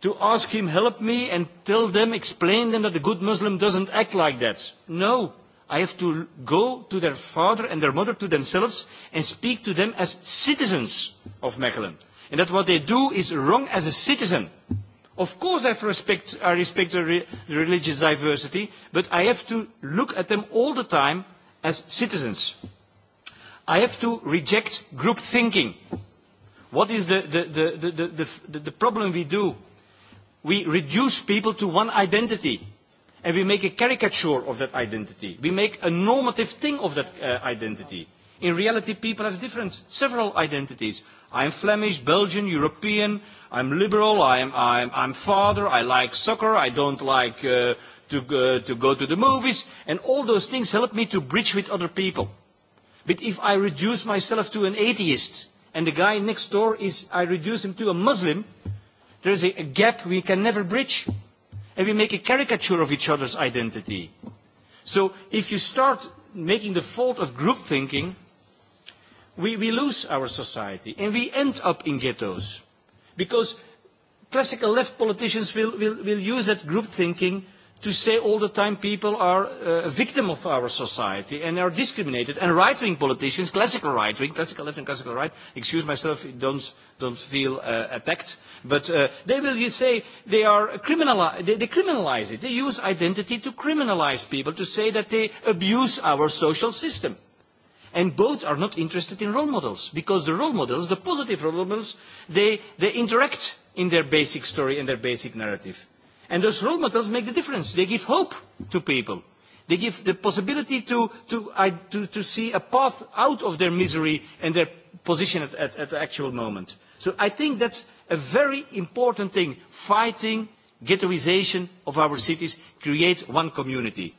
to ask him help me and tell them, explain them that a good Muslim doesn't act like that. No, I have to go to their father and their mother, to themselves, and speak to them as citizens of Mechelen. And that what they do is wrong as a citizen. Of course I respect the religious diversity, but I have to look at them all the time as citizens. I have to reject group thinking. What is the problem we do? We reduce people to one identity and we make a caricature of that identity. We make a normative thing of that identity. In reality, people have different, several identities. I'm Flemish, Belgian, European, I'm liberal, I'm, I'm, I'm father, I like soccer, I don't like to, to go to the movies, and all those things help me to bridge with other people. But if I reduce myself to an atheist, and the guy next door is, I reduce him to a Muslim, there is a gap we can never bridge, and we make a caricature of each other's identity. So if you start making the fault of group thinking, we lose our society and we end up in ghettos because classical left politicians will use that group thinking to say all the time people are a victim of our society and are discriminated. And right-wing politicians, classical right-wing, classical left and classical right, excuse myself, don't, don't feel attacked, but they will say they are they, they criminalize it. They use identity to criminalize people, to say that they abuse our social system and both are not interested in role models because the role models the positive role models they interact in their basic story and their basic narrative and those role models make the difference they give hope to people they give the possibility to to to see a path out of their misery and their position at the actual moment so i think that's a very important thing fighting ghettoization of our cities create one community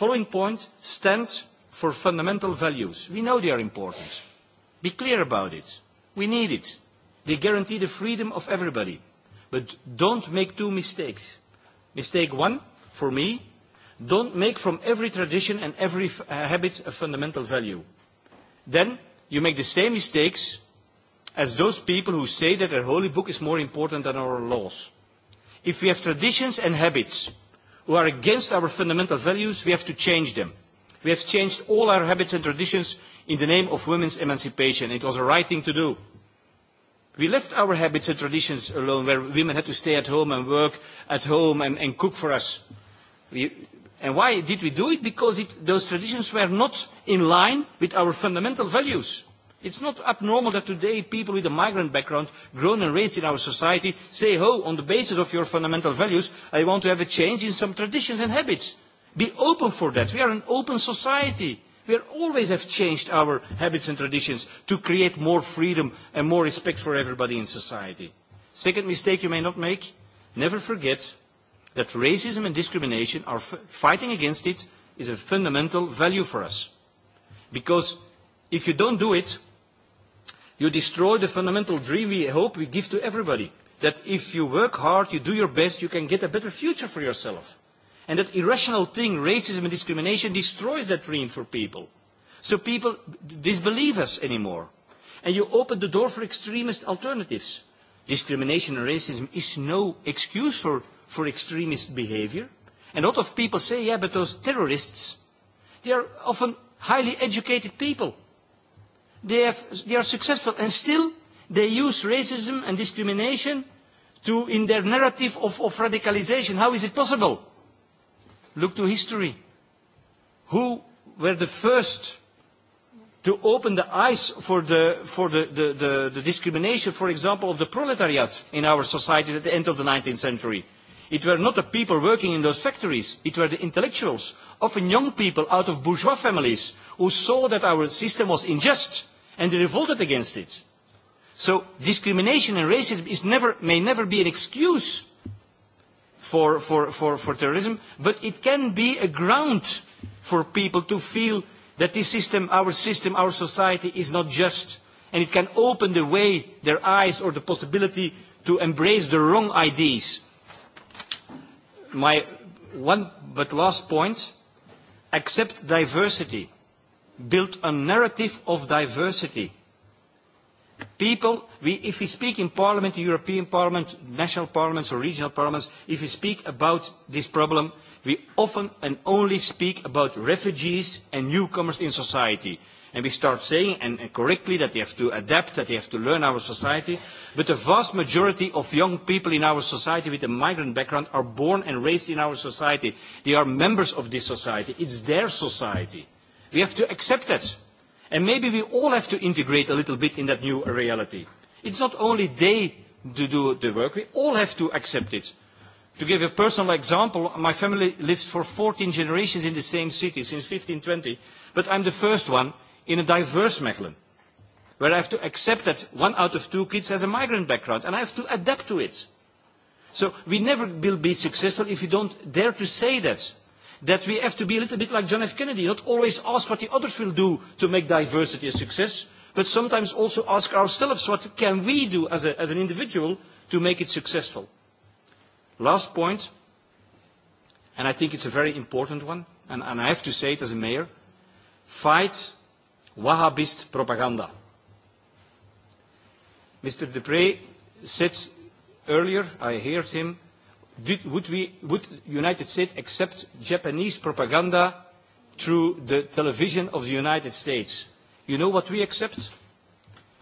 following point stands for fundamental values. We know they are important. Be clear about it. We need it. They guarantee the freedom of everybody. But don't make two mistakes. Mistake one, for me, don't make from every tradition and every habit a fundamental value. Then you make the same mistakes as those people who say that their holy book is more important than our laws. If we have traditions and habits who are against our fundamental values, we have to change them. We have changed all our habits and traditions in the name of women's emancipation. It was the right thing to do. We left our habits and traditions alone, where women had to stay at home and work at home and cook for us. And why did we do it? Because those traditions were not in line with our fundamental values. It's not abnormal that today people with a migrant background, grown and raised in our society, say, oh, on the basis of your fundamental values, I want to have a change in some traditions and habits. Be open for that. We are an open society. We always have changed our habits and traditions to create more freedom and more respect for everybody in society. Second mistake you may not make, never forget that racism and discrimination, are fighting against it, is a fundamental value for us. Because if you don't do it, you destroy the fundamental dream we hope we give to everybody, that if you work hard, you do your best, you can get a better future for yourself. And that irrational thing, racism and discrimination, destroys that dream for people. So people disbelieve us anymore. And you open the door for extremist alternatives. Discrimination and racism is no excuse for for extremist behavior. And a lot of people say, yeah, but those terrorists, they are often highly educated people they are successful and still they use racism and discrimination to in their narrative of radicalization. How is it possible? Look to history. Who were the first to open the eyes for the discrimination, for example, of the proletariat in our societies at the end of the 19th century? It were not the people working in those factories, it were the intellectuals, often young people out of bourgeois families, who saw that our system was unjust and they revolted against it. So discrimination and racism is never, may never be an excuse for, for, for, for terrorism, but it can be a ground for people to feel that this system, our system, our society is not just, and it can open the way, their eyes, or the possibility to embrace the wrong ideas. My one but last point, accept diversity built a narrative of diversity. People, if we speak in Parliament, the European Parliament, national parliaments or regional parliaments, if we speak about this problem, we often and only speak about refugees and newcomers in society. And we start saying, and correctly, that they have to adapt, that they have to learn our society. But the vast majority of young people in our society with a migrant background are born and raised in our society. They are members of this society. It's their society. We have to accept that. And maybe we all have to integrate a little bit in that new reality. It's not only they to do the work, we all have to accept it. To give a personal example, my family lives for 14 generations in the same city since 1520, but I'm the first one in a diverse Mechelen, where I have to accept that one out of two kids has a migrant background, and I have to adapt to it. So we never will be successful if we don't dare to say that that we have to be a little bit like John F. Kennedy, not always ask what the others will do to make diversity a success, but sometimes also ask ourselves what can we do as an individual to make it successful. Last point, and I think it's a very important one, and I have to say it as a mayor, fight Wahhabist propaganda. Mr. Dupre said earlier, I heard him, would we would United States accept Japanese propaganda through the television of the United States? You know what we accept?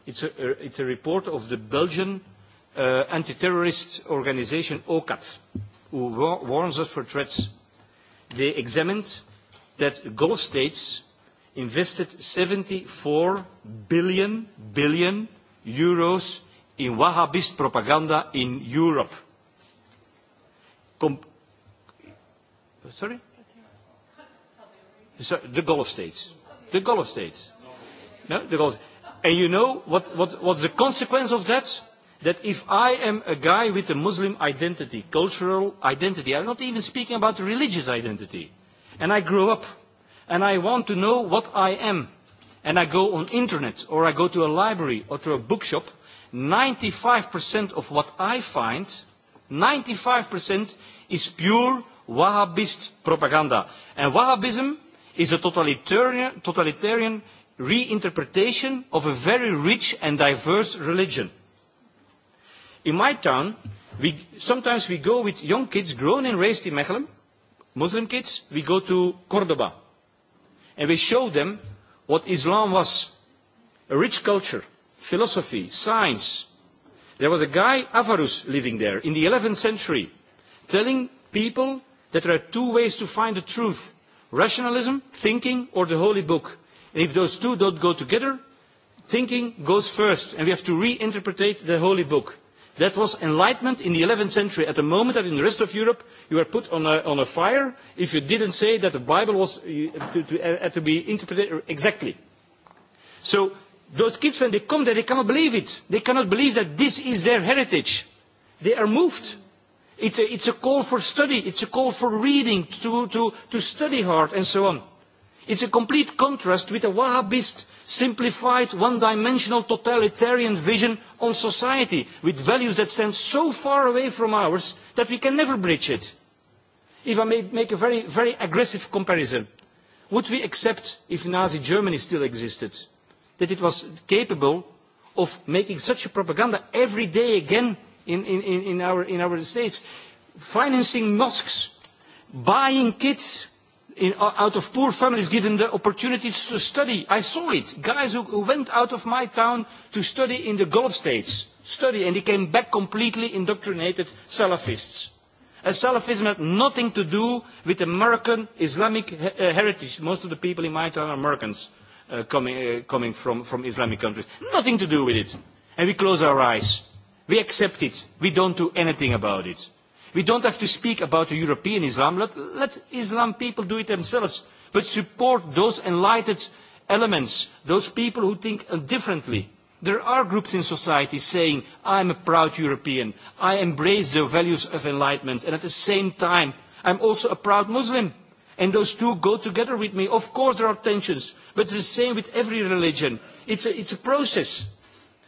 It's a a report of the Belgian anti-terrorist organisation OCAT, who warns us for threats. They examined that Gulf states invested 74 billion billion euros in Wahhabist propaganda in Europe Sorry? The Gulf states. The Gulf states. No, the Gulf. And you know what, what, what's the consequence of that? That if I am a guy with a Muslim identity, cultural identity, I'm not even speaking about religious identity, and I grew up, and I want to know what I am, and I go on internet, or I go to a library, or to a bookshop, 95% of what I find 95% is pure Wahhabist propaganda. And Wahhabism is a totalitarian reinterpretation of a very rich and diverse religion. In my town, sometimes we go with young kids grown and raised in Mechelen, Muslim kids, we go to Cordoba. And we show them what Islam was. A rich culture, philosophy, science, There was a guy, Avarus, living there in the 11th century, telling people that there are two ways to find the truth, rationalism, thinking, or the Holy Book. And if those two don't go together, thinking goes first, and we have to reinterpret the Holy Book. That was enlightenment in the 11th century, at the moment that in the rest of Europe you were put on a fire if you didn't say that the Bible was had to be interpreted exactly. So Those kids, when they come there, they cannot believe it. They cannot believe that this is their heritage. They are moved. It's a, it's a call for study. It's a call for reading, to, to, to study hard, and so on. It's a complete contrast with a Wahhabist, simplified, one-dimensional, totalitarian vision on society, with values that stand so far away from ours that we can never bridge it. If I may make a very, very aggressive comparison, would we accept if Nazi Germany still existed? that it was capable of making such a propaganda every day again in our states, financing mosques, buying kids out of poor families, given the opportunities to study. I saw it. Guys who went out of my town to study in the Gulf states, study, and they came back completely indoctrinated Salafists. And Salafism had nothing to do with American Islamic heritage. Most of the people in my town are Americans coming from Islamic countries. Nothing to do with it. And we close our eyes. We accept it. We don't do anything about it. We don't have to speak about the European Islam. Let Islam people do it themselves. But support those enlightened elements, those people who think differently. There are groups in society saying, "I'm a proud European. I embrace the values of enlightenment. And at the same time, I'm also a proud Muslim. And those two go together with me. Of course there are tensions, but is the same with every religion. It's a process.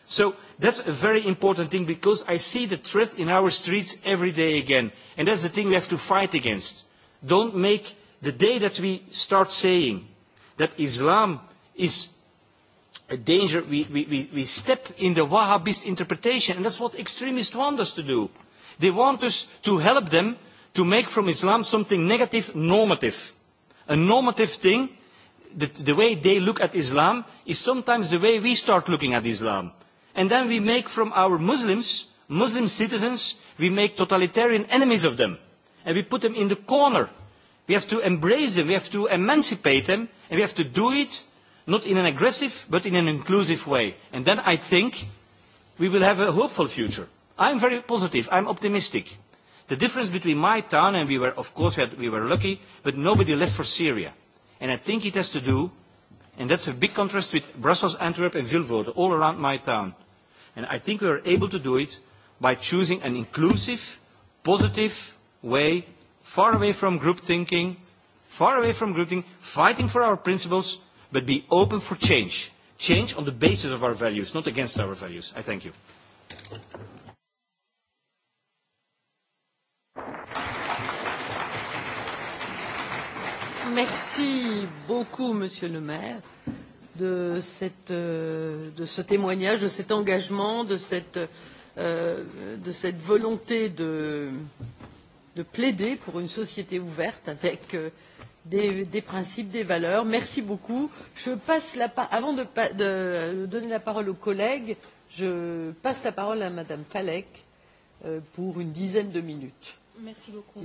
So that's a very important thing because I see the threat in our streets every day again. And that's the thing we have to fight against. Don't make the day that we start saying that Islam is a danger, we step in the Wahhabist interpretation. And that's what extremists want us to do. They want us to help them to make from Islam something negative, normative. A normative thing, the way they look at Islam, is sometimes the way we start looking at Islam. And then we make from our Muslims, Muslim citizens, we make totalitarian enemies of them. And we put them in the corner. We have to embrace them, we have to emancipate them, and we have to do it not in an aggressive, but in an inclusive way. And then I think we will have a hopeful future. I am very positive, I am optimistic. The difference between my town, and we were, of course, we were lucky, but nobody left for Syria. And I think it has to do, and that's a big contrast with Brussels, Antwerp, and Vilvoorde, all around my town. And I think we were able to do it by choosing an inclusive, positive way, far away from group thinking, far away from group thinking, fighting for our principles, but be open for change. Change on the basis of our values, not against our values. I thank you. Merci beaucoup, Monsieur le maire, de, ce témoignage, de cet engagement, de cette, volonté de, plaider pour une société ouverte avec des, principes, des valeurs. Merci beaucoup. Je passe la avant de, de donner la parole aux collègues, je passe la parole à Madame Falek pour une dizaine de minutes. Merci beaucoup.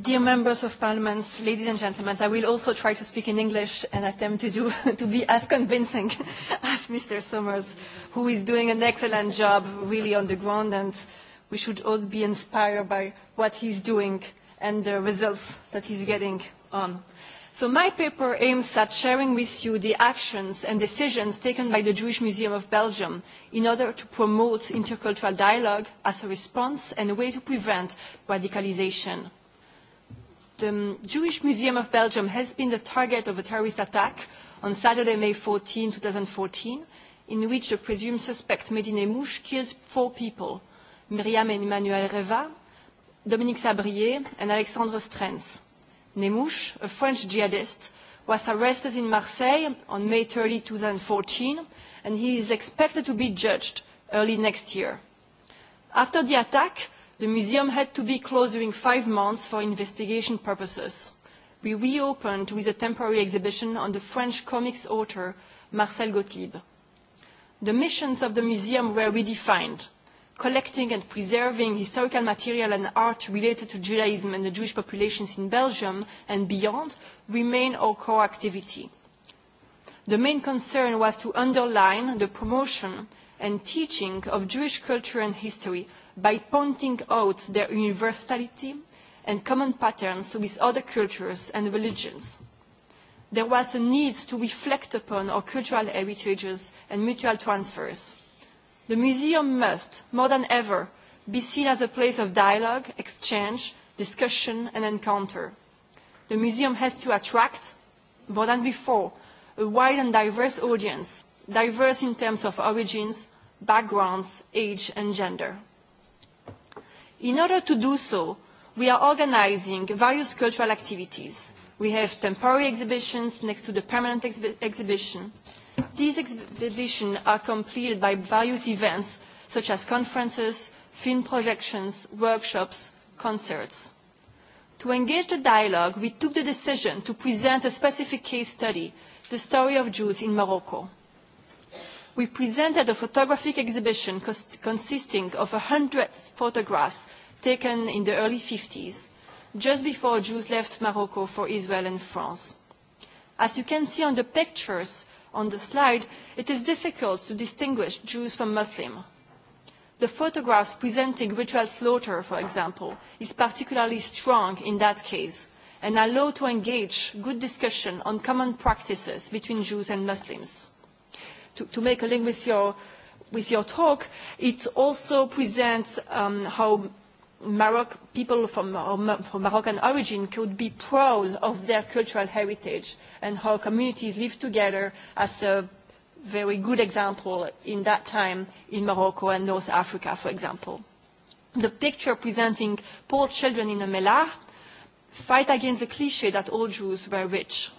Dear members of parliament, ladies and gentlemen, I will also try to speak in English and attempt to do to be as convincing as Mr. Summers, who is doing an excellent job really on the ground, and we should all be inspired by what he's doing and the results that he's getting on. So my paper aims at sharing with you the actions and decisions taken by the Jewish Museum of Belgium in order to promote intercultural dialogue as a response and a way to prevent radicalization. The Jewish Museum of Belgium has been the target of a terrorist attack on Saturday, May 14, 2014, in which the presumed suspect, Mehdi Mouche, killed four people, Myriam Emmanuel Reva, Dominique Sabrier, and Alexandre Strenz. Nemouche, a French jihadist, was arrested in Marseille on May 30, 2014, and he is expected to be judged early next year. After the attack, The museum had to be closed during five months for investigation purposes. We reopened with a temporary exhibition on the French comics author Marcel Gottlieb. The missions of the museum were redefined, collecting and preserving historical material and art related to Judaism and the Jewish populations in Belgium and beyond remain our core activity. The main concern was to underline the promotion and teaching of Jewish culture and history by pointing out their universality and common patterns with other cultures and religions. There was a need to reflect upon our cultural heritages and mutual transfers. The museum must, more than ever, be seen as a place of dialogue, exchange, discussion and encounter. The museum has to attract, more than before, a wide and diverse audience, diverse in terms of origins, backgrounds, age and gender. In order to do so, we are organising various cultural activities. We have temporary exhibitions next to the permanent exhibition. These exhibitions are completed by various events such as conferences, film projections, workshops, concerts. To engage the dialogue, we took the decision to present a specific case study, the story of Jews in Morocco we presented a photographic exhibition consisting of 100 photographs taken in the early 50s, just before Jews left Morocco for Israel and France. As you can see on the pictures on the slide, it is difficult to distinguish Jews from Muslims. The photographs presenting ritual slaughter, for example, is particularly strong in that case and allow to engage good discussion on common practices between Jews and Muslims to make a link with your with your talk, it also presents how people from Moroccan origin could be proud of their cultural heritage and how communities live together as a very good example in that time in Morocco and North Africa, for example. The picture presenting poor children in a melar fight against the cliché that all Jews were rich.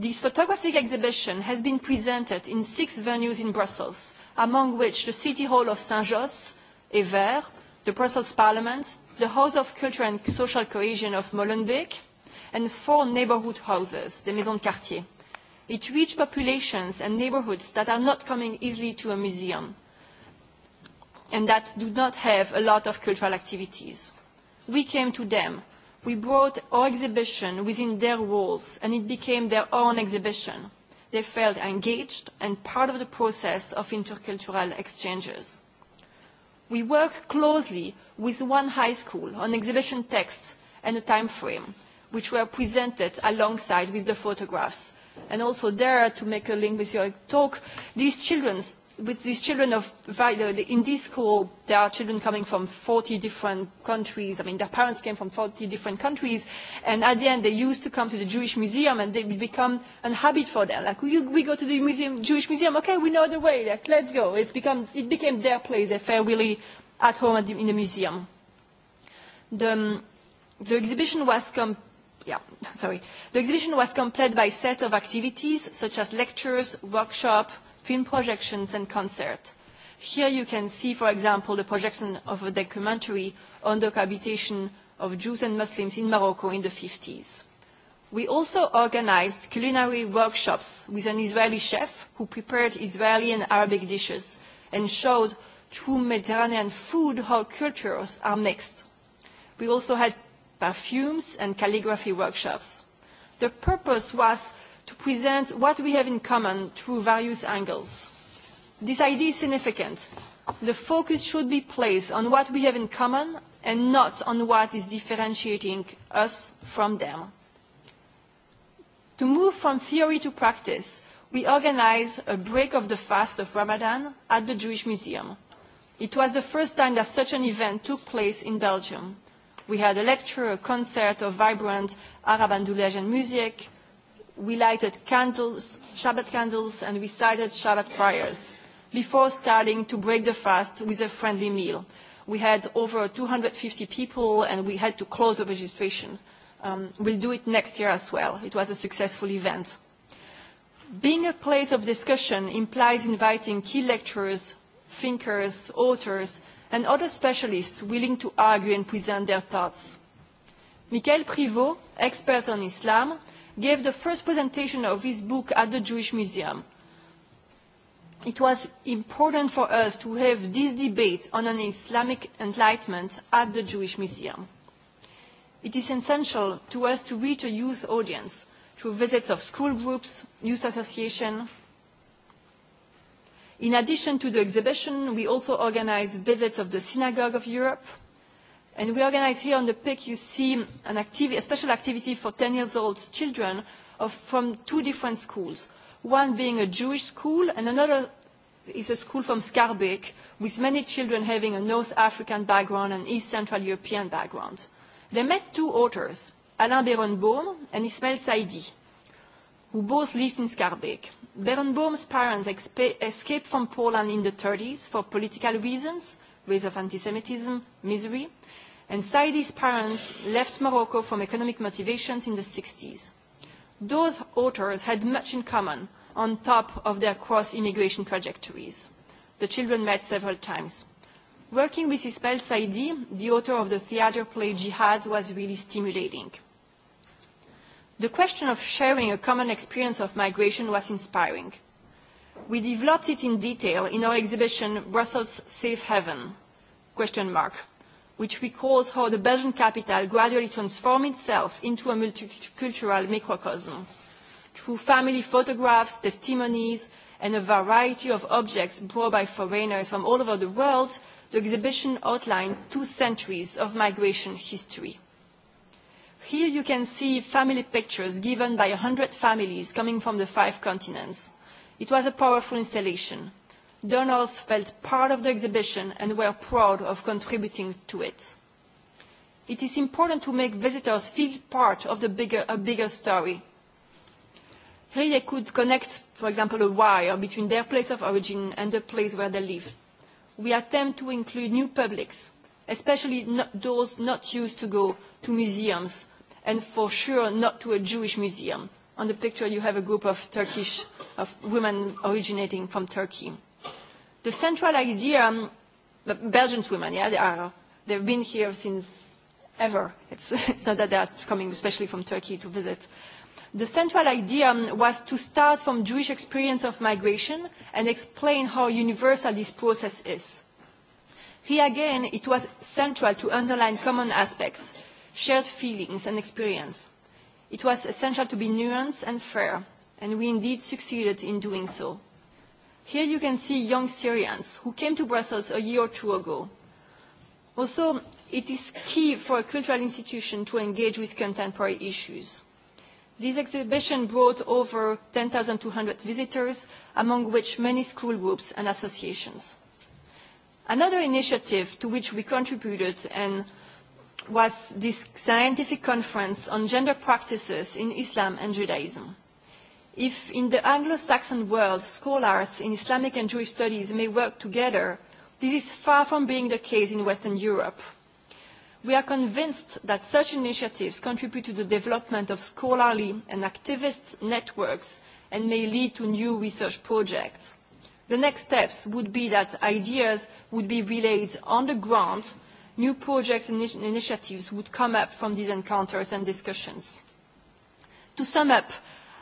This photographic exhibition has been presented in six venues in Brussels, among which the City Hall of Saint-Jos, Evert, the Brussels Parliament, the House of Culture and Social Cohesion of Molenbeek, and four neighbourhood houses, the Maison de Quartier. It reached populations and neighbourhoods that are not coming easily to a museum and that do not have a lot of cultural activities. We came to them we brought our exhibition within their walls and it became their own exhibition. They felt engaged and part of the process of intercultural exchanges. We worked closely with one high school on exhibition texts and a time frame, which were presented alongside with the photographs. And also there, to make a link with your talk, these children with these children of in this school there are children coming from 40 different countries i mean their parents came from 40 different countries and at the end they used to come to the jewish museum and they become a habit for them like we go to the museum jewish museum okay we know the way let's go it's become it became their place their fairly at home in the museum the the exhibition was yeah, sorry. The exhibition was by a set of activities such as lectures, workshops, film projections and concerts. Here you can see, for example, the projection of a documentary on the cohabitation of Jews and Muslims in Morocco in the 50s. We also organized culinary workshops with an Israeli chef who prepared Israeli and Arabic dishes and showed through Mediterranean food how cultures are mixed. We also had perfumes and calligraphy workshops. The purpose was to present what we have in common through various angles. This idea is significant. The focus should be placed on what we have in common and not on what is differentiating us from them. To move from theory to practice, we organised a break of the fast of Ramadan at the Jewish Museum. It was the first time that such an event took place in Belgium. We had a lecture, a concert of vibrant Arab and music, we lighted candles, Shabbat candles, and recited Shabbat prayers before starting to break the fast with a friendly meal. We had over 250 people, and we had to close the registration. We'll do it next year as well. It was a successful event. Being a place of discussion implies inviting key lecturers, thinkers, authors, and other specialists willing to argue and present their thoughts. Michael Privot, expert on Islam, gave the first presentation of his book at the Jewish Museum. It was important for us to have this debate on an Islamic enlightenment at the Jewish Museum. It is essential to us to reach a youth audience through visits of school groups, youth associations. In addition to the exhibition, we also organize visits of the Synagogue of Europe, And we organize here on the PIC, you see, a special activity for 10 years old children from two different schools, one being a Jewish school and another is a school from Skarbek, with many children having a North African background and East Central European background. They met two authors, Alain Berenbaum and Ismail Saidi, who both lived in Skarbek. Berenbaum's parents escaped from Poland in the 30s for political reasons, ways of anti Semitism, misery, and Saidi's parents left Morocco from economic motivations in the 60s. Those authors had much in common on top of their cross-immigration trajectories. The children met several times. Working with Ismail Saidi, the author of the theater play Jihad, was really stimulating. The question of sharing a common experience of migration was inspiring. We developed it in detail in our exhibition Brussels Safe Heaven Question mark which recalls how the Belgian capital gradually transformed itself into a multicultural microcosm through family photographs, testimonies, and a variety of objects brought by foreigners from all over the world, the exhibition outlined two centuries of migration history. Here you can see family pictures given by 100 families coming from the five continents. It was a powerful installation donors felt part of the exhibition and were proud of contributing to it. It is important to make visitors feel part of the bigger story. Here they could connect, for example, a wire between their place of origin and the place where they live. We attempt to include new publics, especially those not used to go to museums, and for sure not to a Jewish museum. On the picture you have a group of Turkish, of women originating from Turkey the central idea, Belgian women, yeah, they are, they've been here since ever. It's, it's not that they are coming especially from Turkey to visit. The central idea was to start from Jewish experience of migration and explain how universal this process is. Here again, it was central to underline common aspects, shared feelings and experience. It was essential to be nuanced and fair, and we indeed succeeded in doing so. Here you can see young Syrians who came to Brussels a year or two ago. Also, it is key for a cultural institution to engage with contemporary issues. This exhibition brought over 10,200 visitors, among which many school groups and associations. Another initiative to which we contributed and was this scientific conference on gender practices in Islam and Judaism. If in the Anglo-Saxon world scholars in Islamic and Jewish studies may work together, this is far from being the case in Western Europe. We are convinced that such initiatives contribute to the development of scholarly and activist networks and may lead to new research projects. The next steps would be that ideas would be relayed on the ground, new projects and initiatives would come up from these encounters and discussions. To sum up,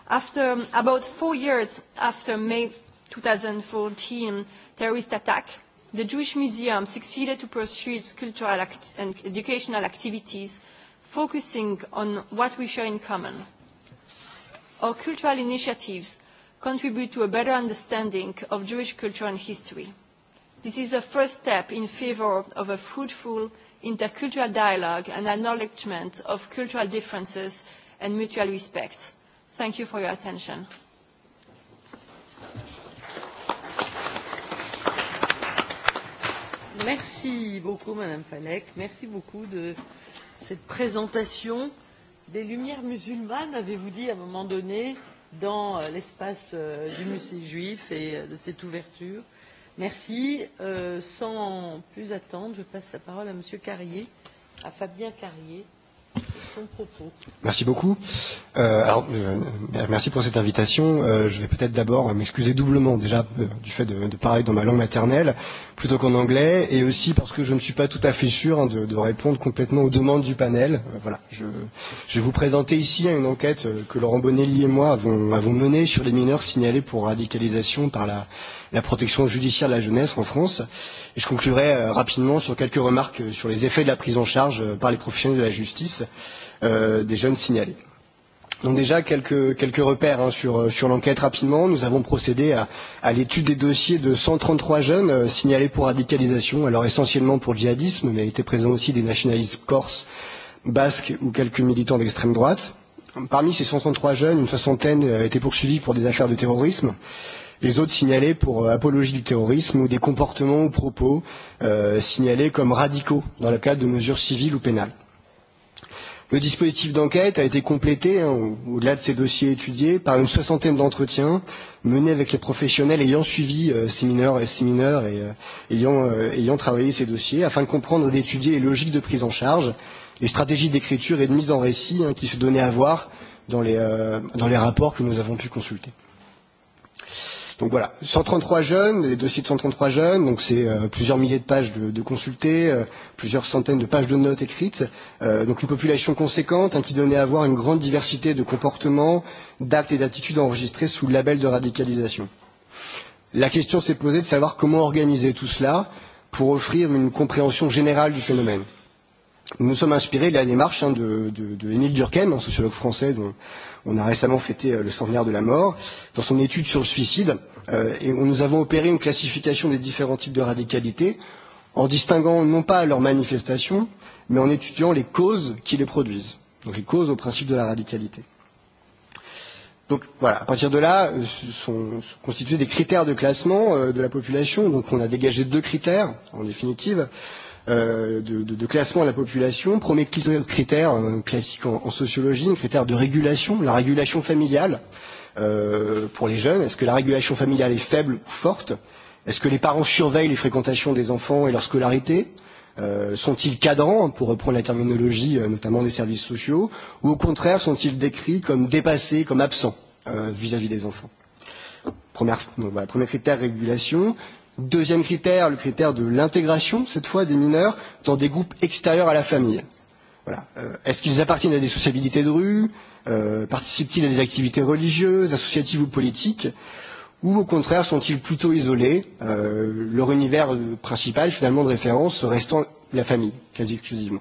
After about four years after May 2014 terrorist attack, the Jewish Museum succeeded to pursue its cultural and educational activities, focusing on what we share in common. Our cultural initiatives contribute to a better understanding of Jewish culture and history. This is a first step in favour of a fruitful intercultural dialogue and acknowledgement of cultural differences and mutual respect Thank you for your attention. Merci beaucoup, Madame Falec, Merci beaucoup de cette présentation des Lumières musulmanes, avez-vous dit, à un moment donné, dans l'espace du musée juif et de cette ouverture. Merci. Sans plus attendre, je passe la parole à Monsieur Carrier, à Fabien Carrier son propos. Merci beaucoup. Euh, alors, merci pour cette invitation. Euh, je vais peut-être d'abord m'excuser doublement, déjà euh, du fait de, de parler dans ma langue maternelle plutôt qu'en anglais, et aussi parce que je ne suis pas tout à fait sûr de, de répondre complètement aux demandes du panel. voilà, je, je vais vous présenter ici une enquête que Laurent Bonelli et moi avons, avons menée sur les mineurs signalés pour radicalisation par la, la protection judiciaire de la jeunesse en France. Et je conclurai rapidement sur quelques remarques sur les effets de la prise en charge par les professionnels de la justice des jeunes signalés. Donc déjà quelques quelques repères sur sur l'enquête rapidement, nous avons procédé à à l'étude des dossiers de 133 jeunes signalés pour radicalisation, alors essentiellement pour djihadisme mais étaient présents aussi des nationalistes corses, basques ou quelques militants d'extrême droite. Parmi ces 133 jeunes, une soixantaine étaient poursuivis pour des affaires de terrorisme, les autres signalés pour apologie du terrorisme ou des comportements ou propos signalés comme radicaux dans le cadre de mesures civiles ou pénales. Le dispositif d'enquête a été complété, au-delà de ces dossiers étudiés, par une soixantaine d'entretiens menés avec les professionnels ayant suivi ces mineurs et ces mineurs et ayant travaillé ces dossiers, afin de comprendre et d'étudier les logiques de prise en charge, les stratégies d'écriture et de mise en récit qui se donnaient à voir dans les rapports que nous avons pu consulter. Donc voilà, 133 jeunes, les dossiers de 133 jeunes, donc c'est plusieurs milliers de pages de de consultés, plusieurs centaines de pages de notes écrites, donc une population conséquente qui donnait à voir une grande diversité de comportements, d'actes et d'attitudes enregistrés sous le label de radicalisation. La question s'est posée de savoir comment organiser tout cela pour offrir une compréhension générale du phénomène. Nous nous sommes inspirés de la démarche de Émile Durkheim, un sociologue français dont on a récemment fêté le centenaire de la mort, dans son étude sur le suicide, et nous avons opéré une classification des différents types de radicalité, en distinguant non pas leurs manifestations, mais en étudiant les causes qui les produisent, donc les causes au principe de la radicalité. Donc voilà, à partir de là, sont constitués des critères de classement de la population, donc on a dégagé deux critères, en définitive de classement de la population. Premier critère classique en sociologie, un critère de régulation, la régulation familiale pour les jeunes. Est-ce que la régulation familiale est faible ou forte Est-ce que les parents surveillent les fréquentations des enfants et leur scolarité Sont-ils cadrants, pour reprendre la terminologie notamment des services sociaux Ou au contraire, sont-ils décrits comme dépassés, comme absents vis-à-vis des enfants Premier critère, régulation. Deuxième critère, le critère de l'intégration, cette fois, des mineurs dans des groupes extérieurs à la famille. Voilà. Est-ce qu'ils appartiennent à des sociabilités de rue Participent-ils à des activités religieuses, associatives ou politiques Ou au contraire, sont-ils plutôt isolés Leur univers principal, finalement, de référence restant la famille, quasi exclusivement.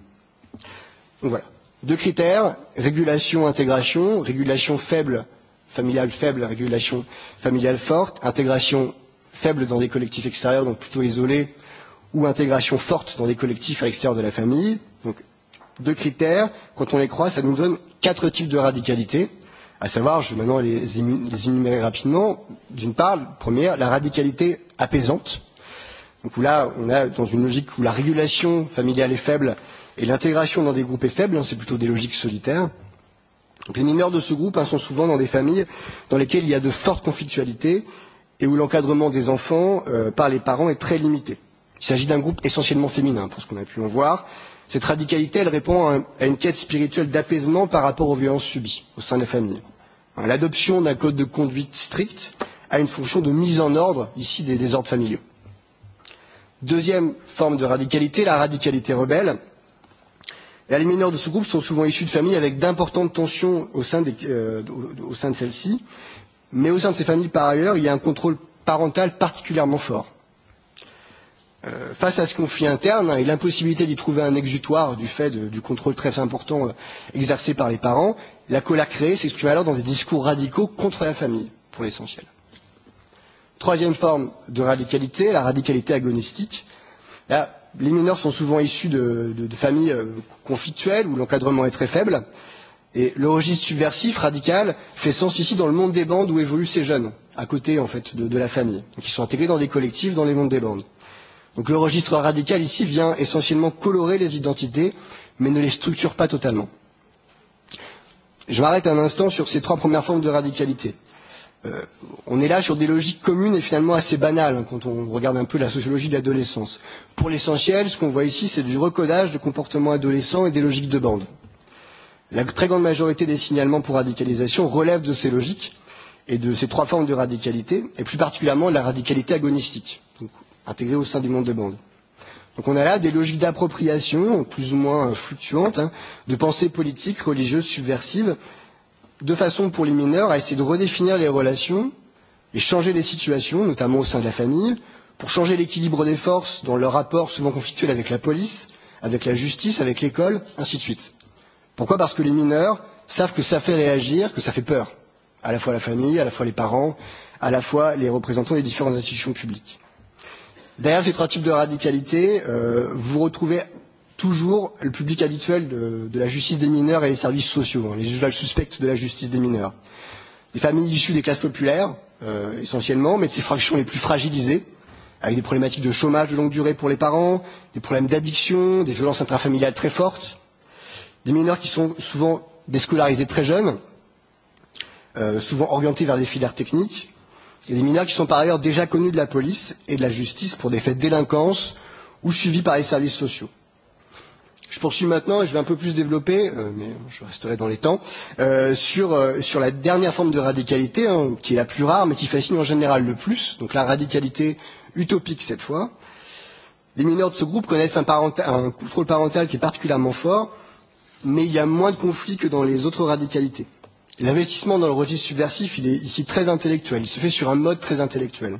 Donc voilà. Deux critères, régulation, intégration, régulation faible, familiale faible, régulation familiale forte, intégration faible dans des collectifs extérieurs, donc plutôt isolés, ou intégration forte dans des collectifs à l'extérieur de la famille. Donc, deux critères, quand on les croit, ça nous donne quatre types de radicalité, à savoir, je vais maintenant les énumérer rapidement. D'une part, première, la radicalité apaisante, donc là, on a dans une logique où la régulation familiale est faible et l'intégration dans des groupes est faible, c'est plutôt des logiques solitaires. Les mineurs de ce groupe sont souvent dans des familles dans lesquelles il y a de fortes conflictualités et où l'encadrement des enfants par les parents est très limité. Il s'agit d'un groupe essentiellement féminin, pour ce qu'on a pu en voir. Cette radicalité, elle répond à une quête spirituelle d'apaisement par rapport aux violences subies au sein de la famille. L'adoption d'un code de conduite strict a une fonction de mise en ordre, ici, des désordres familiaux. Deuxième forme de radicalité, la radicalité rebelle. Les mineurs de ce groupe sont souvent issus de familles avec d'importantes tensions au sein de celles-ci, mais au sein de ces familles, par ailleurs, il y a un contrôle parental particulièrement fort. Face à ce conflit interne et l'impossibilité d'y trouver un exutoire du fait du contrôle très important exercé par les parents, la colère créée s'exprime alors dans des discours radicaux contre la famille, pour l'essentiel. Troisième forme de radicalité, la radicalité agonistique. Les mineurs sont souvent issus de familles conflictuelles où l'encadrement est très faible Et le registre subversif, radical, fait sens ici dans le monde des bandes où évoluent ces jeunes, à côté en fait de, de la famille, qui sont intégrés dans des collectifs dans les mondes des bandes. Donc le registre radical ici vient essentiellement colorer les identités, mais ne les structure pas totalement. Je m'arrête un instant sur ces trois premières formes de radicalité. On est là sur des logiques communes et finalement assez banales quand on regarde un peu la sociologie de l'adolescence. Pour l'essentiel, ce qu'on voit ici, c'est du recodage de comportements adolescents et des logiques de bande. La très grande majorité des signalements pour radicalisation relèvent de ces logiques et de ces trois formes de radicalité, et plus particulièrement de la radicalité agonistique, donc intégrée au sein du monde de bande. Donc on a là des logiques d'appropriation, plus ou moins fluctuantes, de pensées politiques, religieuses, subversives, de façon pour les mineurs à essayer de redéfinir les relations et changer les situations, notamment au sein de la famille, pour changer l'équilibre des forces dans leur rapport souvent conflictuel avec la police, avec la justice, avec l'école, ainsi de suite. Pourquoi Parce que les mineurs savent que ça fait réagir, que ça fait peur, à la fois la famille, à la fois les parents, à la fois les représentants des différentes institutions publiques. Derrière ces trois types de radicalité, vous retrouvez toujours le public habituel de la justice des mineurs et les services sociaux, les usages suspects de la justice des mineurs. Des familles issues des classes populaires, essentiellement, mais de ces fractions les plus fragilisées, avec des problématiques de chômage de longue durée pour les parents, des problèmes d'addiction, des violences intrafamiliales très fortes, des mineurs qui sont souvent déscolarisés très jeunes, souvent orientés vers des filières techniques, et des mineurs qui sont par ailleurs déjà connus de la police et de la justice pour des faits de délinquance ou suivis par les services sociaux. Je poursuis maintenant et je vais un peu plus développer, mais je resterai dans les temps, sur, sur la dernière forme de radicalité, qui est la plus rare, mais qui fascine en général le plus, donc la radicalité utopique cette fois. Les mineurs de ce groupe connaissent un, un contrôle parental qui est particulièrement fort, mais il y a moins de conflits que dans les autres radicalités. L'investissement dans le registre subversif, il est ici très intellectuel, il se fait sur un mode très intellectuel.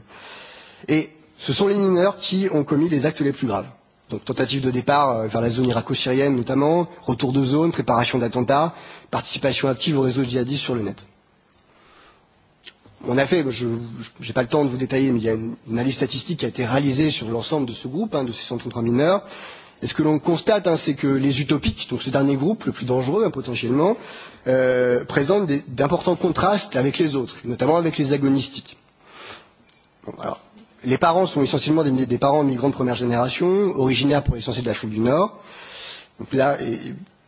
Et ce sont les mineurs qui ont commis les actes les plus graves. Donc tentative de départ vers la zone irako-syrienne notamment, retour de zone, préparation d'attentats, participation active au réseau djihadiste sur le net. On a fait, je n'ai pas le temps de vous détailler, mais il y a une, analyse statistique qui a été réalisée sur l'ensemble de ce groupe, de ces 133 mineurs. Et ce que l'on constate, c'est que les utopiques, donc ce dernier groupe, le plus dangereux potentiellement, présentent d'importants contrastes avec les autres, notamment avec les agonistiques. Les parents sont essentiellement des parents migrants de première génération, originaires pour l'essentiel de l'Afrique du Nord. Donc là,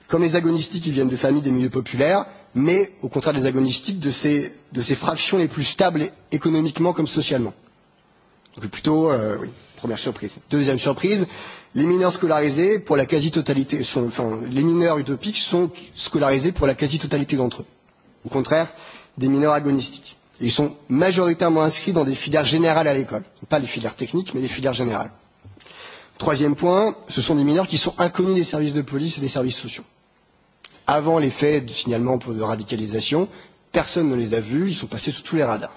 comme les agonistiques, ils viennent de familles des milieux populaires, mais au contraire des agonistiques, de ces, de ces fractions les plus stables économiquement comme socialement. Donc plutôt, première surprise. Deuxième surprise, Les mineurs scolarisés, pour la quasi-totalité, enfin, les mineurs utopiques sont scolarisés pour la quasi-totalité d'entre eux. Au contraire, des mineurs agonistiques. Ils sont majoritairement inscrits dans des filières générales à l'école. Pas les filières techniques, mais des filières générales. Troisième point, ce sont des mineurs qui sont inconnus des services de police et des services sociaux. Avant les faits de signalement de radicalisation, personne ne les a vus, ils sont passés sous tous les radars.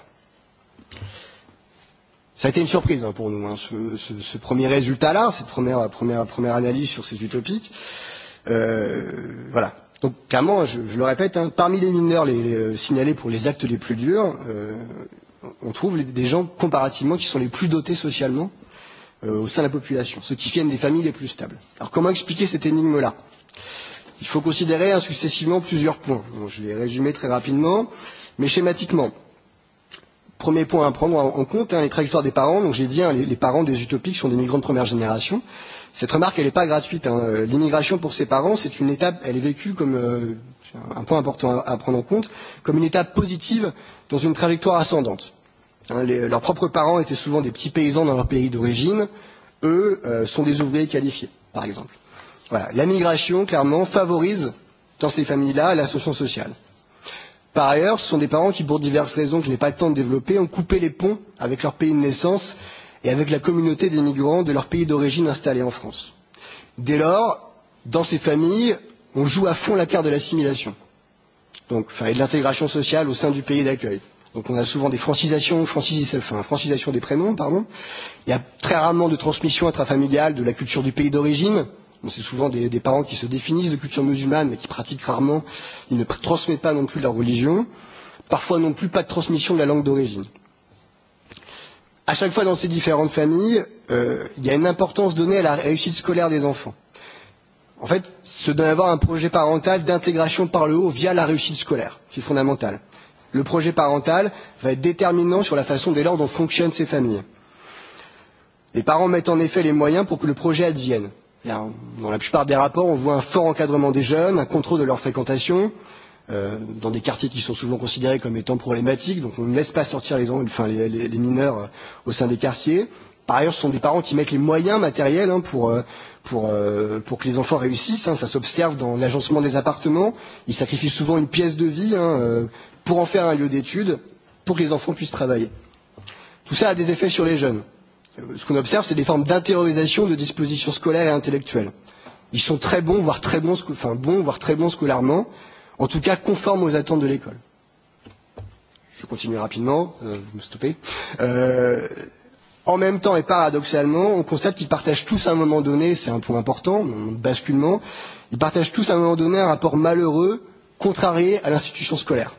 Ça a été une surprise pour nous, hein, ce, ce, premier résultat-là, cette première, première, première analyse sur ces utopiques. Euh, voilà. Donc, clairement, je, je le répète, hein, parmi les mineurs les, signalés pour les actes les plus durs, on trouve des gens comparativement qui sont les plus dotés socialement au sein de la population, ceux qui viennent des familles les plus stables. Alors, comment expliquer cette énigme-là Il faut considérer hein, successivement plusieurs points. Bon, je vais résumer très rapidement, mais schématiquement premier point à prendre en compte, les trajectoires des parents. Donc j'ai dit, les, parents des utopiques sont des migrants de première génération. Cette remarque, elle n'est pas gratuite. Hein. L'immigration pour ses parents, c'est une étape, elle est vécue comme euh, un point important à prendre en compte, comme une étape positive dans une trajectoire ascendante. Hein, leurs propres parents étaient souvent des petits paysans dans leur pays d'origine. Eux sont des ouvriers qualifiés, par exemple. Voilà. La migration, clairement, favorise dans ces familles-là l'ascension sociale. Par ailleurs, ce sont des parents qui, pour diverses raisons que je n'ai pas le temps de développer, ont coupé les ponts avec leur pays de naissance et avec la communauté des migrants de leur pays d'origine installés en France. Dès lors, dans ces familles, on joue à fond la carte de l'assimilation donc, et de l'intégration sociale au sein du pays d'accueil. Donc on a souvent des francisations, francis, enfin, francisation des prénoms, pardon. Il y a très rarement de transmission intrafamiliale de la culture du pays d'origine, c'est souvent des, des parents qui se définissent de culture musulmane mais qui pratiquent rarement, ils ne transmettent pas non plus leur religion, parfois non plus pas de transmission de la langue d'origine. À chaque fois dans ces différentes familles, il y a une importance donnée à la réussite scolaire des enfants. En fait, ce doit avoir un projet parental d'intégration par le haut via la réussite scolaire, qui est fondamental. Le projet parental va être déterminant sur la façon dès lors dont fonctionnent ces familles. Les parents mettent en effet les moyens pour que le projet advienne. Dans la plupart des rapports, on voit un fort encadrement des jeunes, un contrôle de leur fréquentation, dans des quartiers qui sont souvent considérés comme étant problématiques, donc on ne laisse pas sortir les mineurs au sein des quartiers. Par ailleurs, ce sont des parents qui mettent les moyens matériels pour que les enfants réussissent. Ça s'observe dans l'agencement des appartements. Ils sacrifient souvent une pièce de vie pour en faire un lieu d'études, pour que les enfants puissent travailler. Tout ça a des effets sur les jeunes ce qu'on observe, c'est des formes d'intériorisation de dispositions scolaires et intellectuelles. Ils sont très bons, voire très bons, enfin bons, voire très bons scolairement, en tout cas conformes aux attentes de l'école. Je continue rapidement, euh, vous me stoppez. en même temps et paradoxalement, on constate qu'ils partagent tous à un moment donné, c'est un point important, un basculement, ils partagent tous à un moment donné un rapport malheureux, contrarié à l'institution scolaire.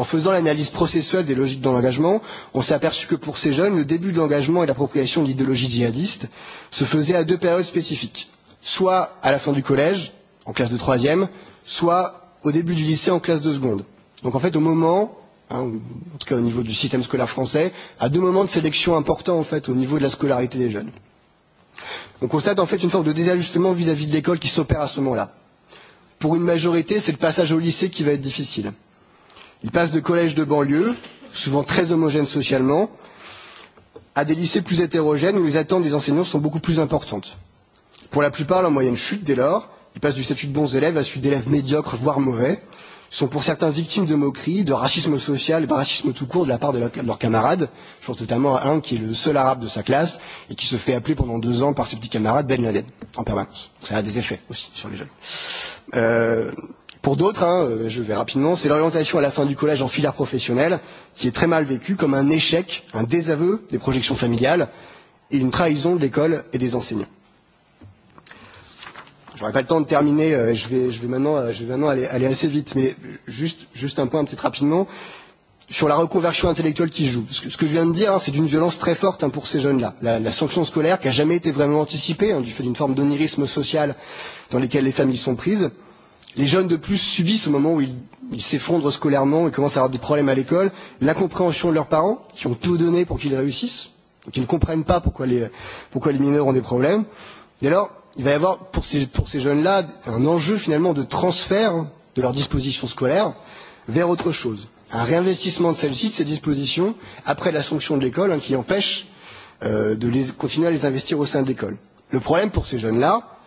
En faisant l'analyse processuelle des logiques dans l'engagement, on s'est aperçu que pour ces jeunes, le début de l'engagement et l'appropriation de l'idéologie djihadiste se faisait à deux périodes spécifiques, soit à la fin du collège, en classe de troisième, soit au début du lycée, en classe de seconde. Donc en fait, au moment en tout cas au niveau du système scolaire français, à deux moments de sélection importants en fait, au niveau de la scolarité des jeunes. On constate en fait une forme de désajustement vis-à-vis de l'école qui s'opère à ce moment-là. Pour une majorité, c'est le passage au lycée qui va être difficile. Ils passent de collèges de banlieue, souvent très homogènes socialement, à des lycées plus hétérogènes où les attentes des enseignants sont beaucoup plus importantes. Pour la plupart, leur moyenne chute dès lors. Ils passent du statut de bons élèves à celui d'élèves médiocres, voire mauvais. Ils sont pour certains victimes de moqueries, de racisme social et de racisme tout court de la part de leurs camarades. Je pense notamment à un qui est le seul arabe de sa classe et qui se fait appeler pendant deux ans par ses petits camarades Ben Laden, en permanence. Ça a des effets aussi sur les jeunes. Pour d'autres, je vais rapidement, c'est l'orientation à la fin du collège en filière professionnelle qui est très mal vécue comme un échec, un désaveu des projections familiales et une trahison de l'école et des enseignants. Je n'aurai pas le temps de terminer, je vais, je vais maintenant, je vais maintenant aller, aller assez vite, mais juste, juste un point peut-être rapidement sur la reconversion intellectuelle qui se joue. Ce que je viens de dire, c'est d'une violence très forte pour ces jeunes-là. La sanction scolaire qui n'a jamais été vraiment anticipée, du fait d'une forme d'onirisme social dans lequel les familles sont prises les jeunes de plus subissent au moment où ils s'effondrent scolairement et commencent à avoir des problèmes à l'école, l'incompréhension de leurs parents, qui ont tout donné pour qu'ils réussissent, et qui ne comprennent pas pourquoi les, pourquoi les mineurs ont des problèmes. et alors il va y avoir pour ces, pour ces jeunes-là un enjeu finalement de transfert de leur disposition scolaire vers autre chose. Un réinvestissement de celle ci de ces dispositions, après la sanction de l'école, qui empêche de les, continuer à les investir au sein de l'école. Le problème pour ces jeunes-là,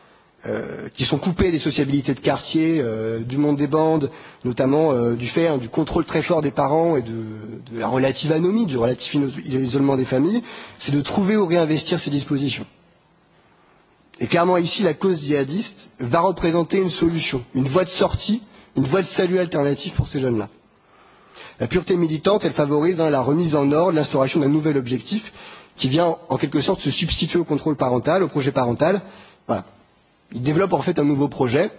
qui sont coupés des sociabilités de quartier, du monde des bandes, notamment du fait du contrôle très fort des parents et de la relative anomie, du relatif isolement des familles, c'est de trouver ou réinvestir ces dispositions. Et clairement ici, la cause djihadiste va représenter une solution, une voie de sortie, une voie de salut alternative pour ces jeunes-là. La pureté militante, elle favorise la remise en ordre, l'instauration d'un nouvel objectif qui vient en quelque sorte se substituer au contrôle parental, au projet parental. Voilà. Il développe en fait un nouveau projet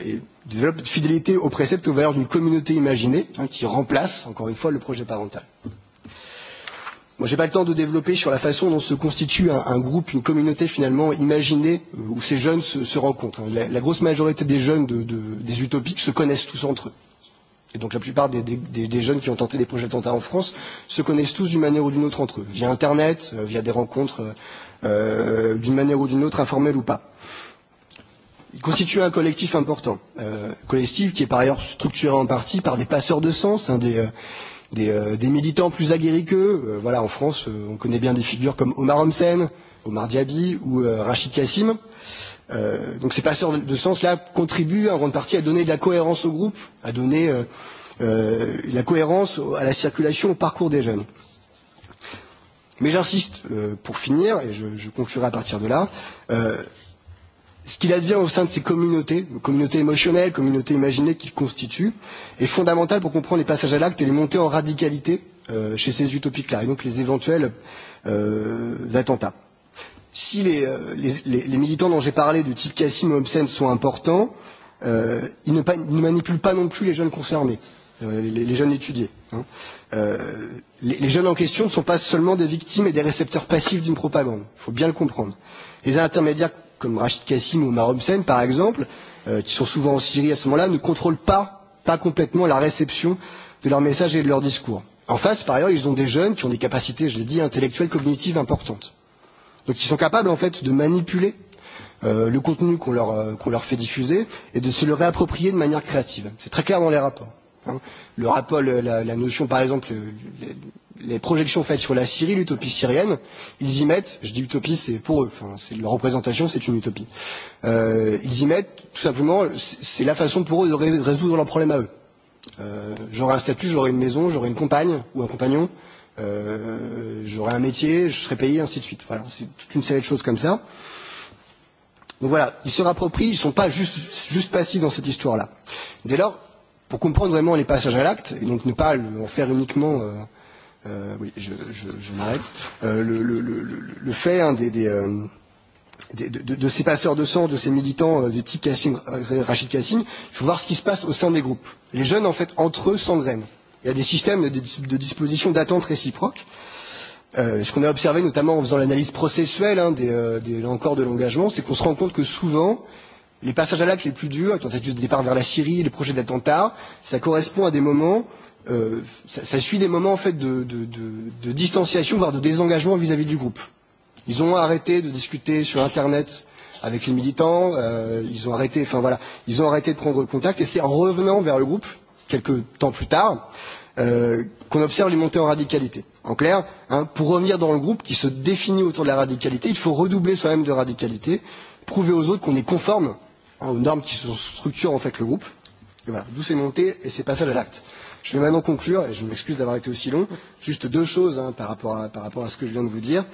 et développe une fidélité au précepte aux valeurs d'une communauté imaginée qui remplace, encore une fois, le projet parental. Moi, je n'ai pas le temps de développer sur la façon dont se constitue un groupe, une communauté finalement imaginée où ces jeunes se rencontrent. La grosse majorité des jeunes des utopiques se connaissent tous entre eux. Et donc la plupart des jeunes qui ont tenté des projets attentats en France se connaissent tous d'une manière ou d'une autre entre eux, via Internet, via des rencontres d'une manière ou d'une autre, informelles ou pas. Il constitue un collectif important, euh, collectif qui est par ailleurs structuré en partie par des passeurs de sens, des, des, des militants plus aguerris qu'eux. voilà, en France, on connaît bien des figures comme Omar Homsen, Omar Diaby ou Rachid Kassim. Euh, donc ces passeurs de sens-là contribuent en grande partie à donner de la cohérence au groupe, à donner euh, la cohérence à la circulation, au parcours des jeunes. Mais j'insiste, pour finir, et je, je conclurai à partir de là, ce qu'il advient au sein de ces communautés, communautés émotionnelles, communautés imaginées qu'il constitue, est fondamental pour comprendre les passages à l'acte et les montées en radicalité chez ces utopiques-là, et donc les éventuels euh, attentats. Si les, les, les militants dont j'ai parlé, du type Cassim ou Hobson, sont importants, euh, ils ne, manipulent pas non plus les jeunes concernés, les, les jeunes étudiés. Hein. Euh, les, les jeunes en question ne sont pas seulement des victimes et des récepteurs passifs d'une propagande. Il faut bien le comprendre. Les intermédiaires comme Rachid Kassim ou Omar par exemple, qui sont souvent en Syrie à ce moment-là, ne contrôlent pas, pas complètement la réception de leurs messages et de leurs discours. En face, par ailleurs, ils ont des jeunes qui ont des capacités, je l'ai dit, intellectuelles, cognitives importantes. Donc, ils sont capables, en fait, de manipuler le contenu qu'on leur, leur fait diffuser et de se le réapproprier de manière créative. C'est très clair dans les rapports. Le rapport, la, la notion, par exemple, les projections faites sur la Syrie, l'utopie syrienne, ils y mettent, je dis utopie, c'est pour eux, enfin, c'est leur représentation, c'est une utopie. Euh, ils y mettent, tout simplement, c'est la façon pour eux de résoudre leurs problèmes à eux. Euh, j'aurai un statut, j'aurai une maison, j'aurai une compagne ou un compagnon, euh, j'aurai un métier, je serai payé, ainsi de suite. Voilà, c'est toute une série de choses comme ça. Donc voilà, ils se rapproprient, ils ne sont pas juste, juste passifs dans cette histoire-là. Dès lors, pour comprendre vraiment les passages à l'acte, et donc ne pas en faire uniquement... Euh, oui, je, je, je m'arrête. le, le, le, le fait hein, des, des, de, de, de ces passeurs de sang, de ces militants de type Kassim, Rachid Kassim, il faut voir ce qui se passe au sein des groupes. Les jeunes, en fait, entre eux, s'engrainent. Il y a des systèmes de, de disposition d'attente réciproque. Euh, ce qu'on a observé, notamment en faisant l'analyse processuelle hein, des, euh, des encore de l'engagement, c'est qu'on se rend compte que souvent, les passages à l'acte les plus durs, la de départ vers la Syrie, les projets d'attentat, ça correspond à des moments ça suit des moments en fait de de distanciation voire de désengagement vis-à-vis du groupe. Ils ont arrêté de discuter sur internet avec les militants, ils ont arrêté enfin voilà, ils ont arrêté de prendre contact et c'est en revenant vers le groupe quelques temps plus tard qu'on observe les montées en radicalité. En clair, pour revenir dans le groupe qui se définit autour de la radicalité, il faut redoubler soi-même de radicalité, prouver aux autres qu'on est conforme aux normes qui structurent en fait le groupe. voilà D'où ces montées et ces passages à l'acte. Je vais maintenant conclure, et je m'excuse d'avoir été aussi long, juste deux choses par rapport à ce que je viens de vous dire.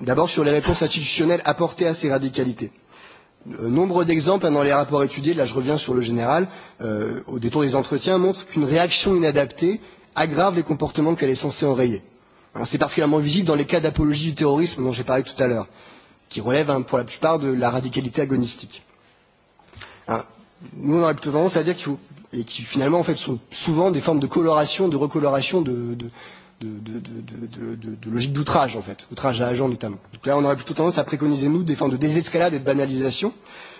D'abord, sur les réponses institutionnelles apportées à ces radicalités. Nombre d'exemples dans les rapports étudiés, là je reviens sur le général, au détour des entretiens, montrent qu'une réaction inadaptée aggrave les comportements qu'elle est censée enrayer. C'est particulièrement visible dans les cas d'apologie du terrorisme dont j'ai parlé tout à l'heure, qui relèvent pour la plupart de la radicalité agonistique. Nous, on aurait plutôt tendance à dire qu'il faut et qui finalement en fait sont souvent des formes de coloration, de recoloration de, de, de, de, de, de, logique d'outrage en fait, outrage à agent notamment. Donc là on aurait plutôt tendance à préconiser nous des formes de désescalade et de banalisation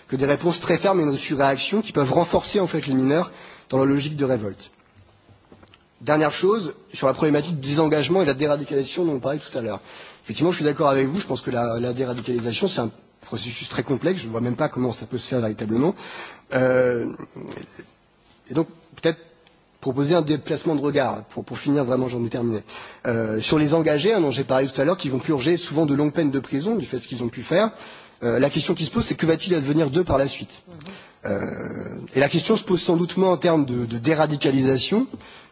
que des réponses très fermes et de surréaction qui peuvent renforcer en fait les mineurs dans leur logique de révolte. Dernière chose, sur la problématique du désengagement et de la déradicalisation dont on parlait tout à l'heure. Effectivement, je suis d'accord avec vous, je pense que la, la déradicalisation, c'est un processus très complexe, je ne vois même pas comment ça peut se faire véritablement. Euh, Et donc, peut-être proposer un déplacement de regard, pour, pour finir vraiment, j'en ai terminé. sur les engagés, hein, dont j'ai parlé tout à l'heure, qui vont purger souvent de longues peines de prison du fait de ce qu'ils ont pu faire, la question qui se pose, c'est que va-t-il advenir d'eux par la suite Et la question se pose sans doute moins en termes de, de déradicalisation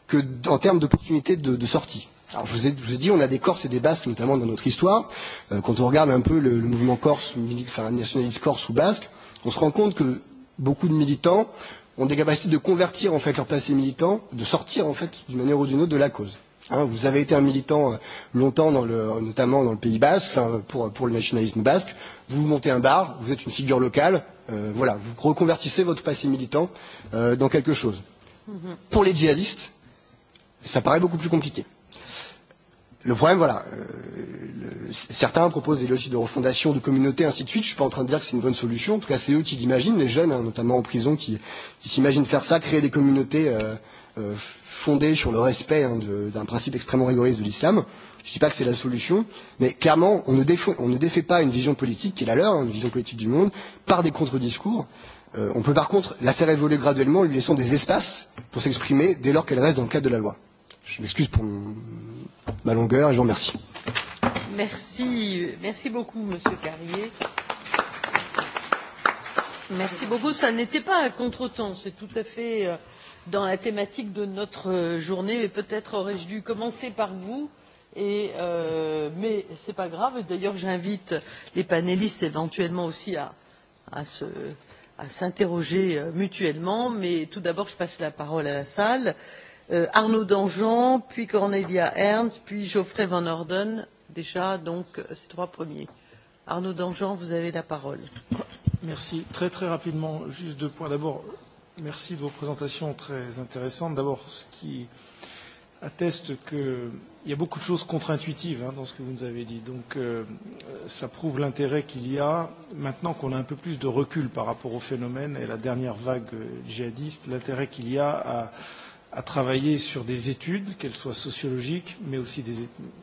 que en termes d'opportunités de, de sortie. Alors je vous, ai, je vous dit, on a des Corses et des Basques, notamment dans notre histoire. Euh, quand on regarde un peu le, le mouvement corse, enfin, nationaliste corse ou basque, on se rend compte que beaucoup de militants ont des capacités de convertir en fait leur passé militant, de sortir en fait d'une manière ou d'une autre de la cause. Vous avez été un militant longtemps, dans le, notamment dans le Pays Basque, pour, pour le nationalisme basque. Vous montez un bar, vous êtes une figure locale. voilà, vous reconvertissez votre passé militant dans quelque chose. Pour les djihadistes, ça paraît beaucoup plus compliqué. Le problème, voilà, certains proposent des logiques de refondation de communautés, ainsi de suite. Je ne suis pas en train de dire que c'est une bonne solution. En tout cas, c'est eux qui l'imaginent, les jeunes, notamment en prison, qui s'imaginent faire ça, créer des communautés fondées sur le respect d'un principe extrêmement rigoriste de l'islam. Je ne dis pas que c'est la solution, mais clairement, on ne, défait, on ne défait pas une vision politique qui est la leur, une vision politique du monde, par des contre-discours. on peut par contre la faire évoluer graduellement, lui laissant des espaces pour s'exprimer dès lors qu'elle reste dans le cadre de la loi. Je m'excuse pour ma longueur et je vous remercie. Merci, merci beaucoup, Monsieur Carrier. Merci beaucoup. Ça n'était pas un contretemps, c'est tout à fait dans la thématique de notre journée, mais peut-être aurais-je dû commencer par vous. Et, mais ce n'est pas grave. D'ailleurs, j'invite les panélistes éventuellement aussi à, à se à s'interroger mutuellement, mais tout d'abord, je passe la parole à la salle. Arnaud Danjean, puis Cornelia Ernst, puis Geoffrey Van Orden, déjà donc ces trois premiers. Arnaud Danjean, vous avez la parole. Merci. Très très rapidement, juste deux points. D'abord, merci de vos présentations très intéressantes. D'abord, ce qui atteste qu'il y a beaucoup de choses contre-intuitives dans ce que vous nous avez dit. Donc, ça prouve l'intérêt qu'il y a, maintenant qu'on a un peu plus de recul par rapport au phénomène et la dernière vague djihadiste, l'intérêt qu'il y a à à travailler sur des études, qu'elles soient sociologiques, mais aussi des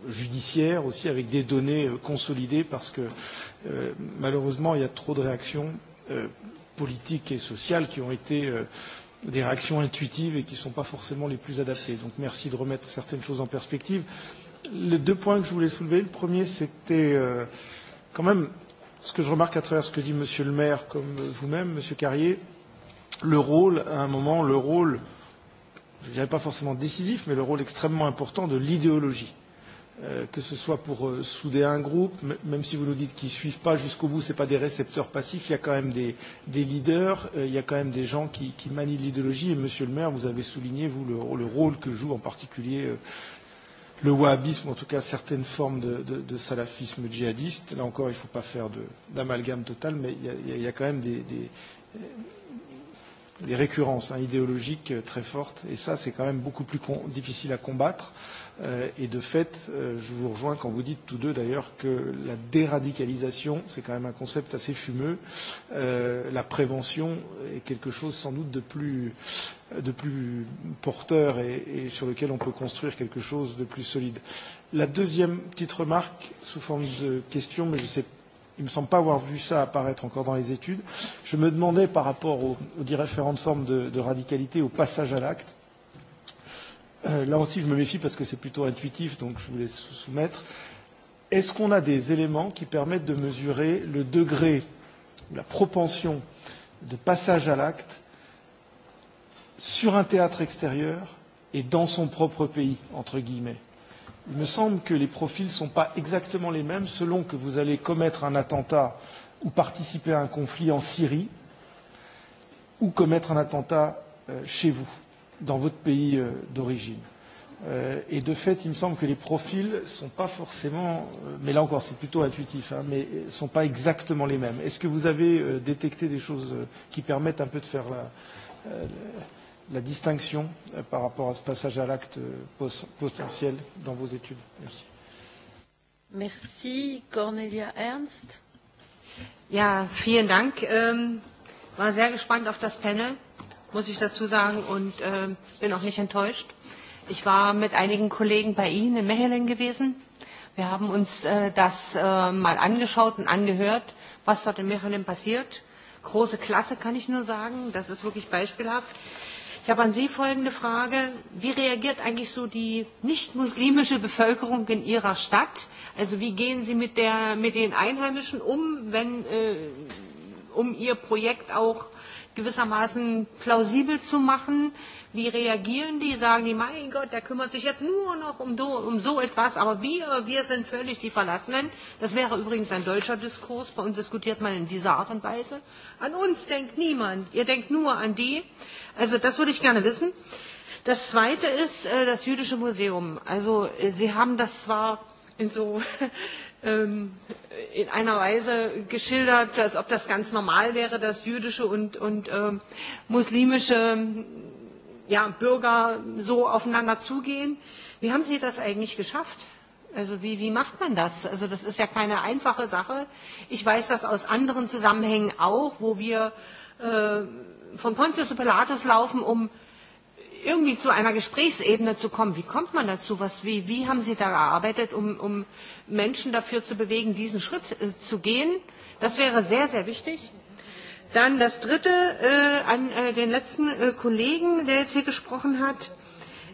judiciaires, aussi avec des données consolidées, parce que malheureusement, il y a trop de réactions politiques et sociales qui ont été des réactions intuitives et qui ne sont pas forcément les plus adaptées. Donc merci de remettre certaines choses en perspective. Les deux points que je voulais soulever, le premier, c'était quand même ce que je remarque à travers ce que dit Monsieur le maire, comme vous-même, Monsieur Carrier, le rôle, à un moment, le rôle je ne dirais pas forcément décisif, mais le rôle extrêmement important de l'idéologie, que ce soit pour souder un groupe, même si vous nous dites qu'ils ne suivent pas jusqu'au bout, ce n'est pas des récepteurs passifs, il y a quand même des leaders, il y a quand même des gens qui manient l'idéologie, et Monsieur le maire, vous avez souligné, vous, le rôle que joue en particulier le wahhabisme, en tout cas certaines formes de salafisme djihadiste. Là encore, il ne faut pas faire d'amalgame total, mais il y a quand même des des récurrences idéologiques très fortes. Et ça, c'est quand même beaucoup plus difficile à combattre. Et de fait, je vous rejoins quand vous dites tous deux d'ailleurs que la déradicalisation, c'est quand même un concept assez fumeux. La prévention est quelque chose sans doute de plus de plus porteur et sur lequel on peut construire quelque chose de plus solide. La deuxième petite remarque, sous forme de question, mais je ne sais Il me semble pas avoir vu ça apparaître encore dans les études. Je me demandais par rapport aux différentes formes de radicalité, au passage à l'acte. Là aussi, je me méfie parce que c'est plutôt intuitif, donc je voulais soumettre. Est-ce qu'on a des éléments qui permettent de mesurer le degré, la propension de passage à l'acte sur un théâtre extérieur et dans son propre pays, entre guillemets il me semble que les profils ne sont pas exactement les mêmes selon que vous allez commettre un attentat ou participer à un conflit en Syrie ou commettre un attentat chez vous, dans votre pays d'origine. Et de fait, il me semble que les profils ne sont pas forcément, mais là encore, c'est plutôt intuitif, mais ne sont pas exactement les mêmes. Est-ce que vous avez détecté des choses qui permettent un peu de faire la la distinction par rapport à ce passage à l'acte potentiel dans vos études. Merci. Merci. Cornelia Ernst. Ja, vielen Dank. Ähm, war sehr gespannt auf das Panel, muss ich dazu sagen, und bin auch nicht enttäuscht. Ich war mit einigen Kollegen bei Ihnen in Mechelen gewesen. Wir haben uns das mal angeschaut und angehört, was dort in Mechelen passiert. Große Klasse kann ich nur sagen, das ist wirklich beispielhaft. Ich habe an Sie folgende Frage. Wie reagiert eigentlich so die nicht muslimische Bevölkerung in Ihrer Stadt? Also wie gehen Sie mit, der, mit den Einheimischen um, wenn, um Ihr Projekt auch gewissermaßen plausibel zu machen? Wie reagieren die? Sagen die, mein Gott, der kümmert sich jetzt nur noch um, um so etwas, aber wir, wir sind völlig die Verlassenen. Das wäre übrigens ein deutscher Diskurs. Bei uns diskutiert man in dieser Art und Weise. An uns denkt niemand. Ihr denkt nur an die Also das würde ich gerne wissen. Das Zweite ist das Jüdische Museum. Also Sie haben das zwar in so in einer Weise geschildert, als ob das ganz normal wäre, dass jüdische und muslimische Bürger so aufeinander zugehen. Wie haben Sie das eigentlich geschafft? Also wie, wie macht man das? Also das ist ja keine einfache Sache. Ich weiß das aus anderen Zusammenhängen auch, wo wir von Pontius zu Pilatus laufen, um irgendwie zu einer Gesprächsebene zu kommen. Wie kommt man dazu? Was, wie, wie haben Sie da gearbeitet, um, um Menschen dafür zu bewegen, diesen Schritt zu gehen? Das wäre sehr, sehr wichtig. Dann das Dritte an den letzten Kollegen, der jetzt hier gesprochen hat.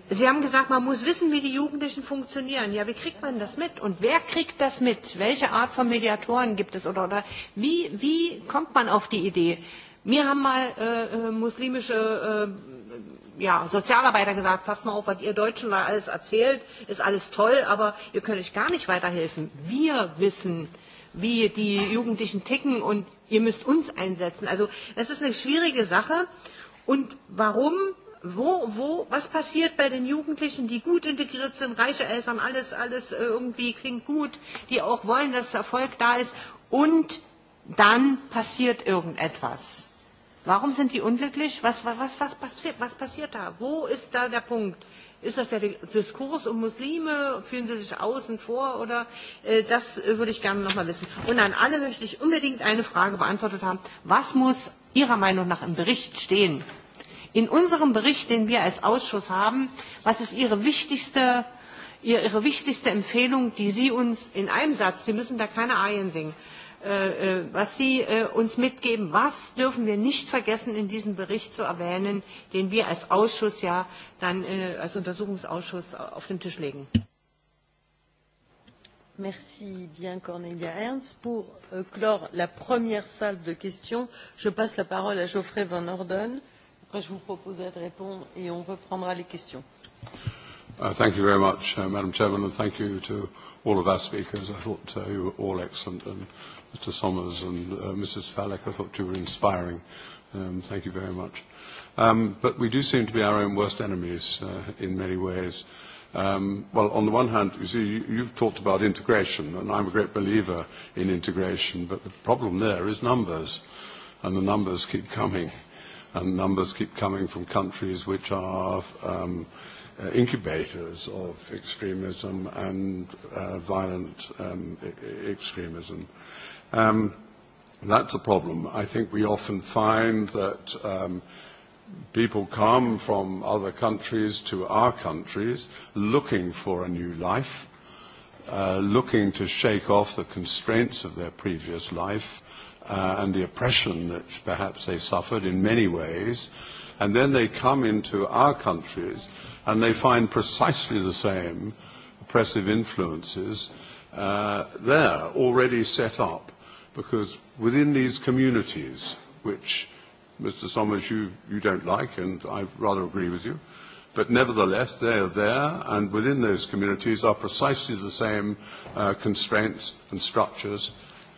Sie haben gesagt, man muss wissen, wie die Jugendlichen funktionieren. Ja, wie kriegt man das mit? Und wer kriegt das mit? Welche Art von Mediatoren gibt es? Oder, oder wie, wie kommt man auf die Idee, Mir haben mal muslimische Sozialarbeiter gesagt, passt mal auf, was ihr Deutschen da alles erzählt, ist alles toll, aber ihr könnt euch gar nicht weiterhelfen. Wir wissen, wie die Jugendlichen ticken und ihr müsst uns einsetzen. Also das ist eine schwierige Sache. Und warum, wo, wo, was passiert bei den Jugendlichen, die gut integriert sind, reiche Eltern, alles, alles irgendwie klingt gut, die auch wollen, dass Erfolg da ist und dann passiert irgendetwas. Warum sind die unglücklich? Was, was, was, was passiert da? Wo ist da der Punkt? Ist das der Diskurs um Muslime? Fühlen sie sich außen vor? Oder das würde ich gerne noch mal wissen. Und an alle möchte ich unbedingt eine Frage beantwortet haben. Was muss Ihrer Meinung nach im Bericht stehen? In unserem Bericht, den wir als Ausschuss haben, was ist Ihre wichtigste, Ihre wichtigste Empfehlung, die Sie uns in einem Satz, Sie müssen da keine Eien singen, was Sie uns mitgeben. Was dürfen wir nicht vergessen, in diesem Bericht zu erwähnen, den wir als Ausschuss ja dann als Untersuchungsausschuss auf den Tisch legen? Merci bien Cornelia Ernst. Pour clore la première salve de questions, je passe la parole à Geoffrey Van Orden. Après, je vous proposerai de répondre et on reprendra les questions. Thank you very much, Madam Chairman, and thank you to all of our speakers. I thought you were all excellent and Mr. Sommers and Mrs. Falek. I thought you were inspiring. Thank you very much. Um But we do seem to be our own worst enemies in many ways. Um Well, on the one hand, you see, you've talked about integration, and I'm a great believer in integration, but the problem there is numbers, and the numbers keep coming, and numbers keep coming from countries which are um incubators of extremism and violent extremism. That's a problem. I think we often find that people come from other countries to our countries looking for a new life, looking to shake off the constraints of their previous life and the oppression that perhaps they suffered in many ways. And then they come into our countries and they find precisely the same oppressive influences there, already set up because within these communities, which, Mr. Somers, you, you don't like, and I rather agree with you, but nevertheless, they are there, and within those communities are precisely the same constraints and structures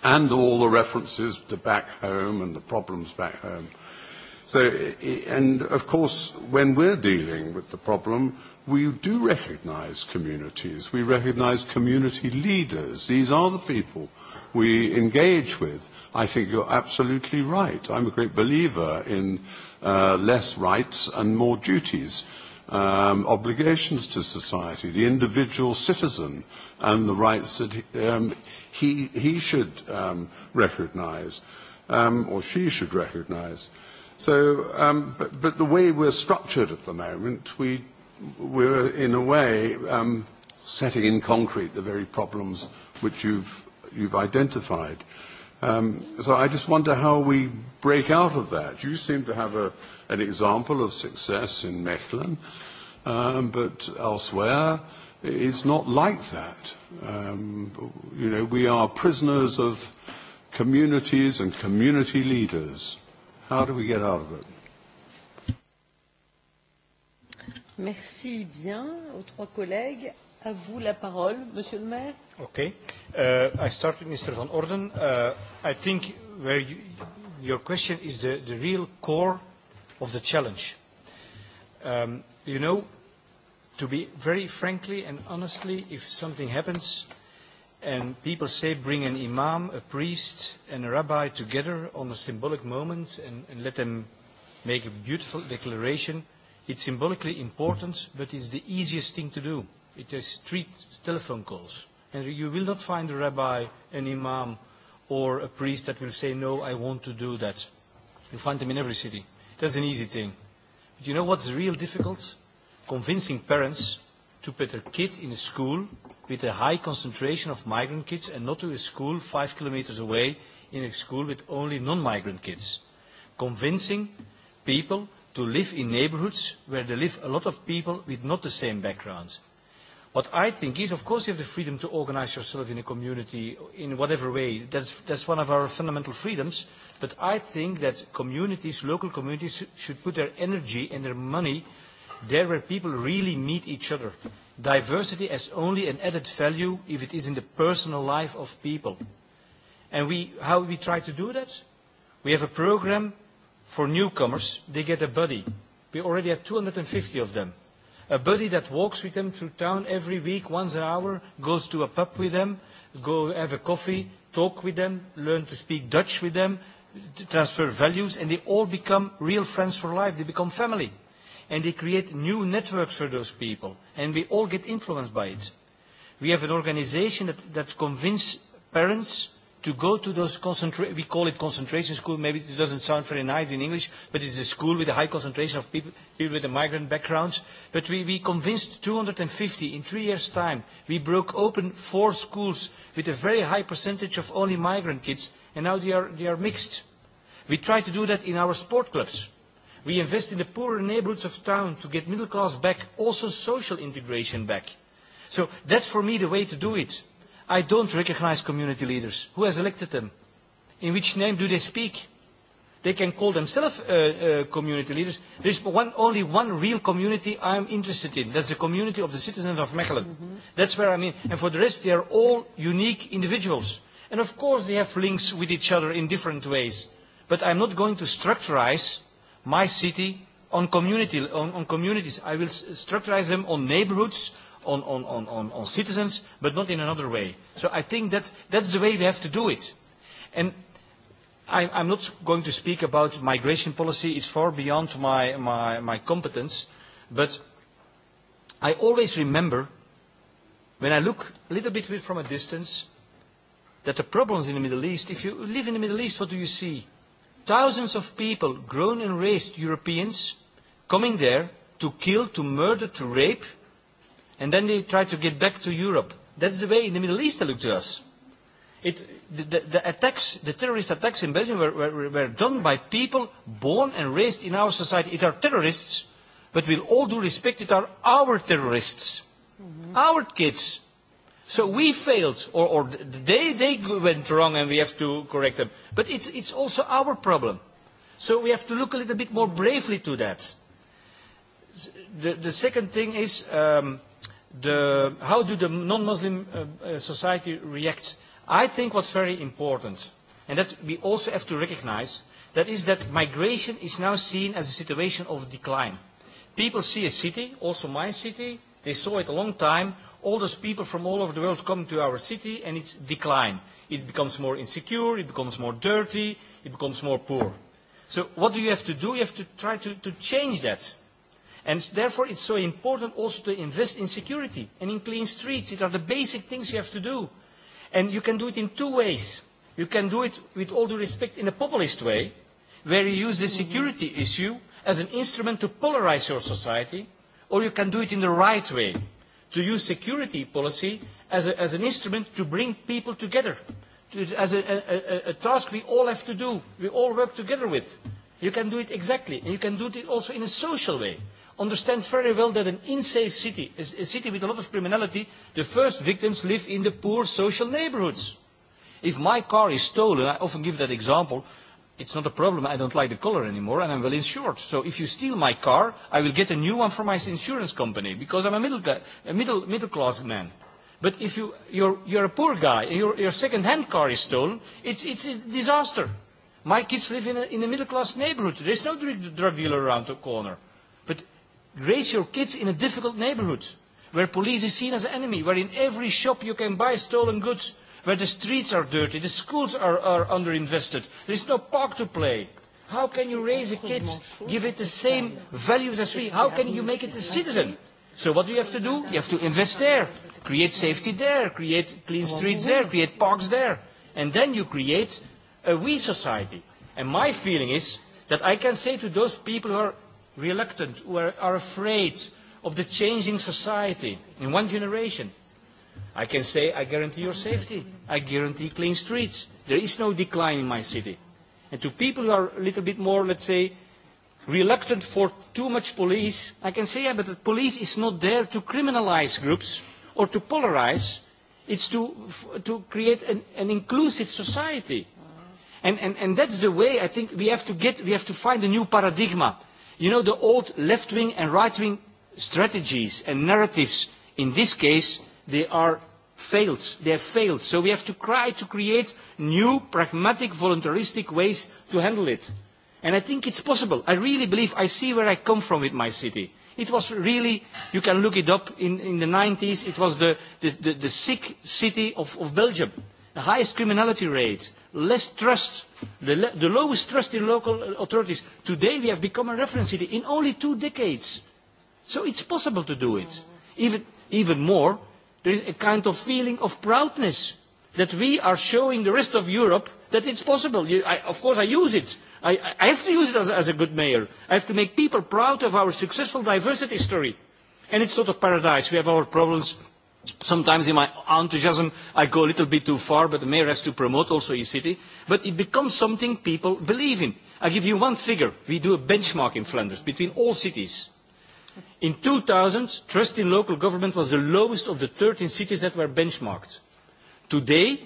and all the references to back home and the problems back home. So, and of course, when we're dealing with the problem, we do recognize communities. We recognize community leaders. These are the people we engage with. I think you're absolutely right. I'm a great believer in less rights and more duties, obligations to society, the individual citizen, and the rights that he he should recognise or she should recognize. So, but the way we're structured at the moment, we we're in a way setting in concrete the very problems which you've you've identified. So I just wonder how we break out of that. You seem to have an example of success in Mechelen, but elsewhere it's not like that. You know, we are prisoners of communities and community leaders. How do we get out of it? Merci bien aux trois collègues. À vous la parole, Monsieur le Maire. Okay. Uh, I start with Mr. Van Orden. Uh, I think where you, your question is the, the real core of the challenge. Um, you know, to be very frankly and honestly, if something happens and people say bring an imam, a priest and a rabbi together on a symbolic moment and, and let them make a beautiful declaration, it's symbolically important, but it's the easiest thing to do. It is three telephone calls. And you will not find a rabbi, an imam, or a priest that will say, no, I want to do that. You find them in every city. That's an easy thing. But you know what's real difficult? Convincing parents to put their kids in a school with a high concentration of migrant kids and not to a school five kilometers away in a school with only non-migrant kids. Convincing people to live in neighborhoods where there live a lot of people with not the same backgrounds. What I think is, of course, you have the freedom to organize yourself in a community in whatever way. That's, that's one of our fundamental freedoms. But I think that communities, local communities, should put their energy and their money there where people really meet each other. Diversity has only an added value if it is in the personal life of people. And we, how we try to do that? We have a program for newcomers. They get a buddy. We already have 250 of them a buddy that walks with them through town every week, once an hour, goes to a pub with them, go have a coffee, talk with them, learn to speak Dutch with them, transfer values, and they all become real friends for life. They become family. And they create new networks for those people. And we all get influenced by it. We have an organization that convinces parents to go to those concentration, we call it concentration school, maybe it doesn't sound very nice in English, but it's a school with a high concentration of people, people with a migrant background. But we, we convinced 250 in three years' time. We broke open four schools with a very high percentage of only migrant kids, and now they are, they are mixed. We try to do that in our sport clubs. We invest in the poorer neighborhoods of town to get middle class back, also social integration back. So that's for me the way to do it. I don't recognize community leaders. Who has elected them? In which name do they speak? They can call themselves community leaders. There is only one real community I am interested in. That's the community of the citizens of Mechelen. That's where I mean. And for the rest, they are all unique individuals. And of course, they have links with each other in different ways. But I'm not going to structurize my city on communities. I will structurize them on neighborhoods on, on, on, on, on citizens, but not in another way. So I think that's, that's the way we have to do it. And I, I'm not going to speak about migration policy. It's far beyond my, my, my competence. But I always remember, when I look a little bit from a distance, that the problems in the Middle East, if you live in the Middle East, what do you see? Thousands of people, grown and raised Europeans, coming there to kill, to murder, to rape, and then they try to get back to Europe. That's the way in the Middle East they look to us. It, the, the, attacks, the terrorist attacks in Belgium were, were, were done by people born and raised in our society. It are terrorists, but with all do respect, it are our terrorists, our kids. So we failed, or, or they, they went wrong and we have to correct them. But it's, it's also our problem. So we have to look a little bit more bravely to that. The, the second thing is, um, The how do the non-Muslim society react? I think what's very important, and that we also have to recognize, that is that migration is now seen as a situation of decline. People see a city, also my city, they saw it a long time, all those people from all over the world come to our city and it's decline. It becomes more insecure, it becomes more dirty, it becomes more poor. So what do you have to do? You have to try to change that. And therefore it's so important also to invest in security and in clean streets. It are the basic things you have to do. And you can do it in two ways. You can do it with all due respect in a populist way, where you use the security issue as an instrument to polarize your society, or you can do it in the right way, to use security policy as an instrument to bring people together, as a task we all have to do, we all work together with. You can do it exactly, and you can do it also in a social way understand very well that an unsafe city, a city with a lot of criminality, the first victims live in the poor social neighborhoods. If my car is stolen, I often give that example, it's not a problem, I don't like the color anymore, and I'm well insured. So if you steal my car, I will get a new one from my insurance company, because I'm a middle, a middle, middle class man. But if you, you're, you're a poor guy, and your, your second-hand car is stolen, it's, it's a disaster. My kids live in a, in a middle-class neighborhood. There's no drug dealer around the corner raise your kids in a difficult neighborhood, where police is seen as an enemy, where in every shop you can buy stolen goods, where the streets are dirty, the schools are, are underinvested, there is no park to play. How can you raise a kid, give it the same values as we? How can you make it a citizen? So what do you have to do? You have to invest there, create safety there, create clean streets there, create parks there. And then you create a we society. And my feeling is that I can say to those people who are reluctant, who are afraid of the changing society in one generation. I can say I guarantee your safety. I guarantee clean streets. There is no decline in my city. And to people who are a little bit more, let's say, reluctant for too much police, I can say, yeah, but the police is not there to criminalize groups or to polarize. It's to to create an inclusive society. And that's the way I think we have to get, we have to find a new paradigm You know, the old left-wing and right-wing strategies and narratives, in this case, they are failed. They have failed. So we have to try to create new, pragmatic, voluntaristic ways to handle it. And I think it's possible. I really believe I see where I come from with my city. It was really, you can look it up, in the 90s, it was the sick city of Belgium. The highest criminality rate less trust, the lowest trust in local authorities. Today we have become a reference city in only two decades. So it's possible to do it. Even more, there is a kind of feeling of proudness that we are showing the rest of Europe that it's possible. Of course I use it. I have to use it as a good mayor. I have to make people proud of our successful diversity story. And it's not a paradise. We have our problems Sometimes in my enthusiasm I go a little bit too far, but the mayor has to promote also his city. But it becomes something people believe in. I give you one figure. We do a benchmark in Flanders between all cities. In 2000, trust in local government was the lowest of the 13 cities that were benchmarked. Today,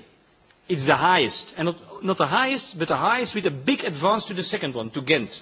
it's the highest. And not the highest, but the highest with a big advance to the second one, to Ghent.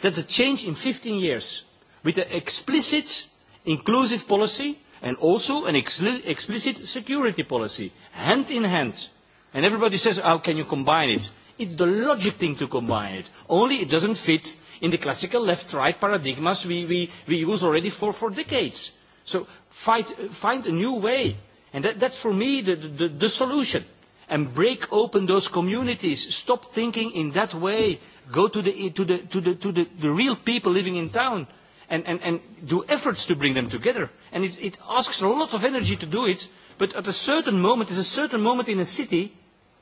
That's a change in 15 years. With an explicit, inclusive policy and also an explicit security policy, hand in hand. And everybody says, how can you combine it? It's the logic thing to combine it. Only it doesn't fit in the classical left-right paradigmas we use already for decades. So find a new way. And that's for me the solution. And break open those communities. Stop thinking in that way. Go to the real people living in town and do efforts to bring them together and it asks a lot of energy to do it, but at a certain moment, there's a certain moment in a city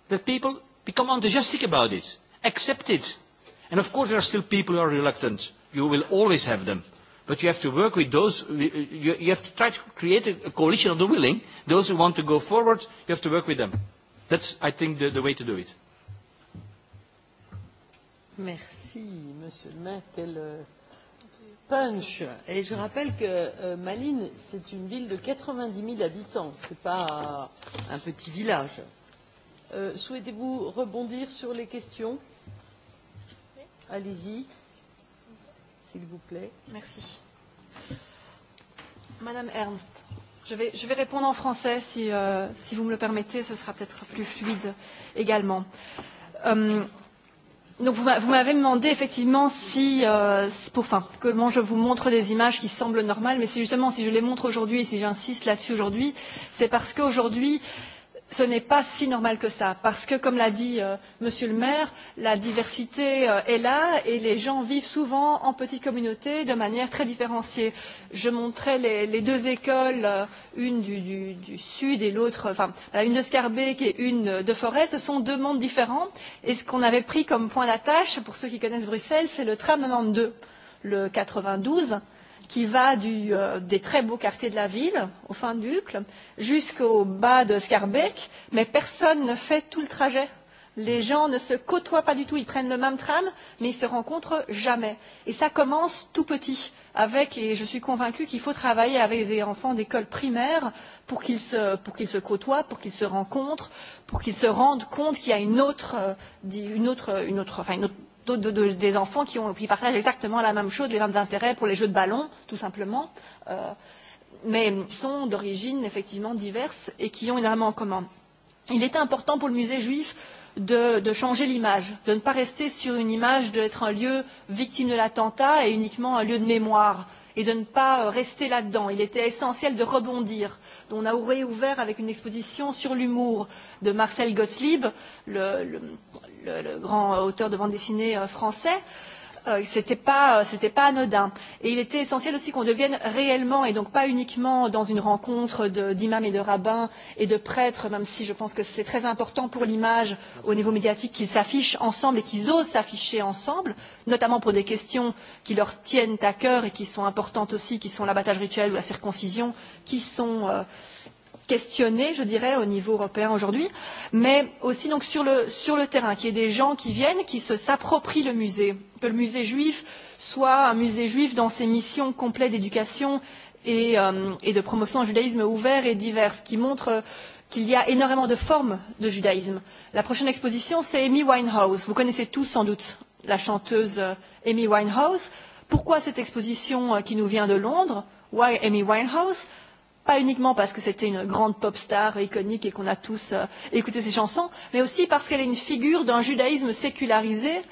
that people become enthusiastic about it, accept it. And of course there are still people who are reluctant. You will always have them. But you have to work with those, you have to try to create a coalition of the willing. Those who want to go forward, you have to work with them. That's, I think, the way to do it. Merci, Monsieur punch. Et je rappelle que Malines, c'est une ville de 90 000 habitants. Ce n'est pas un petit village. Souhaitez-vous rebondir sur les questions Allez-y, s'il vous plaît. Merci. Madame Ernst, je vais, je vais répondre en français si, si vous me le permettez, ce sera peut-être plus fluide également. Donc vous m'avez demandé effectivement si, pour, enfin, comment je vous montre des images qui semblent normales, mais c'est justement si je les montre aujourd'hui et si j'insiste là-dessus aujourd'hui, c'est parce qu'aujourd'hui, ce n'est pas si normal que cela parce que, comme l'a dit Monsieur le maire, la diversité est là et les gens vivent souvent en petites communautés de manière très différenciée. Je montrais les deux écoles, une du sud et l'autre, enfin, une de Scarbeck et une de Forêt, ce sont deux mondes différents. Et ce qu'on avait pris comme point d'attache, pour ceux qui connaissent Bruxelles, c'est le tram 92, le douze qui va du, des très beaux quartiers de la ville, au fin d'Ucle, jusqu'au bas de Scarbeck, mais personne ne fait tout le trajet. Les gens ne se côtoient pas du tout, ils prennent le même tram, mais ils ne se rencontrent jamais. Et ça commence tout petit, avec, et je suis convaincue qu'il faut travailler avec les enfants d'école primaire pour qu'ils se, se côtoient, pour qu'ils se rencontrent, pour qu'ils se rendent compte qu'il y a une autre, une autre, une autre, enfin une autre des enfants qui, ont, qui partagent exactement la même chose, les mêmes intérêts pour les jeux de ballon, tout simplement, mais sont d'origine effectivement diverses et qui ont énormément en commun. Il était important pour le musée juif de, de changer l'image, de ne pas rester sur une image d'être un lieu victime de l'attentat et uniquement un lieu de mémoire et de ne pas rester là-dedans. Il était essentiel de rebondir. On a réouvert avec une exposition sur l'humour de Marcel Gottlieb, le, grand auteur de bande dessinée français c'était pas c'était pas anodin et il était essentiel aussi qu'on devienne réellement et donc pas uniquement dans une rencontre d'imams et de rabbins et de prêtres même si je pense que c'est très important pour l'image au niveau médiatique qu'ils s'affichent ensemble et qu'ils osent s'afficher ensemble notamment pour des questions qui leur tiennent à cœur et qui sont importantes aussi qui sont l'abattage rituel ou la circoncision qui sont questionné, je dirais, au niveau européen aujourd'hui, mais aussi donc sur le, sur le terrain, qu'il y ait des gens qui viennent, qui s'approprient le musée, que le musée juif soit un musée juif dans ses missions complètes d'éducation et, et de promotion d'un judaïsme ouvert et divers, qui montre qu'il y a énormément de formes de judaïsme. La prochaine exposition, c'est Amy Winehouse. Vous connaissez tous sans doute la chanteuse Amy Winehouse. Pourquoi cette exposition qui nous vient de Londres Why Amy Winehouse pas uniquement parce que c'était une grande pop star iconique et qu'on a tous écouté ses chansons, mais aussi parce qu'elle est une figure d'un judaïsme sécularisé,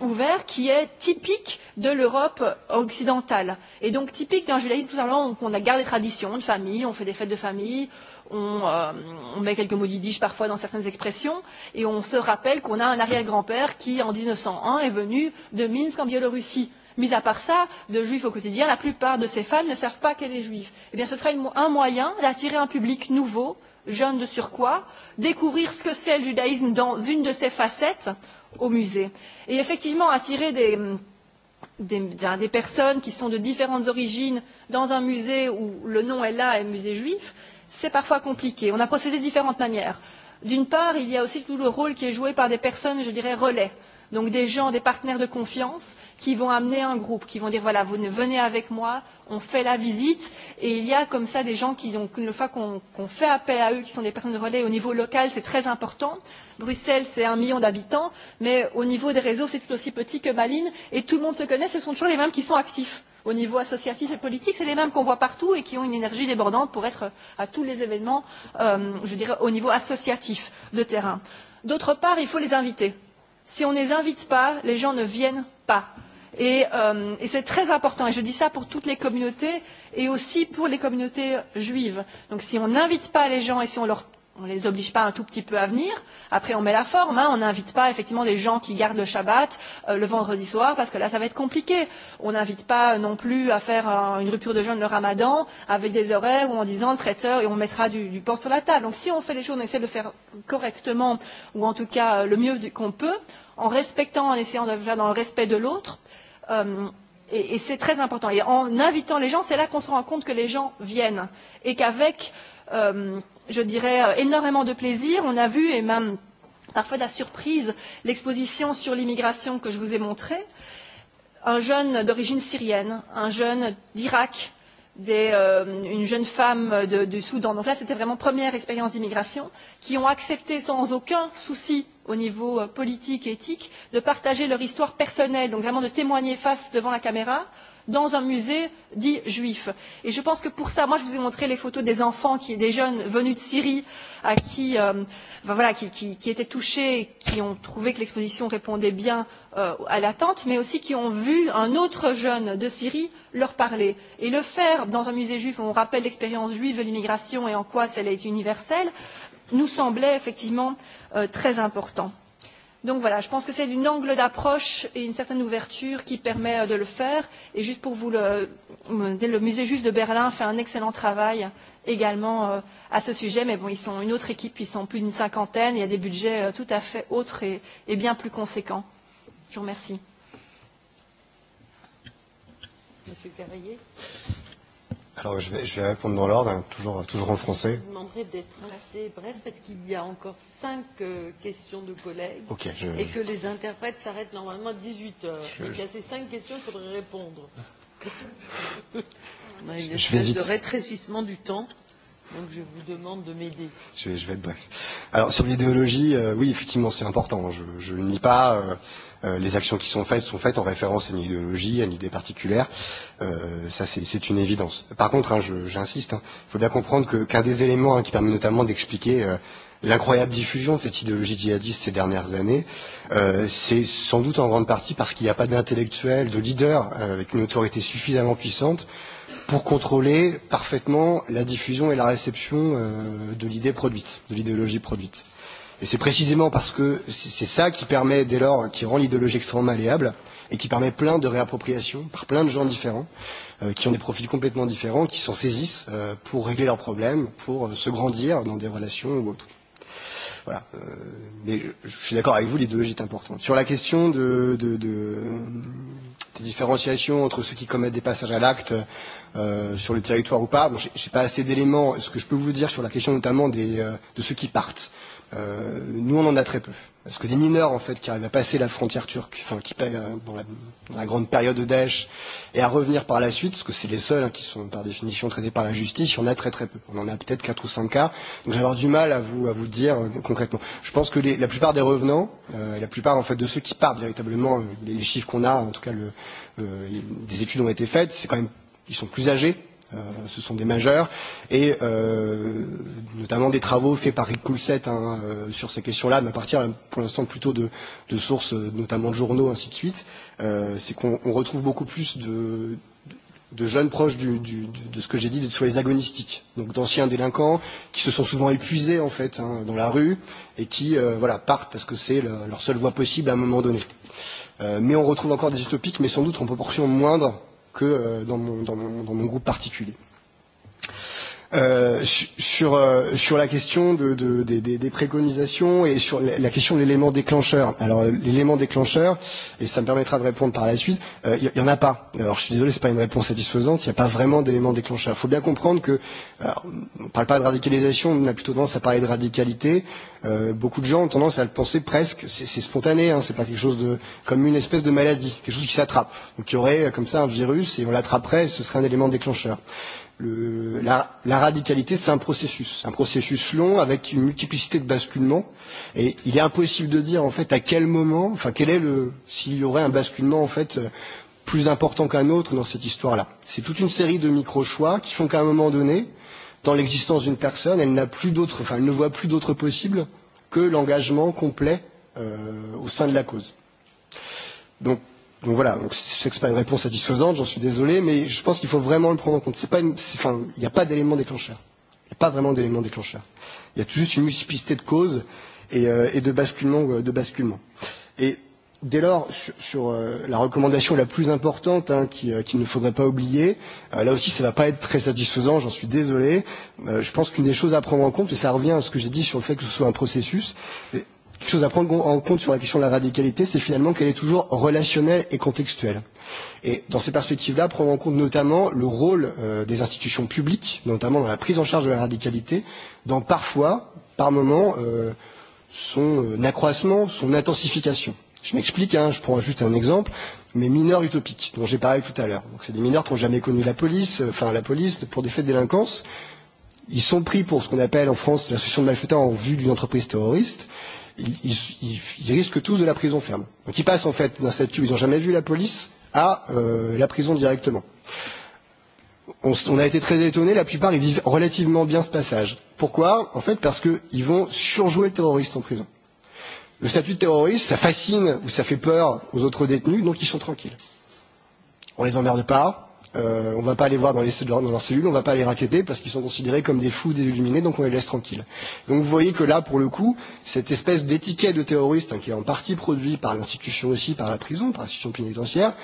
ouvert, qui est typique de l'Europe occidentale. Et donc typique d'un judaïsme tout simplement où on a garde des traditions de famille, on fait des fêtes de famille, on, on met quelques mots d'idiche parfois dans certaines expressions, et on se rappelle qu'on a un arrière-grand-père qui, en 1901, est venu de Minsk en Biélorussie Mis à part ça, de juifs au quotidien, la plupart de ces femmes ne savent pas qu'elle est juive. Eh bien, ce serait un moyen d'attirer un public nouveau, jeune de surcroît, découvrir ce que c'est le judaïsme dans une de ses facettes au musée. Et effectivement, attirer des des personnes qui sont de différentes origines dans un musée où le nom est là, est musée juif, c'est parfois compliqué. On a procédé de différentes manières. D'une part, il y a aussi tout le rôle qui est joué par des personnes, je dirais, relais donc des gens, des partenaires de confiance qui vont amener un groupe, qui vont dire voilà, vous venez avec moi, on fait la visite, et il y a comme ça des gens qui, donc une fois qu'on fait appel à eux, qui sont des personnes de relais au niveau local, c'est très important. Bruxelles, c'est un million d'habitants, mais au niveau des réseaux, c'est tout aussi petit que Malines, et tout le monde se connaît, ce sont toujours les mêmes qui sont actifs. Au niveau associatif et politique, c'est les mêmes qu'on voit partout et qui ont une énergie débordante pour être à tous les événements, je dirais, au niveau associatif de terrain. D'autre part, il faut les inviter si on ne les invite pas, les gens ne viennent pas. Et c'est très important, et je dis ça pour toutes les communautés et aussi pour les communautés juives. Donc si on n'invite pas les gens et si on leur on les oblige pas un tout petit peu à venir. Après, on met la forme. On n'invite pas effectivement des gens qui gardent le Shabbat le vendredi soir parce que là, ça va être compliqué. On n'invite pas non plus à faire une rupture de jeûne le ramadan avec des horaires ou en disant le traiteur et on mettra du porc sur la table. Donc, si on fait les choses, on essaie de le faire correctement ou en tout cas le mieux qu'on peut, en respectant, en essayant de le faire dans le respect de l'autre. Et c'est très important. Et en invitant les gens, c'est là qu'on se rend compte que les gens viennent et qu'avec je dirais, énormément de plaisir. On a vu, et même parfois de la surprise, l'exposition sur l'immigration que je vous ai montrée. Un jeune d'origine syrienne, un jeune d'Irak, une jeune femme du Soudan. Donc là, c'était vraiment première expérience d'immigration, qui ont accepté sans aucun souci au niveau politique et éthique de partager leur histoire personnelle, donc vraiment de témoigner face devant la caméra dans un musée dit juif. Et je pense que pour ça, moi je vous ai montré les photos des enfants, qui, des jeunes venus de Syrie, à qui, voilà, qui, qui, étaient touchés, qui ont trouvé que l'exposition répondait bien à l'attente, mais aussi qui ont vu un autre jeune de Syrie leur parler. Et le faire dans un musée juif où on rappelle l'expérience juive de l'immigration et en quoi celle est universelle, nous semblait effectivement très important. Donc voilà, je pense que c'est un angle d'approche et une certaine ouverture qui permet de le faire. Et juste pour vous le, le musée juif de Berlin fait un excellent travail également à ce sujet. Mais bon, ils sont une autre équipe, ils sont plus d'une cinquantaine. Il y a des budgets tout à fait autres et, et bien plus conséquents. Je vous remercie. Monsieur Carrier. Alors je vais, je vais répondre dans l'ordre, toujours, toujours en français. Je vous demanderai d'être assez bref parce qu'il y a encore cinq questions de collègues okay, je... et que les interprètes s'arrêtent normalement à 18 heures. Je... Donc à ces cinq questions, il faudrait répondre. je, a une espèce de rétrécissement du temps. Donc je vous demande de m'aider. Je, je vais être bref. Alors sur l'idéologie, oui, effectivement, c'est important. Je, ne nie pas les actions qui sont faites sont faites en référence à une idéologie, à une idée particulière. Ça, c'est une évidence. Par contre, j'insiste, il faut bien comprendre qu'un des éléments qui permet notamment d'expliquer l'incroyable diffusion de cette idéologie djihadiste ces dernières années, c'est sans doute en grande partie parce qu'il n'y a pas d'intellectuel, de leaders avec une autorité suffisamment puissante pour contrôler parfaitement la diffusion et la réception de l'idée produite, de l'idéologie produite. Et c'est précisément parce que c'est ça qui permet dès lors, qui rend l'idéologie extrêmement malléable et qui permet plein de réappropriations par plein de gens différents, qui ont des profils complètement différents, qui s'en saisissent pour régler leurs problèmes, pour se grandir dans des relations ou autres. Voilà. Mais je suis d'accord avec vous, l'idéologie est importante. Sur la question de, de, de, des différenciations entre ceux qui commettent des passages à l'acte sur le territoire ou pas, bon, je n'ai pas assez d'éléments. Ce que je peux vous dire sur la question notamment des, de ceux qui partent nous on en a très peu. Parce que des mineurs en fait qui arrivent à passer la frontière turque, enfin qui payent dans la, grande période de Daesh et à revenir par la suite, parce que c'est les seuls qui sont par définition traités par la justice, il y en a très très peu. On en a peut-être quatre ou cinq cas, donc j'ai avoir du mal à vous, à vous dire concrètement. Je pense que les, la plupart des revenants, et la plupart en fait de ceux qui partent véritablement, les, chiffres qu'on a, en tout cas le, des études ont été faites, c'est quand même, ils sont plus âgés, ce sont des majeurs, et notamment des travaux faits par Rick Coulset sur ces questions-là, mais à partir pour l'instant plutôt de, de sources, notamment de journaux, ainsi de suite, c'est qu'on retrouve beaucoup plus de, de jeunes proches du, du, de ce que j'ai dit de sur les agonistiques, donc d'anciens délinquants qui se sont souvent épuisés en fait hein, dans la rue et qui voilà, partent parce que c'est leur seule voie possible à un moment donné. Euh, mais on retrouve encore des utopiques, mais sans doute en proportion moindre que dans mon, dans mon, dans mon groupe particulier. Euh, sur, sur la question de, de, des, des préconisations et sur la question de l'élément déclencheur. Alors l'élément déclencheur, et ça me permettra de répondre par la suite, il n'y en a pas. Alors je suis désolé, ce n'est pas une réponse satisfaisante, il n'y a pas vraiment d'élément déclencheur. Il faut bien comprendre que, on ne parle pas de radicalisation, on a plutôt tendance à parler de radicalité beaucoup de gens ont tendance à le penser presque, c'est spontané, hein, c'est pas quelque chose de, comme une espèce de maladie, quelque chose qui s'attrape. Donc il y aurait comme ça un virus et on l'attraperait, ce serait un élément déclencheur. Le, la, la radicalité, c'est un processus, un processus long avec une multiplicité de basculements. Et il est impossible de dire en fait à quel moment, enfin quel est le, s'il y aurait un basculement en fait plus important qu'un autre dans cette histoire-là. C'est toute une série de micro choix qui font qu'à un moment donné, dans l'existence d'une personne, elle n'a plus d'autre, enfin, elle ne voit plus d'autre possible que l'engagement complet au sein de la cause. Donc, donc voilà, donc n'est pas une réponse satisfaisante, j'en suis désolé, mais je pense qu'il faut vraiment le prendre en compte. pas, enfin, il n'y a pas d'élément déclencheur. Il n'y a pas vraiment d'élément déclencheur. Il y a tout juste une multiplicité de causes et, et de basculement, de basculement. Et Dès lors, sur la recommandation la plus importante, qu'il ne faudrait pas oublier, là aussi, ça ne va pas être très satisfaisant, j'en suis désolé. Je pense qu'une des choses à prendre en compte, et ça revient à ce que j'ai dit sur le fait que ce soit un processus, quelque chose à prendre en compte sur la question de la radicalité, c'est finalement qu'elle est toujours relationnelle et contextuelle. Et dans ces perspectives-là, prendre en compte notamment le rôle des institutions publiques, notamment dans la prise en charge de la radicalité, dans parfois, par moments, son accroissement, son intensification. Je m'explique, hein, je prends juste un exemple, mais mineurs utopiques, dont j'ai parlé tout à l'heure. Donc c'est des mineurs qui n'ont jamais connu la police, enfin la police pour des faits de délinquance. Ils sont pris pour ce qu'on appelle en France l'association de malfaiteurs en vue d'une entreprise terroriste. Ils, ils, ils, risquent tous de la prison ferme. Donc ils passent en fait d'un statut où ils n'ont jamais vu la police à la prison directement. On, a été très étonnés, la plupart ils vivent relativement bien ce passage. Pourquoi En fait parce qu'ils vont surjouer le terroriste en prison. Le statut de terroriste, ça fascine ou ça fait peur aux autres détenus, donc ils sont tranquilles. On les emmerde pas, euh, on ne va pas les voir dans, les, dans leurs cellules, on ne va pas les raqueter parce qu'ils sont considérés comme des fous, des illuminés, donc on les laisse tranquilles. Donc vous voyez que là, pour le coup, cette espèce d'étiquette de terroriste, hein, qui est en partie produite par l'institution aussi, par la prison, par l'institution pénitentiaire,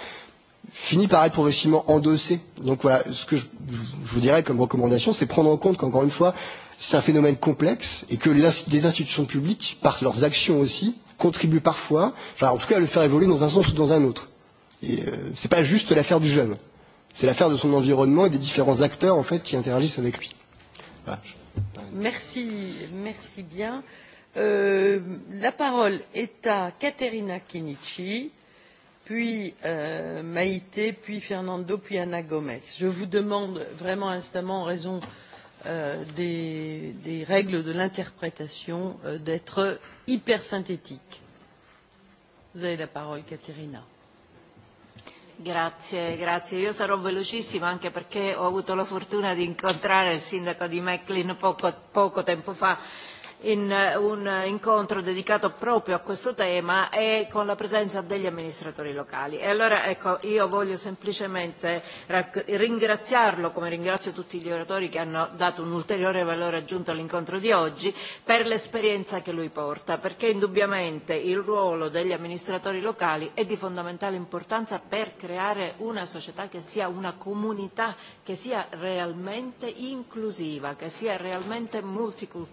finit par être progressivement endossée. Donc voilà, ce que je, je vous dirais comme recommandation, c'est prendre en compte qu'encore une fois, c'est un phénomène complexe et que les institutions publiques, par leurs actions aussi, contribuent parfois, enfin en tout cas à le faire évoluer dans un sens ou dans un autre. ce n'est pas juste l'affaire du jeune, c'est l'affaire de son environnement et des différents acteurs en fait qui interagissent avec lui. Merci, merci bien. La parole est à Caterina Kinichi, puis Maïté, puis Fernando, puis Ana Gomez. Je vous demande vraiment instamment en raison des règles de l'interprétation d'être hypersynthétique. Vous avez la parole, Caterina. Grazie, grazie. Io sarò velocissima anche perché ho avuto la fortuna di incontrare il sindaco di Mecklin poco tempo fa in un incontro dedicato proprio a questo tema e con la presenza degli amministratori locali. E allora ecco, io voglio semplicemente ringraziarlo, come ringrazio tutti gli oratori che hanno dato un ulteriore valore aggiunto all'incontro di oggi, per l'esperienza che lui porta, perché indubbiamente il ruolo degli amministratori locali è di fondamentale importanza per creare una società che sia una comunità, che sia realmente inclusiva, che sia realmente multiculturale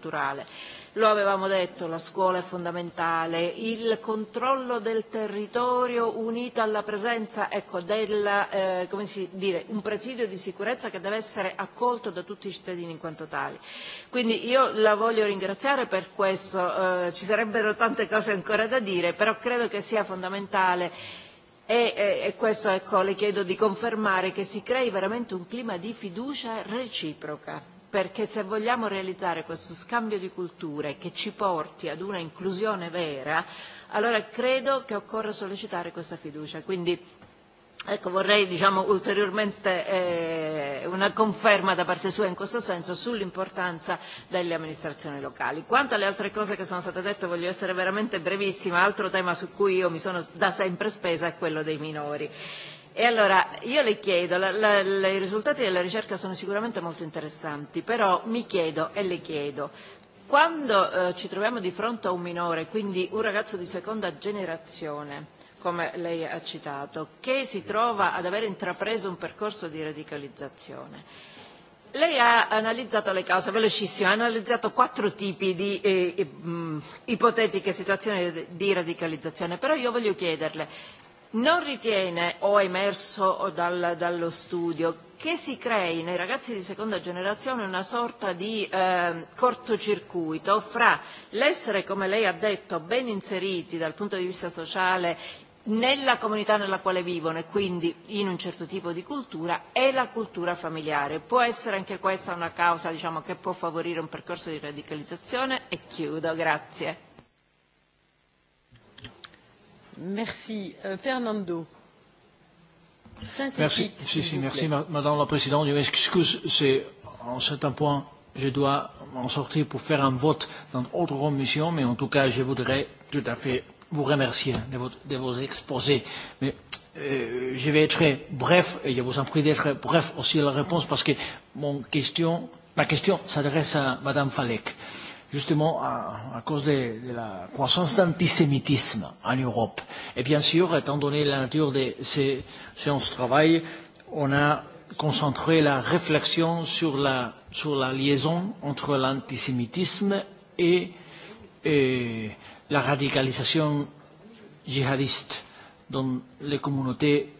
lo avevamo detto, la scuola è fondamentale, il controllo del territorio unito alla presenza ecco, del, come si dire, un presidio di sicurezza che deve essere accolto da tutti i cittadini in quanto tali. Quindi io la voglio ringraziare per questo, ci sarebbero tante cose ancora da dire, però credo che sia fondamentale e questo ecco le chiedo di confermare che si crei veramente un clima di fiducia reciproca perché se vogliamo realizzare questo scambio di culture che ci porti ad una inclusione vera, allora credo che occorra sollecitare questa fiducia. Quindi Ecco, vorrei diciamo, ulteriormente una conferma da parte sua in questo senso sull'importanza delle amministrazioni locali. Quanto alle altre cose che sono state dette, voglio essere veramente brevissima. Altro tema su cui io mi sono da sempre spesa è quello dei minori E allora io le chiedo, la, i risultati della ricerca sono sicuramente molto interessanti, però mi chiedo e le chiedo, quando ci troviamo di fronte a un minore, quindi un ragazzo di seconda generazione, come lei ha citato, che si trova ad aver intrapreso un percorso di radicalizzazione, Lei ha analizzato le cause, velocissime, ha analizzato quattro tipi di ipotetiche situazioni di radicalizzazione, però io voglio chiederle non ritiene, o è emerso dallo studio, che si crei nei ragazzi di seconda generazione una sorta di cortocircuito fra l'essere, come lei ha detto, ben inseriti dal punto di vista sociale nella comunità nella quale vivono e quindi in un certo tipo di cultura è la cultura familiare. Può essere anche questa una causa diciamo, che può favorire un percorso di radicalizzazione? E chiudo, grazie. Merci. Fernando. Merci, Madame la Présidente. Je m'excuse, c'est en certain point, je dois m'en sortir pour faire un vote dans d'autres commissions, mais en tout cas, je voudrais tout à fait vous remercier de, vos exposés. Mais je vais être bref, et je vous en prie d'être bref aussi la réponse, parce que ma question s'adresse à Madame Falek justement à, à cause de, de la croissance d'antisémitisme en Europe. Et bien sûr, étant donné la nature de ces séances de travail, on a concentré la réflexion sur la, sur la liaison entre l'antisémitisme et, la radicalisation djihadiste dans les communautés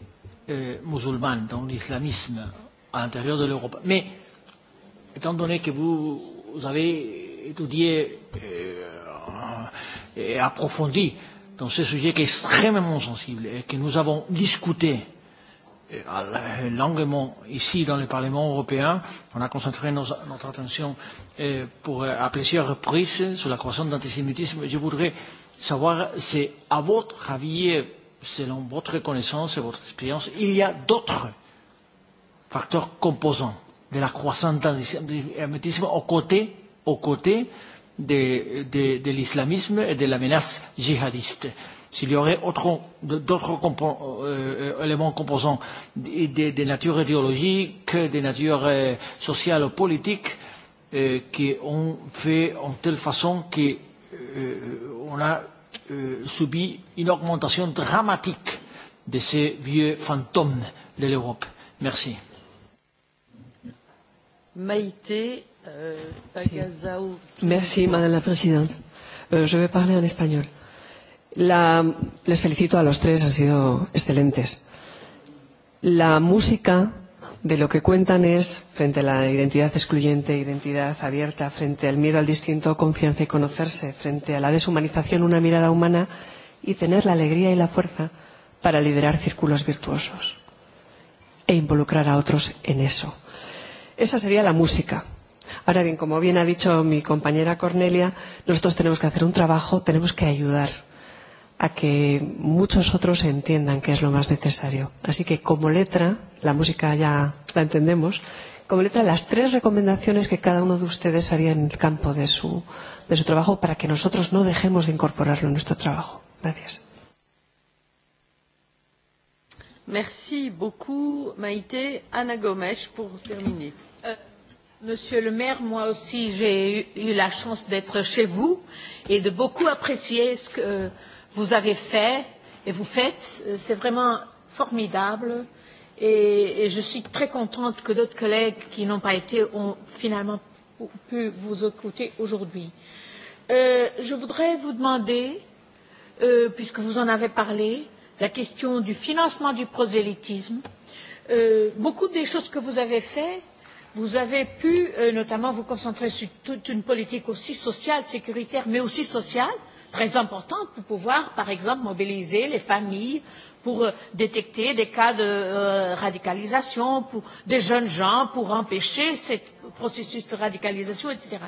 euh, musulmanes, dans l'islamisme à l'intérieur de l'Europe. Mais, étant donné que vous, vous avez étudié et approfondi dans ce sujet qui est extrêmement sensible et que nous avons discuté longuement ici dans le Parlement européen. On a concentré notre attention pour, à plusieurs reprises sur la croissance d'antisémitisme. Je voudrais savoir si, à votre avis, selon votre connaissance et votre expérience, il y a d'autres facteurs composants de la croissance d'antisémitisme aux côtés aux côtés de l'islamisme et de la menace djihadiste. S'il y aurait d'autres éléments composants de nature idéologique, de nature sociale ou politique, qui ont fait en telle façon qu'on a subi une augmentation dramatique de ces vieux fantômes de l'Europe. Merci. Maïté Merci, Madame la Présidente. Je en español. Les felicito a los tres, han sido excelentes. La música de lo que cuentan es, frente a la identidad excluyente, identidad abierta, frente al miedo al distinto, confianza y conocerse, frente a la deshumanización, una mirada humana y tener la alegría y la fuerza para liderar círculos virtuosos e involucrar a otros en eso. Esa sería la música Ahora bien, como bien ha dicho mi compañera Cornelia, nosotros tenemos que hacer un trabajo, tenemos que ayudar a que muchos otros entiendan qué es lo más necesario. Así que como letra, la música ya la entendemos, como letra las tres recomendaciones que cada uno de ustedes haría en el campo de su, de su trabajo para que nosotros no dejemos de incorporarlo en nuestro trabajo. Gracias. Merci beaucoup, Maite. Ana Gomes, pour terminer. Monsieur le maire, moi aussi, j'ai eu la chance d'être chez vous et de beaucoup apprécier ce que vous avez fait et vous faites. C'est vraiment formidable et je suis très contente que d'autres collègues qui n'ont pas été ont finalement pu vous écouter aujourd'hui. Je voudrais vous demander, puisque vous en avez parlé, la question du financement du prosélytisme. Beaucoup des choses que vous avez faites vous avez pu notamment vous concentrer sur toute une politique aussi sociale, sécuritaire, mais aussi sociale, très importante pour pouvoir, par exemple, mobiliser les familles pour détecter des cas de radicalisation pour des jeunes gens, pour empêcher ce processus de radicalisation, etc.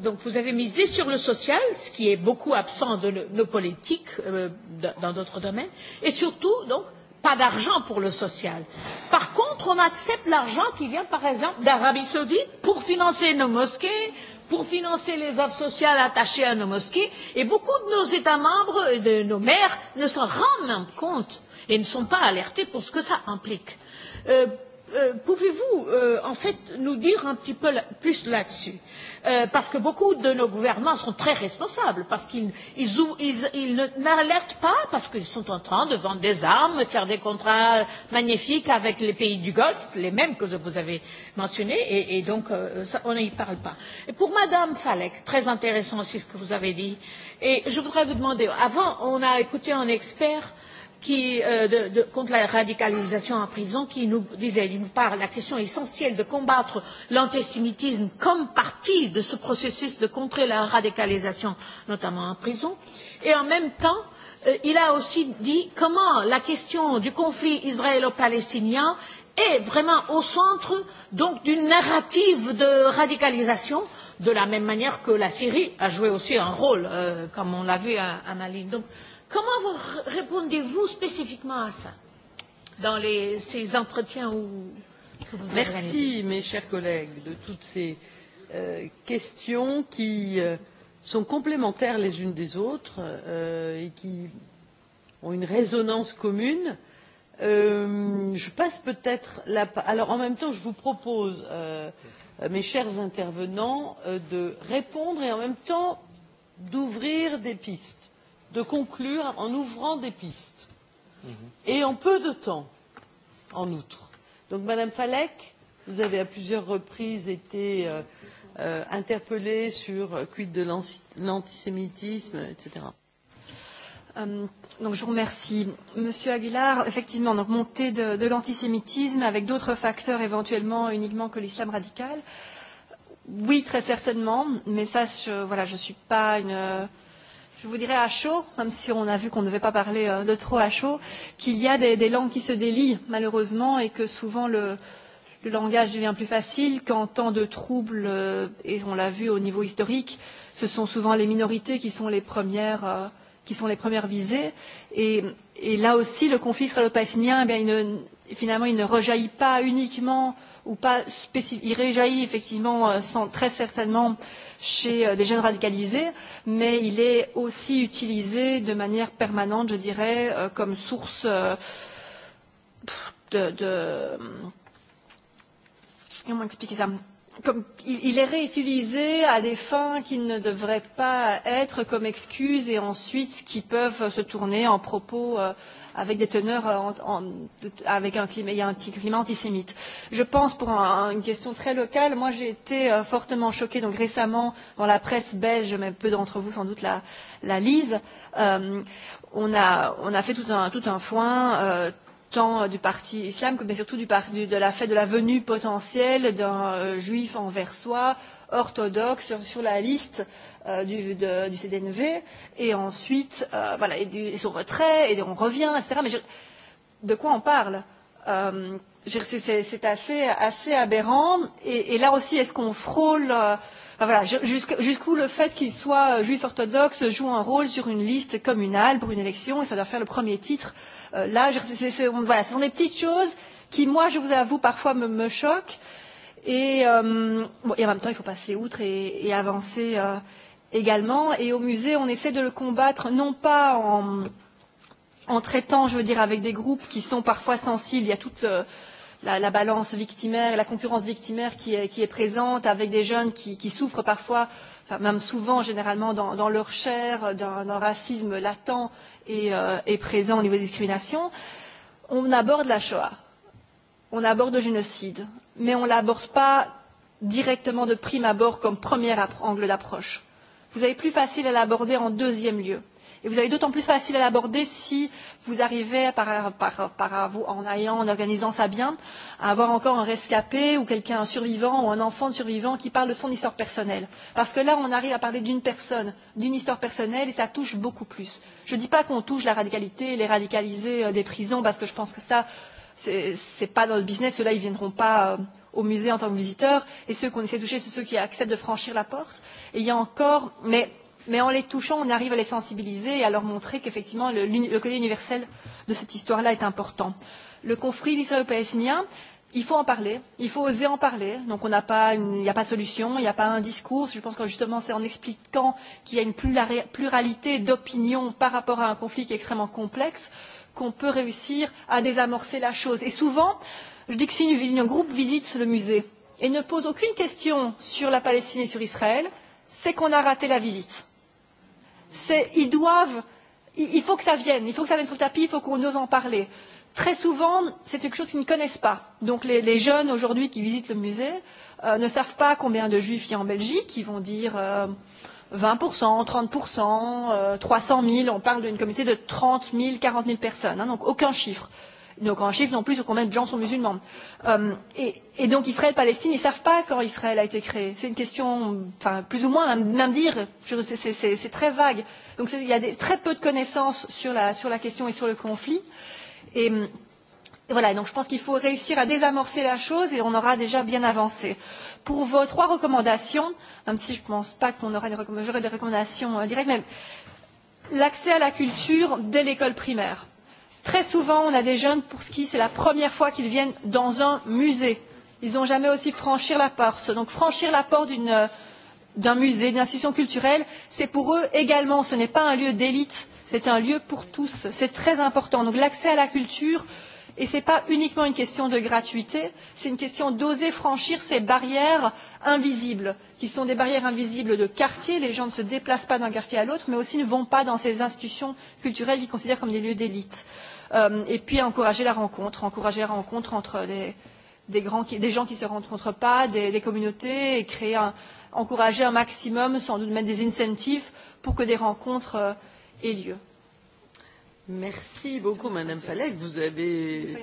Donc vous avez misé sur le social, ce qui est beaucoup absent de nos politiques dans d'autres domaines, et surtout, donc, pas d'argent pour le social. Par contre, on accepte l'argent qui vient, par exemple, d'Arabie saoudite pour financer nos mosquées, pour financer les offres sociales attachées à nos mosquées, et beaucoup de nos États membres et de nos maires ne s'en rendent même compte et ne sont pas alertés pour ce que ça implique Pouvez-vous en fait nous dire un petit peu plus là-dessus Parce que beaucoup de nos gouvernements sont très responsables, parce qu'ils n'alertent pas, parce qu'ils sont en train de vendre des armes de faire des contrats magnifiques avec les pays du Golfe, les mêmes que vous avez mentionnés, et donc on n'y parle pas. Et pour Madame Falek, très intéressant aussi ce que vous avez dit, et je voudrais vous demander, avant on a écouté un expert, qui, de, contre la radicalisation en prison qui nous disait d'une part la question essentielle de combattre l'antisémitisme comme partie de ce processus de contrer la radicalisation, notamment en prison, et en même temps, il a aussi dit comment la question du conflit israélo-palestinien est vraiment au centre donc d'une narrative de radicalisation de la même manière que la Syrie a joué aussi un rôle comme on l'a vu à Mali donc Comment vous répondez-vous spécifiquement à ça dans les, ces entretiens où, vous Merci, mes chers collègues, de toutes ces questions qui sont complémentaires les unes des autres et qui ont une résonance commune. je passe peut-être la... Alors en même temps, je vous propose, mes chers intervenants, de répondre et en même temps d'ouvrir des pistes de conclure en ouvrant des pistes et en peu de temps en outre. Donc Madame Falek, vous avez à plusieurs reprises été interpellée sur quid de l'antisémitisme, etc. Donc je vous remercie. Monsieur Aguilar, effectivement, donc montée de, de l'antisémitisme avec d'autres facteurs éventuellement uniquement que l'islam radical. Oui, très certainement, mais ça, je, voilà, je ne suis pas une, je vous dirais à chaud, même si on a vu qu'on ne devait pas parler de trop à chaud, qu'il y a des langues qui se délient malheureusement et que souvent le langage devient plus facile qu'en temps de troubles, et on l'a vu au niveau historique, ce sont souvent les minorités qui sont les premières qui sont les premières visées. Et, et là aussi, le conflit israelo eh finalement, il ne rejaillit pas uniquement ou pas spécifique. Il réjaillit effectivement très certainement chez des jeunes radicalisés, mais il est aussi utilisé de manière permanente, je dirais, comme source de. Comment expliquer ça il est réutilisé à des fins qui ne devraient pas être comme excuses et ensuite qui peuvent se tourner en propos avec des teneurs avec un climat antisémite. Je pense, pour une question très locale, moi j'ai été fortement choquée donc récemment dans la presse belge, mais peu d'entre vous sans doute la lisent, on a fait tout un foin tant du parti islam que mais surtout du de la fête de la venue potentielle d'un juif envers soi orthodoxe sur, la liste du, du CDNV, et ensuite, voilà, et, du, son retrait, et on revient, etc. Mais de quoi on parle euh, C'est assez, assez aberrant, et, et là aussi, est-ce qu'on frôle voilà, jusqu'où le fait qu'il soit juif orthodoxe joue un rôle sur une liste communale pour une élection et ça doit faire le premier titre. Là, voilà, ce sont des petites choses qui, moi, je vous avoue, parfois me choquent Et, en même temps, il faut passer outre et, avancer également. Et au musée, on essaie de le combattre, non pas en, en traitant, je veux dire, avec des groupes qui sont parfois sensibles. Il y a toute la, la balance victimaire, la concurrence victimaire qui est, qui est présente, avec des jeunes qui, qui souffrent parfois, enfin, même souvent, généralement, dans, leur chair, d'un racisme latent et, euh, et présent au niveau des discriminations. On aborde la Shoah. On aborde le génocide mais on ne l'aborde pas directement de prime abord comme premier angle d'approche. Vous avez plus facile à l'aborder en deuxième lieu. Et vous avez d'autant plus facile à l'aborder si vous arrivez, par, par, par, en ayant, en organisant ça bien, à avoir encore un rescapé ou quelqu'un, un survivant ou un enfant de survivant qui parle de son histoire personnelle. Parce que là, on arrive à parler d'une personne, d'une histoire personnelle et ça touche beaucoup plus. Je ne dis pas qu'on touche la radicalité, les radicalisés des prisons, parce que je pense que ça, Ce n'est pas dans le business, ceux-là, ils viendront pas au musée en tant que visiteurs, et ceux qu'on essaie de toucher, sont ceux qui acceptent de franchir la porte. il y a encore, mais, mais en les touchant, on arrive à les sensibiliser et à leur montrer qu'effectivement, le, le côté universel de cette histoire-là est important. Le conflit israélo-palestinien, il faut en parler, il faut oser en parler. Donc il n'y a pas de solution, il n'y a pas un discours. Je pense que justement c'est en expliquant qu'il y a une pluralité d'opinions par rapport à un conflit qui est extrêmement complexe qu'on peut réussir à désamorcer la chose. Et souvent, je dis que si une groupe visite le musée et ne pose aucune question sur la Palestine et sur Israël, c'est qu'on a raté la visite. Ils doivent, il faut que ça vienne, il faut que ça vienne sur le tapis, il faut qu'on ose en parler. Très souvent, c'est quelque chose qu'ils ne connaissent pas. Donc les jeunes aujourd'hui qui visitent le musée ne savent pas combien de juifs il y a en Belgique, ils vont dire 20%, 30%, 300 000. On parle d'une communauté de 30 000, 40 000 personnes. Donc aucun chiffre. Aucun chiffre non plus sur combien de gens sont musulmans. Et donc Israël Palestine, ils ne savent pas quand Israël a été créé. C'est une question, enfin plus ou moins, même dire. C'est très vague. Donc il y a des, très peu de connaissances sur la question et sur le conflit. Et voilà, donc je pense qu'il faut réussir à désamorcer la chose et on aura déjà bien avancé pour vos trois recommandations, même si je ne pense pas qu'on aura des recommandations directes, mais l'accès à la culture dès l'école primaire. Très souvent, on a des jeunes pour ce qui c'est la première fois qu'ils viennent dans un musée. Ils n'ont jamais aussi franchi la porte. Donc franchir la porte d'un musée, d'une institution culturelle, c'est pour eux également. Ce n'est pas un lieu d'élite, c'est un lieu pour tous. C'est très important. Donc l'accès à la culture Et ce n'est pas uniquement une question de gratuité, c'est une question d'oser franchir ces barrières invisibles, qui sont des barrières invisibles de quartier. Les gens ne se déplacent pas d'un quartier à l'autre, mais aussi ne vont pas dans ces institutions culturelles qu'ils considèrent comme des lieux d'élite. Et puis encourager la rencontre, encourager la rencontre entre des gens qui ne se rencontrent pas, des communautés, et créer encourager un maximum, sans doute mettre des incentives pour que des rencontres aient lieu. Merci beaucoup, Madame Falek. Vous avez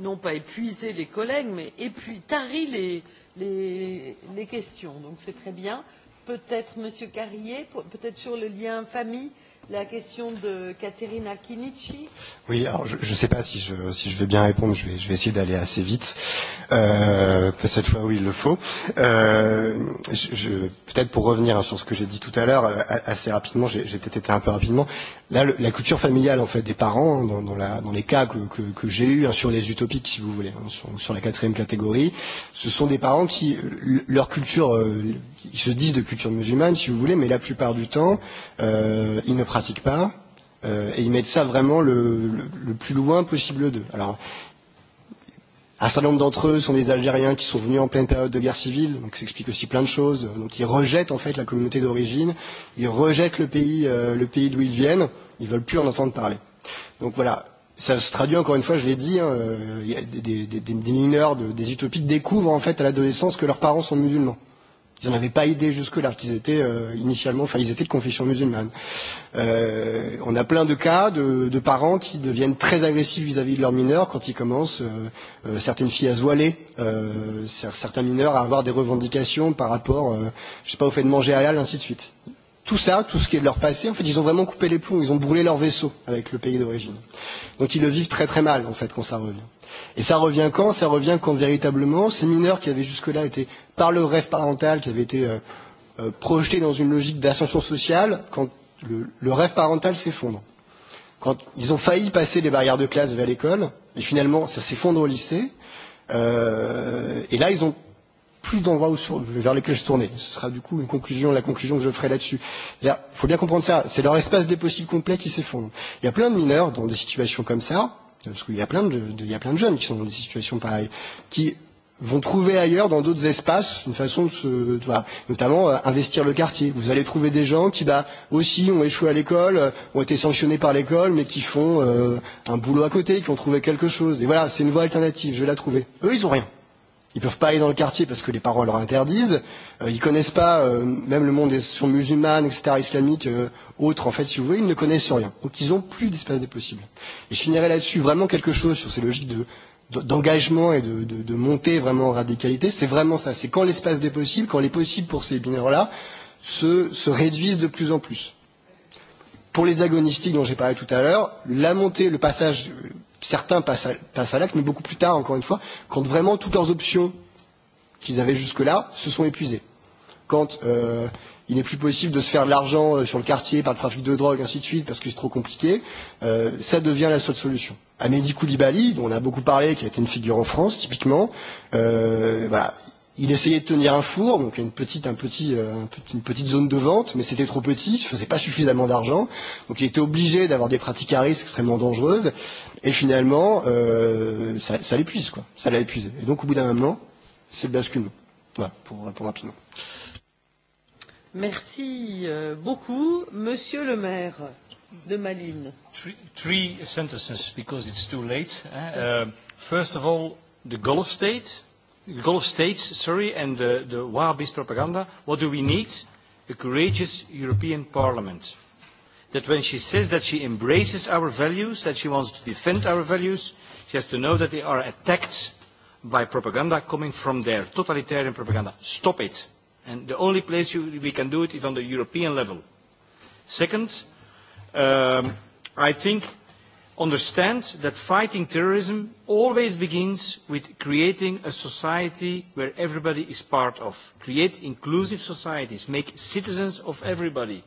non pas épuisé les collègues, mais épuisé, tari les, les, les questions. Donc c'est très bien. Peut-être, Monsieur Carrier, peut-être sur le lien famille, la question de Katerina Kinichi. Oui, alors je ne sais pas si je, si je vais bien répondre, je vais, je vais essayer d'aller assez vite, euh, cette fois oui, il le faut. Euh, je, je, peut-être pour revenir sur ce que j'ai dit tout à l'heure, assez rapidement, j'ai peut-être été un peu rapidement, là le, la culture familiale en fait des parents, dans, dans, la, dans les cas que, que, que j'ai eus hein, sur les utopiques si vous voulez, hein, sur, sur la quatrième catégorie, ce sont des parents qui, leur culture... Euh, ils se disent de culture musulmane, si vous voulez, mais la plupart du temps, euh, ils ne pratiquent pas. Euh, et ils mettent ça vraiment le, le, plus loin possible d'eux. Alors, Un certain nombre d'entre eux sont des Algériens qui sont venus en pleine période de guerre civile, donc ça explique aussi plein de choses. Donc ils rejettent en fait la communauté d'origine, ils rejettent le pays, le pays d'où ils viennent, ils ne veulent plus en entendre parler. Donc voilà, ça se traduit encore une fois, je l'ai dit, des, des, des, mineurs, de, des utopiques découvrent en fait à l'adolescence que leurs parents sont musulmans. Ils n'en avaient pas idée jusque-là qu'ils étaient initialement, enfin ils étaient de confession musulmane. Euh, on a plein de cas de, de parents qui deviennent très agressifs vis-à-vis de leurs mineurs quand ils commencent, certaines filles à se voiler, euh, certains mineurs à avoir des revendications par rapport, je sais pas, au fait de manger halal, ainsi de suite. Tout ça, tout ce qui est de leur passé, en fait, ils ont vraiment coupé les plombs, ils ont brûlé leur vaisseau avec le pays d'origine. Donc ils le vivent très très mal, en fait, quand ça revient. Et ça revient quand Ça revient quand véritablement ces mineurs qui avaient jusque-là été, par le rêve parental, qui avaient été projetés dans une logique d'ascension sociale, quand le rêve parental s'effondre. Quand ils ont failli passer les barrières de classe vers l'école, et finalement ça s'effondre au lycée, et là ils ont plus d'endroits vers lesquels se tourner. Ce sera du coup une conclusion, la conclusion que je ferai là-dessus. Il faut bien comprendre ça, c'est leur espace des possibles complet qui s'effondre. Il y a plein de mineurs dans des situations comme ça, parce qu'il y a plein de, y a plein de jeunes qui sont dans des situations pareilles, qui vont trouver ailleurs dans d'autres espaces une façon de se voilà, notamment investir le quartier vous allez trouver des gens qui bah aussi ont échoué à l'école ont été sanctionnés par l'école mais qui font un boulot à côté qui ont trouvé quelque chose et voilà c'est une voie alternative je vais la trouver eux ils ont rien Ils peuvent pas aller dans le quartier parce que les parents leur interdisent. Ils ne connaissent pas, même le monde des sont musulmanes, etc., islamiques, autres, en fait, si vous voulez, ils ne connaissent rien. Donc, ils ont plus d'espace des possibles. Et je finirai là-dessus vraiment quelque chose sur ces logiques de d'engagement et de, de, de montée vraiment en radicalité, c'est vraiment ça. C'est quand l'espace des possibles, quand les possibles pour ces binaires-là se, se réduisent de plus en plus. Pour les agonistiques dont j'ai parlé tout à l'heure, la montée, le passage certains passent à l'acte, mais beaucoup plus tard, encore une fois, quand vraiment toutes leurs options qu'ils avaient jusque-là se sont épuisées. Quand il n'est plus possible de se faire de l'argent sur le quartier par le trafic de drogue, ainsi de suite, parce que c'est trop compliqué, ça devient la seule solution. Amédi Koulibaly, dont on a beaucoup parlé, qui a été une figure en France, typiquement, voilà, Il essayait de tenir un four, donc une petite, un petit, une petite zone de vente, mais c'était trop petit, il ne faisait pas suffisamment d'argent, donc il était obligé d'avoir des pratiques à risque extrêmement dangereuses, et finalement, euh, ça, ça l'épuise, quoi. Ça l'a épuisé. Et donc, au bout d'un moment, c'est le basculement. Voilà, pour répondre rapidement. Merci beaucoup. Monsieur le maire de Malines. Three, sentences, because it's too late. first of all, the Gulf State Gulf states, sorry, and the, the Wahhabist propaganda, what do we need? A courageous European Parliament. That when she says that she embraces our values, that she wants to defend our values, she has to know that they are attacked by propaganda coming from there, totalitarian propaganda. Stop it. And the only place we can do it is on the European level. Second, I think understand that fighting terrorism always begins with creating a society where everybody is part of. Create inclusive societies. Make citizens of everybody.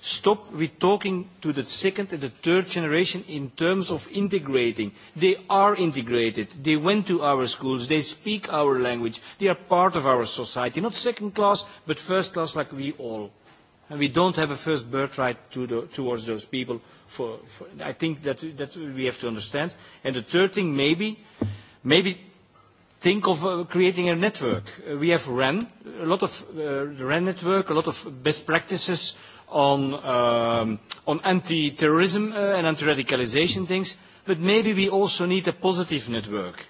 Stop with talking to the second and the third generation in terms of integrating. They are integrated. They went to our schools. They speak our language. They are part of our society. Not second class, but first class like we all and we don't have a first birthright towards those people. For, I think that that we have to understand. And the third thing, maybe, maybe think of creating a network. We have RAN, a lot of RAN network, a lot of best practices on on anti-terrorism and anti-radicalization things. But maybe we also need a positive network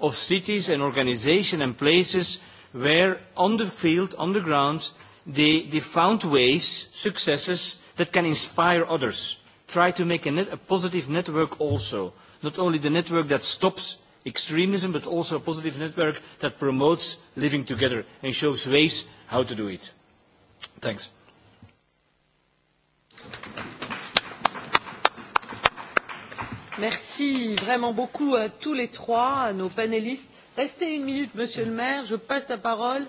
of cities and organizations and places where on the field, on the ground They found ways, successes, that can inspire others. Try to make a positive network also. Not only the network that stops extremism, but also a positive network that promotes living together and shows ways how to do it. Thanks. Merci vraiment beaucoup à tous les trois, à nos panélistes. Restez une minute, monsieur le maire. Je passe la parole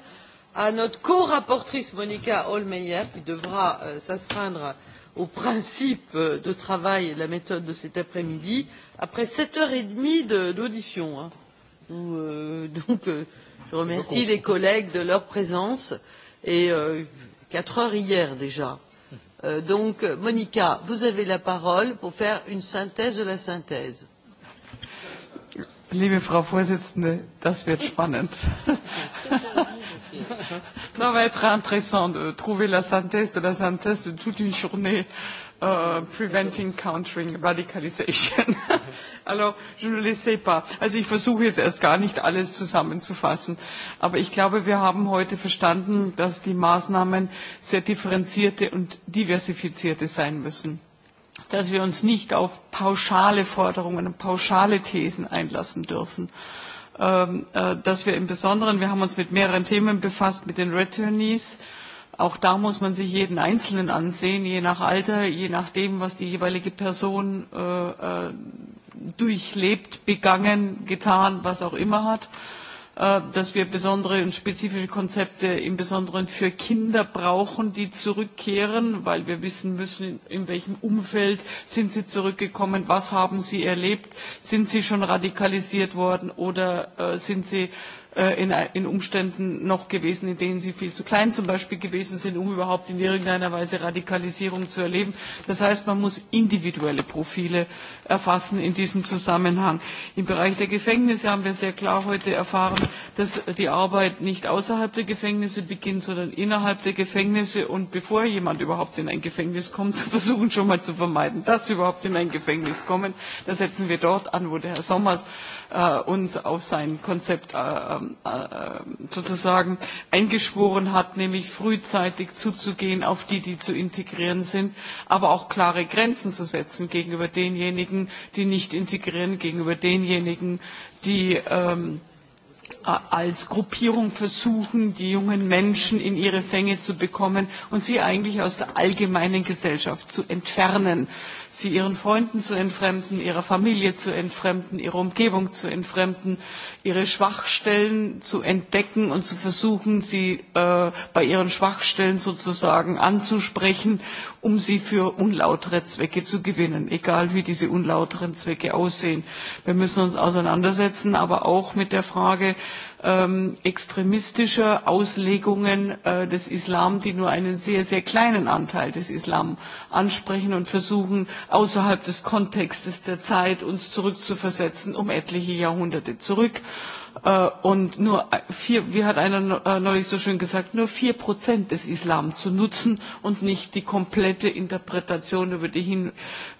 à notre corapporteure monika hohlmeier qui devra s'astreindre au principe de travail et de la méthode de cet après midi après sept heures et demie d'audition. je remercie les collègues de leur présence et quatre heures hier déjà. donc monika vous avez la parole pour faire une synthèse de la synthèse. Liebe Frau Vorsitzende, das wird spannend. Ça va être intéressant de trouver la synthèse de la synthèse de toute une journée Preventing, Countering, Radicalization. alors je ne le sais pas. Also, ich versuche jetzt erst gar nicht alles zusammenzufassen. Aber ich glaube, wir haben heute verstanden, dass die Maßnahmen sehr differenzierte und diversifizierte sein müssen. Dass wir uns nicht auf pauschale Forderungen und pauschale Thesen einlassen dürfen dass wir im Besonderen, wir haben uns mit mehreren Themen befasst, mit den Returnees, auch da muss man sich jeden Einzelnen ansehen, je nach Alter, je nachdem, was die jeweilige Person durchlebt, begangen, getan, was auch immer hat dass wir besondere und spezifische Konzepte im Besonderen für Kinder brauchen, die zurückkehren, weil wir wissen müssen, in welchem Umfeld sind sie zurückgekommen, was haben sie erlebt, sind sie schon radikalisiert worden oder sind sie in Umständen noch gewesen, in denen sie viel zu klein zum Beispiel gewesen sind, um überhaupt in irgendeiner Weise Radikalisierung zu erleben. Das heißt, man muss individuelle Profile erfassen in diesem Zusammenhang. Im Bereich der Gefängnisse haben wir sehr klar heute erfahren, dass die Arbeit nicht außerhalb der Gefängnisse beginnt, sondern innerhalb der Gefängnisse und bevor jemand überhaupt in ein Gefängnis kommt, zu versuchen, schon mal zu vermeiden, dass sie überhaupt in ein Gefängnis kommen. Da setzen wir dort an, wo der Herr Sommers uns auf sein Konzept sozusagen eingeschworen hat, nämlich frühzeitig zuzugehen auf die, die zu integrieren sind, aber auch klare Grenzen zu setzen gegenüber denjenigen, die nicht integrieren, gegenüber denjenigen, die als Gruppierung versuchen, die jungen Menschen in ihre Fänge zu bekommen und sie eigentlich aus der allgemeinen Gesellschaft zu entfernen sie ihren Freunden zu entfremden, ihrer Familie zu entfremden, ihre Umgebung zu entfremden, ihre Schwachstellen zu entdecken und zu versuchen, sie bei ihren Schwachstellen sozusagen anzusprechen, um sie für unlautere Zwecke zu gewinnen, egal wie diese unlauteren Zwecke aussehen. Wir müssen uns auseinandersetzen, aber auch mit der Frage, extremistische Auslegungen des Islam, die nur einen sehr, sehr kleinen Anteil des Islam ansprechen und versuchen, außerhalb des Kontextes der Zeit uns zurückzuversetzen um etliche Jahrhunderte zurück und nur vier, wie hat einer neulich so schön gesagt, nur vier Prozent des Islam zu nutzen und nicht die komplette Interpretation über die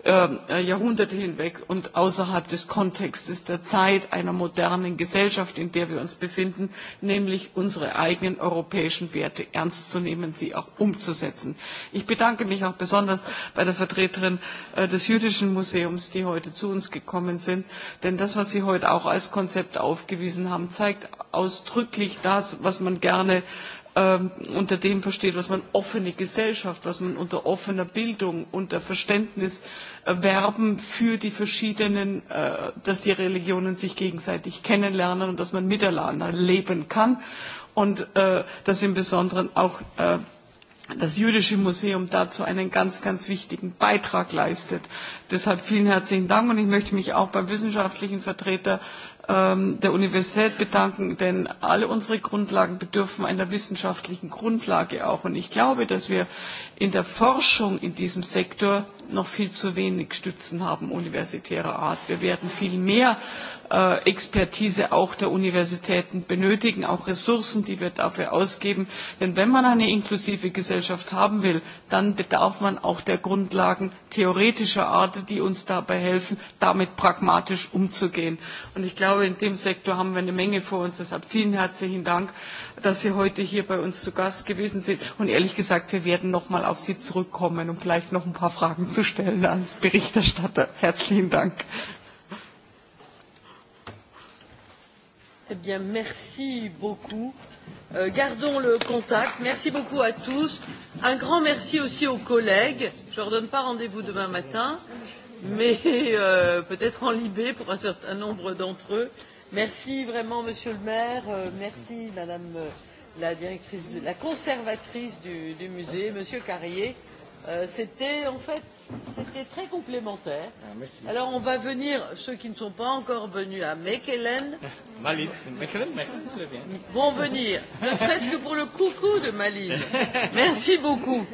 Jahrhunderte hinweg und außerhalb des Kontextes der Zeit einer modernen Gesellschaft, in der wir uns befinden, nämlich unsere eigenen europäischen Werte ernst zu nehmen, sie auch umzusetzen. Ich bedanke mich auch besonders bei der Vertreterin des Jüdischen Museums, die heute zu uns gekommen sind, denn das, was Sie heute auch als Konzept aufgewiesen haben, zeigt ausdrücklich das, was man gerne unter dem versteht, was man offene Gesellschaft, was man unter offener Bildung, unter Verständnis werben für die verschiedenen, dass die Religionen sich gegenseitig kennenlernen und dass man miteinander leben kann und dass im Besonderen auch das Jüdische Museum dazu einen ganz, ganz wichtigen Beitrag leistet. Deshalb vielen herzlichen Dank und ich möchte mich auch beim wissenschaftlichen Vertreter der Universität bedanken, denn alle unsere Grundlagen bedürfen einer wissenschaftlichen Grundlage auch. Und ich glaube, dass wir in der Forschung in diesem Sektor noch viel zu wenig Stützen haben universitärer Art. Wir werden viel mehr Expertise auch der Universitäten benötigen, auch Ressourcen, die wir dafür ausgeben. Denn wenn man eine inklusive Gesellschaft haben will, dann bedarf man auch der Grundlagen theoretischer Art, die uns dabei helfen, damit pragmatisch umzugehen. Und ich glaube, in dem Sektor haben wir eine Menge vor uns. Deshalb vielen herzlichen Dank, dass Sie heute hier bei uns zu Gast gewesen sind. Und ehrlich gesagt, wir werden noch mal auf Sie zurückkommen, um vielleicht noch ein paar Fragen zu stellen als Berichterstatter. Herzlichen Dank. Eh bien, merci beaucoup. gardons le contact. Merci beaucoup à tous. Un grand merci aussi aux collègues. Je ne leur donne pas rendez-vous demain matin, mais peut-être en Libé pour un certain nombre d'entre eux. Merci vraiment, Monsieur le maire. merci, Madame la directrice, de, la conservatrice du, du musée, Monsieur Carrier. C'était en fait C'était très complémentaire. Alors on va venir, ceux qui ne sont pas encore venus à Mekelen, vont venir, ne serait-ce que pour le coucou de Maline. Merci beaucoup.